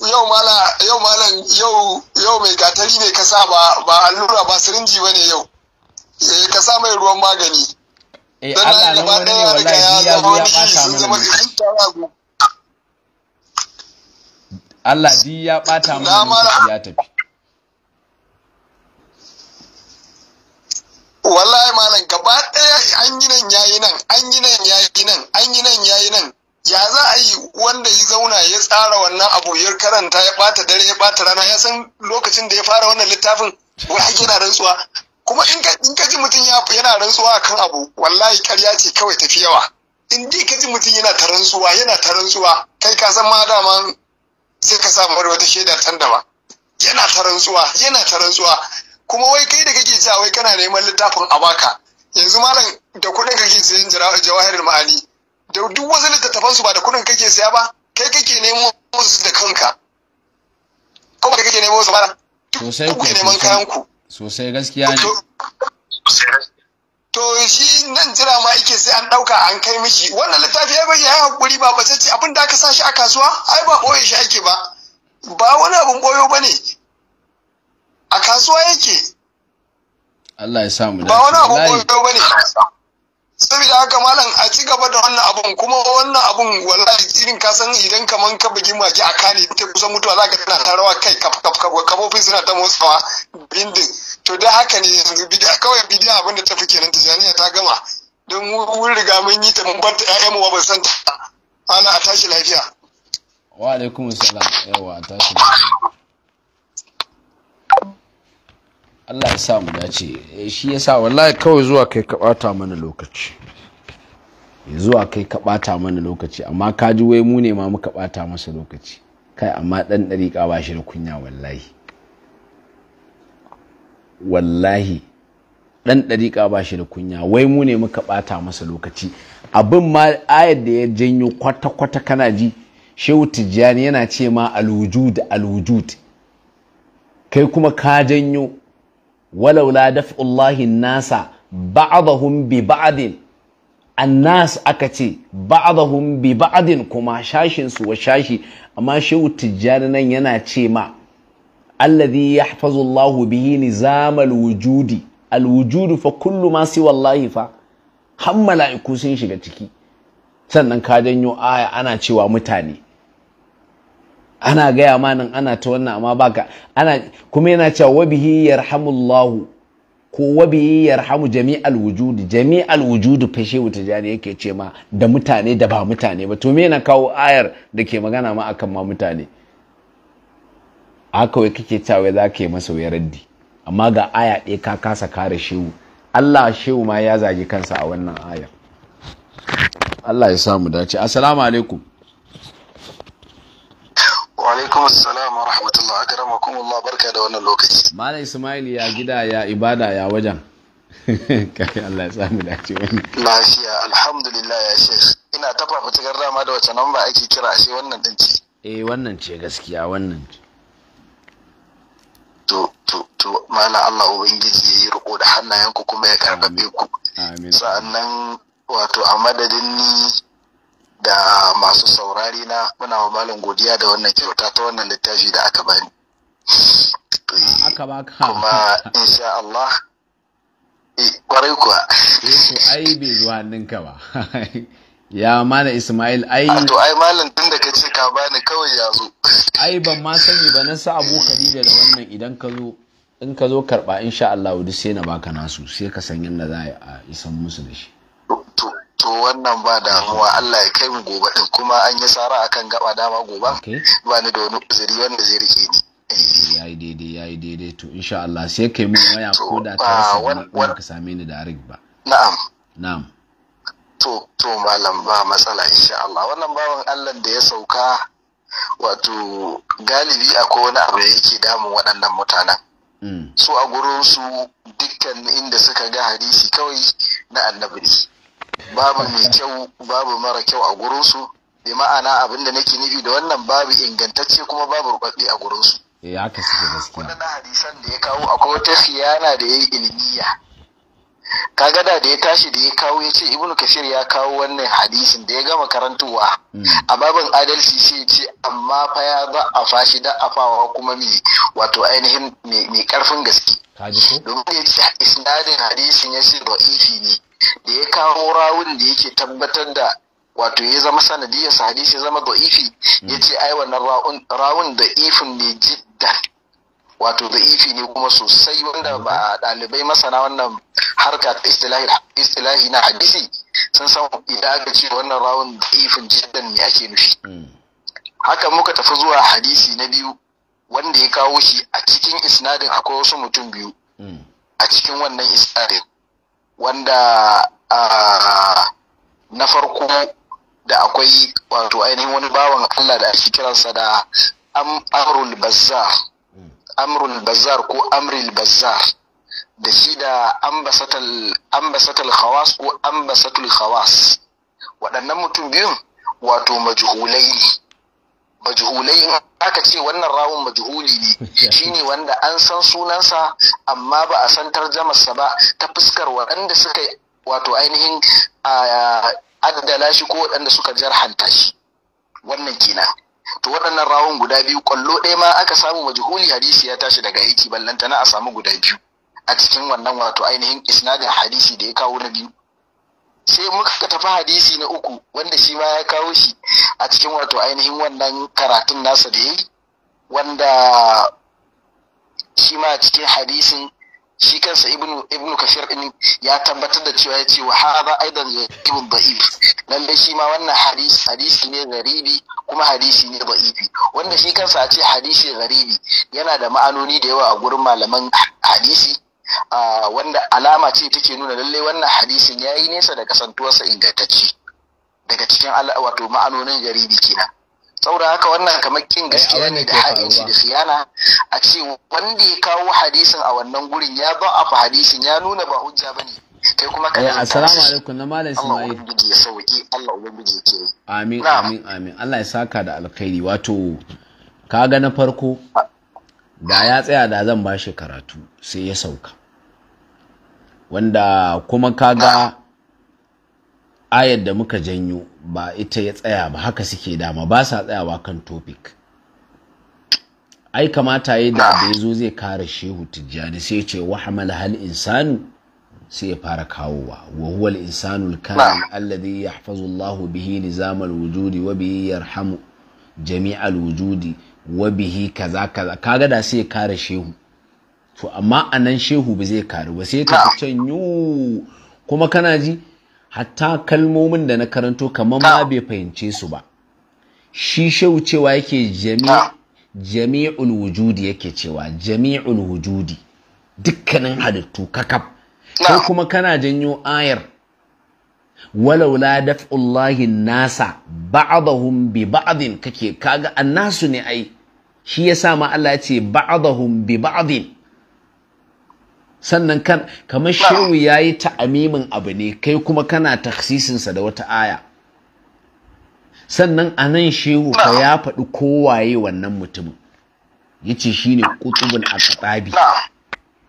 yau malam yau mai gatari ne ka sa ba ba allura ba sirinji bane yau. Eh ka sa mai ruwan magani. Eh Allah ne wani ne wallahi ya zo ya bata mana. Allah di ya bata mana ya tafi. wallahi malam gaba ɗaya an yi nan yayi nan an yi nan yayi nan an yi nan yayi nan ya za a yi wanda ya zauna ya tsara wannan abu ya karanta ya ɓata dare ya ɓata rana ya san lokacin da ya fara wannan littafin wai ake na rantsuwa kuma in ka ji mutum yana rantsuwa akan abu wallahi karya ce kawai tafi yawa in di ka ji mutum yana ta rantsuwa yana ta rantsuwa kai ka san ma dama sai ka samu wata shaida tan da ba yana ta rantsuwa yana ta rantsuwa kuma wai kai da kake cewa wai kana neman littafin a baka yanzu malam da kuɗin kake sayan jawahirin ma'ani da duk wasu littattafan su ba da kuɗin kake saya ba kai kake nemo musu da kanka ko ba kake nemo su ba sosai ku neman kayan ku sosai gaskiya ne to shi nan jira ma yake sai an dauka an kai miki. wannan littafi ya bayyana ya hakuri ba bacacce abin da aka sa shi a kasuwa ai ba boye shi ake ba ba wani abin boyo bane a kasuwa yake Allah ya samu ba wani abu ba bane saboda haka malam a ci gaba da wannan abun kuma wannan abun wallahi irin ka san idan kaman ka bugi maji a kane ta kusan mutuwa zaka tana tarawa kai kaf kaf kaf kafofin suna ta motsawa bindin to da haka ne yanzu bidiya kawai bidiya abin da ta fi kenan tijaniya ta gama don mun riga mun yi ta mun bar ta ƴaƴan mu ba san ta ana a tashi lafiya wa alaikumus salam yawa a tashi lafiya Allah ya sa mu dace eh, shi ya sa, wallahi kawai zuwa kai ka bata mana lokaci zuwa kai ka bata mana lokaci amma ka ji wai mu ne ma muka bata masa lokaci kai amma dan dariƙa ba shi da kunya wallahi wallahi dan dariƙa ba shi da kunya wai mu ne muka bata masa lokaci abin ma ayar da ya janyo kwata kwata kana ji shehu tijjani yana ce ma alwujud alwujud kai kuma ka janyo walaula daf'ullahi nasa ba'dahum bi ba'din annas aka ce ba'dahum bi ba'adin kuma shashinsu su wa shashi amma shehu tijjani nan yana ce ma alladhi yahfazu Allahu bihi nizamal wujudi alwujudu fa kullu ma si wallahi fa har mala'iku sun shiga ciki sannan ka janyo aya ana cewa mutane ana gaya ma nan ana ta wannan amma baka ana kuma yana cewa wabihi yarhamullahu ko wabihi yarhamu jami'al wujudi jami'al wujudi fashe wuta jani yake ce ma da mutane da ba mutane ba to me yana kawo ayar da ke magana ma akan ma mutane haka wai kake cewa za ka yi masa raddi amma ga aya ɗaya ka kasa kare shehu Allah shehu ma ya zagi kansa a wannan ayar Allah ya samu dace assalamu alaikum Wa alaikum assalam wa rahmatullah akramakumullah barka da wannan lokaci. Malam Ismail ya gida ya ibada ya wajen. Kai Allah ya sami dace wani. Lafiya alhamdulillah ya sheikh. Ina ta fafutukar dama da wace namba ake kira ashe wannan din ce. Eh wannan ce gaskiya wannan ce. To to to malam Allah ubangiji ya yi riko da hannayenku kuma ya karbabe ku. Amin. Sa'annan wato a madadin ni da masu saurari na muna wa malam godiya da wannan kyauta ta wannan littafi da aka bani kuma insha Allah kwarai kuwa to ai bai zuwa ninka ba ya mana Ismail ai to ai malam tun da ce ka bani kawai ya zo ai ban ma sani ba na sa Abu Khadija da wannan idan ka zo in ka zo karba insha Allah duk sai na baka nasu sai ka san yadda za a isan musu da shi to to wannan ba damuwa Allah ya kai mu gobe din kuma an yi sara akan gaba dama gobe ba ni da wani uzuri wanda zai rike ni eh, yayi daidai yayi daidai to insha Allah sai kai mun waya ko da ta rasa ka same ni da arik ba na'am na'am to to malam ba matsala insha Allah wannan bawan Allah da ya sauka wato galibi akwai wani abu da yake damun waɗannan mutanen mm. su a gurin su dukkan inda suka ga hadisi kawai na annabi ne babu mai kyau babu mara kyau a gurinsu bi ma'ana abin da nake nufi da wannan babu ingantacce kuma babu rubabbe a gurinsu eh haka suke gaskiya wannan hadisan da ya kawo akwai wata siyana da yayi ilmiya kaga da da ya tashi da ya kawo ya ce ibnu kashir ya kawo wannan hadisin da ya gama karantuwa mm. a babin adalci sai ce amma fa ya ba a fashi da afawa kuma mai wato ainihin mai karfin gaske ko domin ya ce isnadin hadisin ya ce da'ifi ne da ya kawo rawun da yake tabbatar da wato ya zama sanadiyar sa hadisi ya zama da'ifi hmm. ya ce ai wannan rawun da ifin ne jidda wato da ifi ne kuma sosai wanda ba ɗalibai masana wannan harka ta istilahi na hadisi sun san idan aka ce wannan rawun da ifin jiddan me ake nufi hmm. haka muka tafi zuwa hadisi na biyu wanda ya kawo shi a cikin isnadin akwai wasu mutum biyu hmm. a cikin wannan isnadin wanda na farko da akwai wato ainihin wani bawan Allah da ake kiransa da amrul bazar hmm. amrul bazzar ko amril bazar da shi da ambasatal khawas ko ambasatul khawas waɗannan mutum biyun wato majhulai ne majhulai in aka ce wannan rawun majhuli ne shine wanda an san sunansa amma ba a san tarjamarsa ba ta fuskar waɗanda suka wato ainihin adadala shi ko waɗanda suka jarhanta shi wannan kenan to waɗannan rawun guda biyu kwallo ɗaya ma aka samu majhuli hadisi ya tashi daga aiki ballantana a samu guda biyu a cikin wannan wato ainihin isnadin hadisi da ya kawo na biyu sai muka tafi hadisi na uku wanda shi ma ya kawo shi a cikin wato ainihin wannan karatun nasa da ya yi wanda shi ma cikin hadisin shi kansa ibnu kafir ɗin ya tabbatar da cewa yace wa hadha aidan ibn da'if lalle shi ma wannan hadisi ne garibi kuma hadisi ne ba'ibi wanda shi kansa a ce hadisi garibi yana da ma'anoni da yawa a gurin malaman hadisi wanda alama ce take nuna lallai wannan hadisin ya yi nesa da kasantuwarsa ingantacce daga cikin wato ma'anonin garibi kenan saboda haka wannan kamar kin gaskiya ne da hadisi da siyana a ce wanda ya kawo hadisin a wannan gurin ya ba a hadisin ya nuna ba hujja bane kai kuma ka assalamu alaikum na malam Ismail Allah ubangiji ya Allah ubangiji ya amin amin amin Allah ya saka da alkhairi wato kaga na farko da ya tsaya da zan ba shi karatu sai ya sauka wanda kuma kaga ayar da muka janyo ba ita ya tsaya ba haka suke dama ba sa tsayawa kan topic ai kamata yi da da zo zai kare shehu tijjani sai ce wa hamal hal insanu sai ya fara kawowa wa huwa al-insanu al-kamil alladhi yahfazu Allahu bihi nizam al-wujudi wa bihi yarhamu al-wujudi wa bihi kaza kaza kaga da sai ya kare shehu to amma a shehu ba zai karu ba sai ta can yu kuma kana ji hatta kalmomin da na karanto kamar ma bai fahimce su ba shi shehu cewa yake jami'ul wujudi yake cewa jami'ul wujudi dukkanin halittu kakaf ko kuma kana janyo ayar walaula daf'ullahi nasa ba'dahum bi ba'din kake kaga annasu ne ai shi yasa ma Allah ya ce ba'dahum bi ba'din sannan kan kamar shehu ya yi ta'amimin abu ne kai kuma kana taksisinsa da wata aya sannan a nan shehu ka ya faɗi kowaye wannan mutumin ya ce shi ne kutubun a ƙaɗabi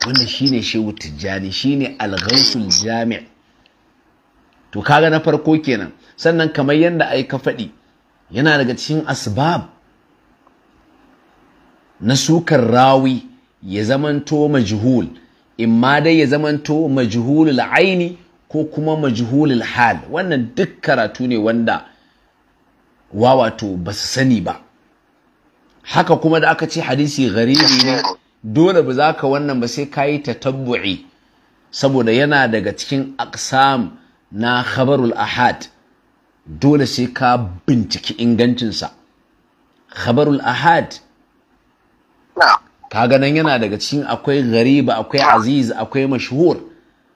wanda shi ne shehu tijjani shi ne alghausul Jami'a. to kaga na farko kenan sannan kamar yadda ai ka faɗi yana daga cikin asbab na sukar rawi ya zamanto majhul in ma dai ya zamanto majhulul aini ko kuma majhulul hal wannan duk karatu ne wanda wawato ba su sani ba haka kuma da aka ce hadisi gharibi ne dole ba za ka wannan ba sai ka yi tatabbu'i saboda yana daga cikin aksam na khabarul ahad dole sai ka binciki ingancinsa khabarul ahad kaga nan yana daga cikin akwai gariba akwai aziz akwai mashhur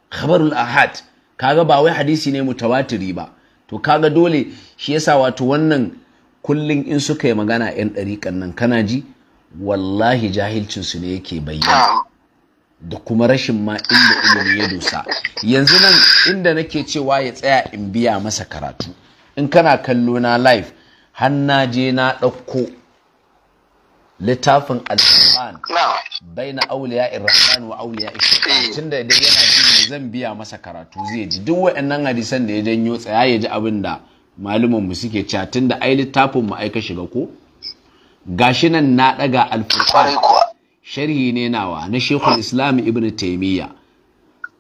khabarul ahad kaga ba wai hadisi ne mutawatiri ba to kaga dole shi yasa wato wannan kullun in suka yi magana yan ɗariƙan nan kana ji wallahi jahilcin su ne yake bayyana ah. da kuma rashin ma inda ilimi ya dosa yanzu nan inda nake cewa ya tsaya in biya masa karatu in kana kallo na live har na je na ɗauko littafin al'adu Rahman baina auliya Rahman wa auliya Shaitan eh. tunda idan yana jin zan biya masa karatu zai ji duk waɗannan hadisan da ya janyo tsaya ya ji abin da malumin mu suke cewa tunda ai littafin mu ka shiga ko gashi nan na daga al-Furqan sharhi ne nawa na Sheikhul Islam Ibn Taymiyyah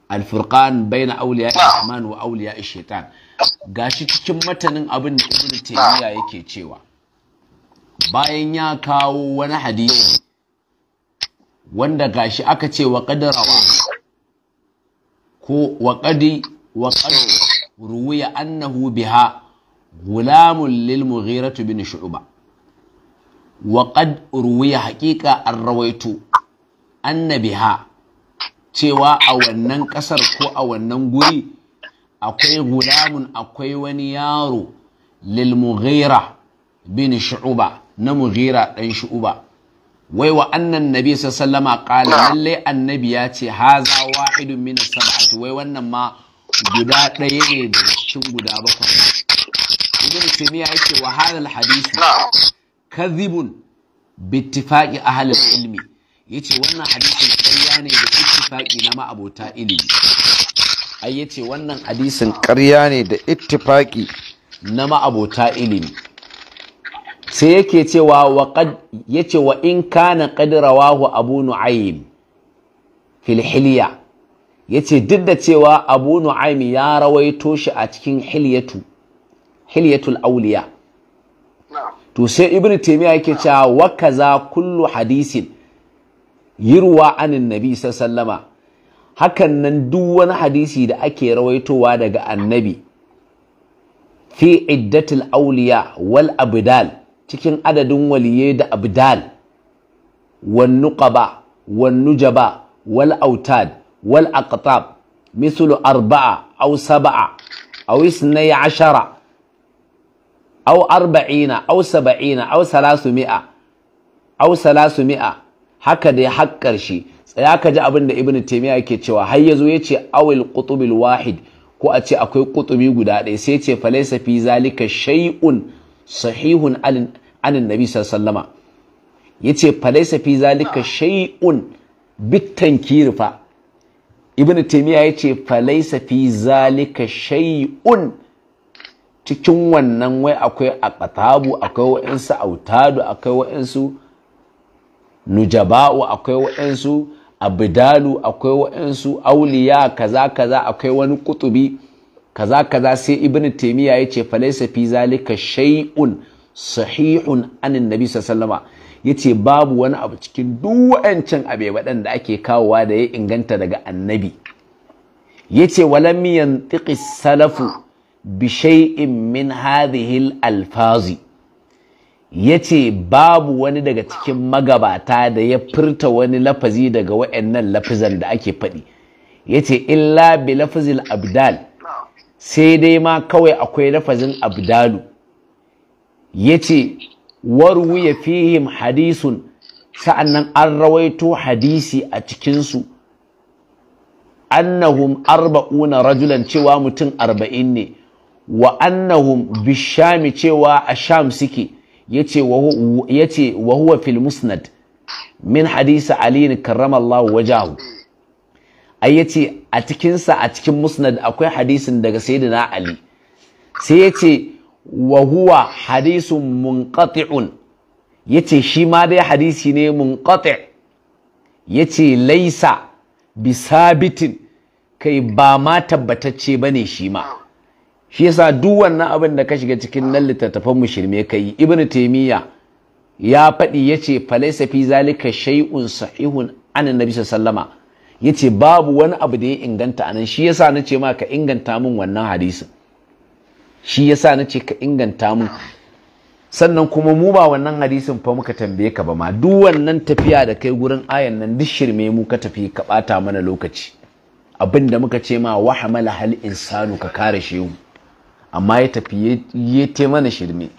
al-Furqan baina auliya Rahman wa auliya Shaitan gashi cikin matanin abin da Ibn Taymiyyah yake cewa bayan ya kawo wani hadisi wanda gashi aka ce wa qadarawa ko wa wa ruwiya annahu biha gulamun lil mughiratu bin shu'ba wa qad ruwiya haqiqa arrawaitu anna biha cewa a wannan ƙasar ko a wannan guri akwai gulamun akwai wani yaro lil mughira bin shu'ba na mughira dan shu'ba wai wa annan nabi sallama kala lalle annabi ya ce haza wahidun min sabati wai wannan ma guda ɗaya ne da cikin guda bakwai ibn taymiya yake wa hadha al-hadith kadhibun bi ittifaqi ahli ilmi yace wannan hadisin ƙarya ne da ittifaqi na ma'abota ilimi ai yace wannan hadisin ƙarya ne da ittifaqi na ma'abota ilimi sai yake cewa wa qad yace wa in kana qad rawahu abu nu'aym fil hilya yace duk da cewa abu nu'aym ya rawaito shi a cikin hilyatu hilyatul awliya to sai ibnu taymiya yake cewa wa kaza kullu hadisin yirwa anin nabi sallama hakan nan duk wani hadisi da ake rawaitowa daga annabi fi iddatul awliya wal abdal cikin adadin waliyai da abdal Wannu nuqaba Wannu nujaba wal autad wal aqtab mislu arba'a aw sab'a aw isnai ashara aw arba'ina aw sab'ina aw salasumi'a aw salasumi'a haka dai har ƙarshe tsaya ka ji abin da ibnu taymiya yake cewa har ya ce awil qutubil wahid ko a ce akwai kutubi guda ɗaya sai ce falaisa fi zalika shay'un sahihun anin nabi sallama yace falaisa fi zalika ah. shay'un bitankiri fa ibn taymiya yace falaisa fi zalika shay'un cikin wannan wai akwai aqtabu akwai wa'ansu autadu akwai wa'ansu nujaba'u akwai wa'ansu abidalu akwai wa'ansu auliya kaza kaza akwai wani kutubi kaza kaza sai ibn taymiya yace falaisa fi zalika shay'un sahihun anin nabi sallama ya ce babu wani abu cikin duwancin abe waɗanda ake kawowa da ya inganta daga annabi ya ce walam yantiki salafu bi min hadihil alfazi ya ce babu wani daga cikin magabata da ya furta wani lafazi daga waɗannan lafizan da ake faɗi ya ce illa bi lafazil abdal sai dai ma kawai akwai lafazin abdalu yace warwiya fihim hadisun sa'annan an rawaito hadisi a cikinsu annahum arba'una rajulan cewa mutum arba'in ne wa annahum bishami cewa a sham suke yace wa huwa fil musnad min hadisa ali karramallahu wajahu ai yace a cikinsa a cikin musnad akwai hadisin daga sayyidina ali sai yace wa huwa hadisun munqati'un yace shi ma dai hadisi ne munqati' yace laisa bisabitin kai ba ma tabbatacce ba shi ma shi yasa duk wannan abin da ka shiga cikin nan littattafan mu ka yi ibnu taimiyya ya faɗi yace falaisa fi zalika shay'un sahihun na bisa sallama yace babu wani abu da ya inganta anan shi yasa nace ma ka inganta min wannan hadisin shi ya sa na ce ka inganta mu sannan kuma mu ba wannan hadisin fa muka tambaye ka ba ma duk wannan tafiya da kai gurin ayan nan duk shirme mu ka tafi ka bata mana lokaci abin da muka ce ma wahamala hal insanu ka kare shehu amma ya tafi ya te mana shirme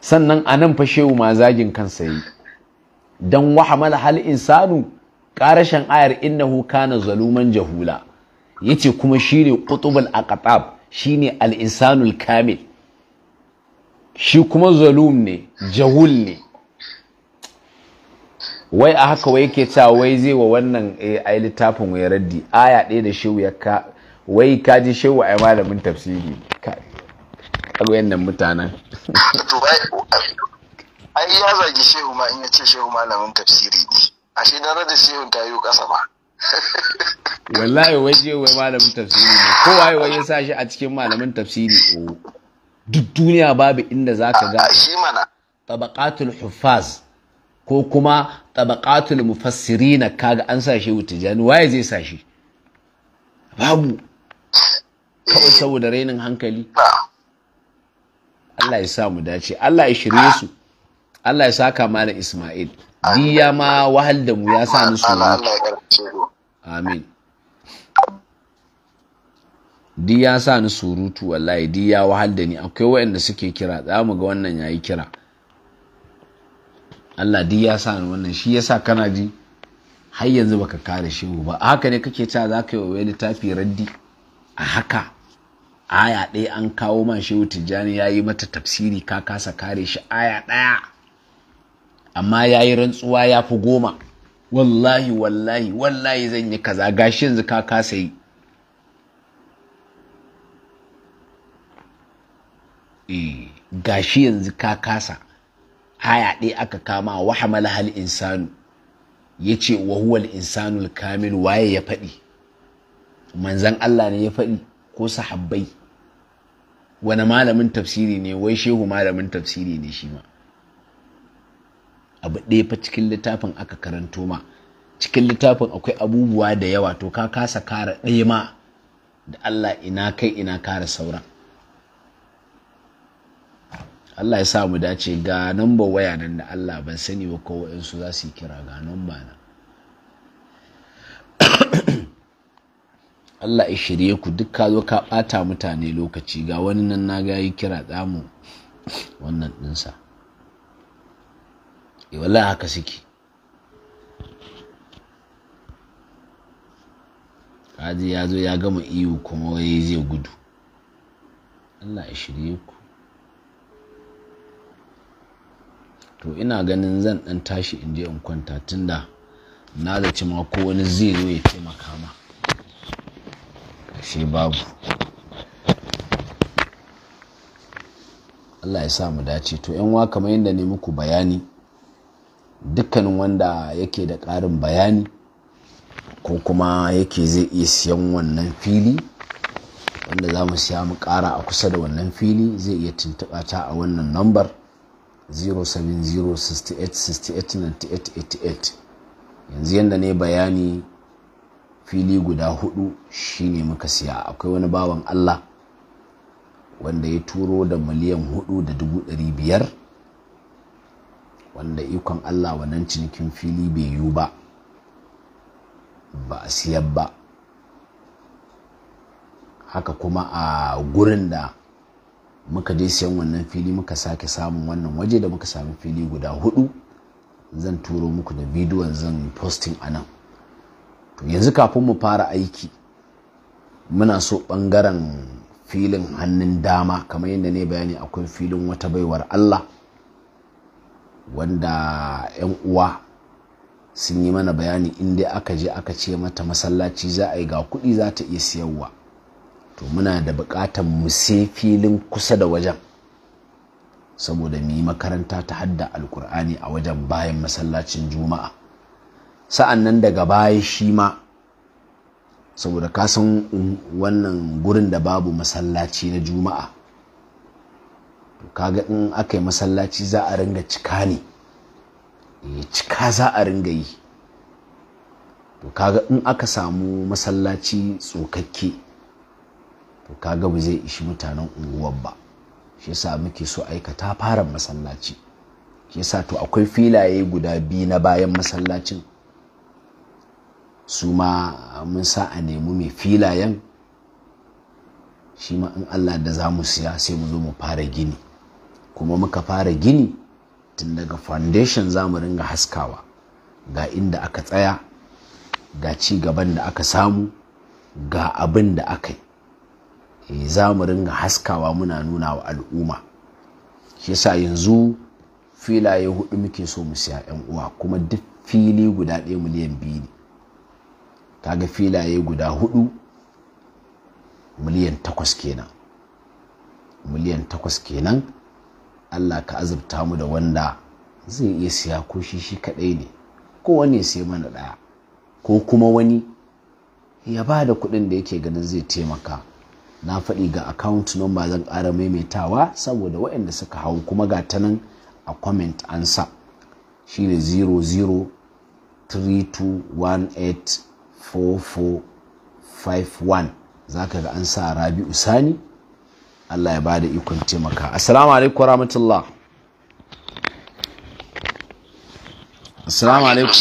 sannan a nan fa shehu ma zagin kansa yi dan wahamala hal insanu karashin ayar innahu kana zaluman jahula yace kuma shi ne qutubul aqtab shine ne insanul kamil shi kuma zalum ne jahul ne wai a haka wai yake cewa wai zai wa wannan yi eh, littafin wai raddi aya ɗaya da shehu ya ka wai ka ji shehu yi malamin tafsiri kagoyen nan mutanen ai ya zagi shehu ma in ya ce shehu malamin tafsiri ne ashe na da shehun ta yi ƙasa ba wallahi wai je wai malamin tafsiri ne kowa wai ya sa shi a cikin malamin tafsiri o duk duniya babu inda za ka ga tabaqatul huffaz ko kuma tabaqatul mufassirin kaga an sa shi wutijani waye zai sa shi babu kawai saboda rainin hankali Allah ya sa mu dace Allah ya shirye su Allah ya saka mana Ismail diya ma wahal da mu ya sa musu amin di ya sa ni surutu wallahi di ya wahal da ni akwai waɗanda suke kira za mu ga wannan yayi kira Allah di ya sa ni wannan shi yasa kana ji har yanzu baka kare shehu ba haka ne kake cewa za ka yi wani tafi raddi a haka aya ɗaya an kawo man shehu tijjani ya yi mata tafsiri ka kasa kare shi aya ɗaya amma ya yi rantsuwa ya fi goma wallahi wallahi wallahi zan yi kaza gashi yanzu ka kasa yi eh, gashi yanzu ka kasa haya ɗaya aka kama wa hamala hal insanu ya ce wa huwal insanul kamil waye ya faɗi manzan Allah ne ya faɗi ko sahabbai wani malamin tafsiri ne wai shehu malamin tafsiri ne shi ma abu ɗaya fa cikin littafin aka karanto ma cikin littafin akwai abubuwa da yawa to ka kasa kara ɗaya ma da Allah ina kai ina kara sauran Allah ya sa mu dace ga namba waya nan da Allah ban sani ba ko waɗansu za su yi kira ga namba na Allah ya shirye ku duk ka zo ka ɓata mutane lokaci ga wani nan na ga yi kira tsamu wannan ɗinsa. e wallahi haka suke kaji ya zo ya gama iyo kuma wai zai gudu allah ya shirye ku to ina ganin zan dan tashi in je in kwanta tunda na da ma ko wani zai zo ya taimaka ma shi babu allah ya sa mu dace to yan wa kamar yadda ne muku bayani dukkanin wanda yake da ƙarin bayani ko kuma yake zai iya siyan wannan fili wanda za mu siya mu ƙara a kusa da wannan fili zai iya tuntuɓa ta a wannan nambar 07068689888 yanzu yadda ne bayani fili guda hudu shine muka siya akwai wani bawan allah wanda ya turo da miliyan hudu da dubu ɗari biyar wanda ikon Allah wannan cinikin fili bai yiwu ba ba a siyar ba haka kuma a gurin da muka je siyan wannan fili muka sake samun wannan waje da muka sami fili guda hudu zan turo muku da bidiyon zan posting a nan to yanzu kafin mu fara aiki muna so ɓangaren filin hannun dama kamar yadda ne bayani akwai filin wata baiwar Allah wanda 'yan uwa sun yi mana bayani inda aka je aka ce mata masallaci za a yi ga kuɗi za ta iya siyarwa to muna da buƙatar mu filin kusa da wajen saboda mu yi makaranta ta hadda alkur'ani a wajen bayan masallacin juma'a sa'an nan daga baya shi ma saboda kasan wannan gurin da babu masallaci na juma'a to kaga in aka yi masallaci za a ringa cika ne eh, cika za a ringa yi to kaga in aka samu masallaci tsokakke to kaga ba zai ishi mutanen unguwar ba shi yasa muke so aikata fara masallaci shi yasa to akwai filaye guda biyu na bayan masallacin su ma mun sa a nemi mai filayen shi ma in allah da za mu siya sai mu zo mu fara gini kuma muka fara gini tun daga foundation za mu ringa haskawa ga inda aka tsaya ga ci gaban da aka samu ga abin da aka yi eh, za mu ringa haskawa muna nuna wa al'umma shi sa yanzu filaye hudu muke so mu siya yan uwa kuma duk fili guda ɗaya miliyan biyu ne ga filaye guda hudu miliyan takwas kenan miliyan takwas kenan Allah ka azurta mu da wanda zai iya siya ko shi shi kaɗai ne ko wani sai mana ɗaya ko kuma wani ya ba da kuɗin da yake ganin zai taimaka na faɗi ga account number zan ƙara maimaitawa saboda waɗanda suka hau kuma ga ta nan a comment an sa shi ne 0032184451 za ka ga an sa rabi'u sani Allah ya bada ikon taimaka assalamu alaikum warahmatullah assalamu alaikum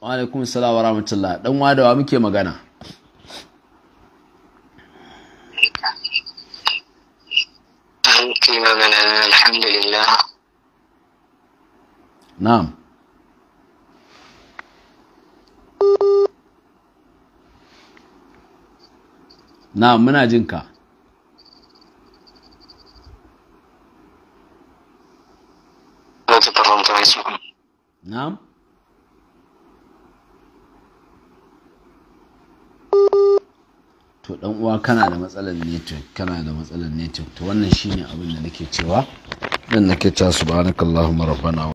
wa alaikum assalam warahmatullah dan wa muke magana Na'am. na'am na muna jinka. ka نعم to dan uwa kana da matsalar network kana da matsalar network to wannan shine abin da nake cewa dan nake cewa subhanakallahumma rabbana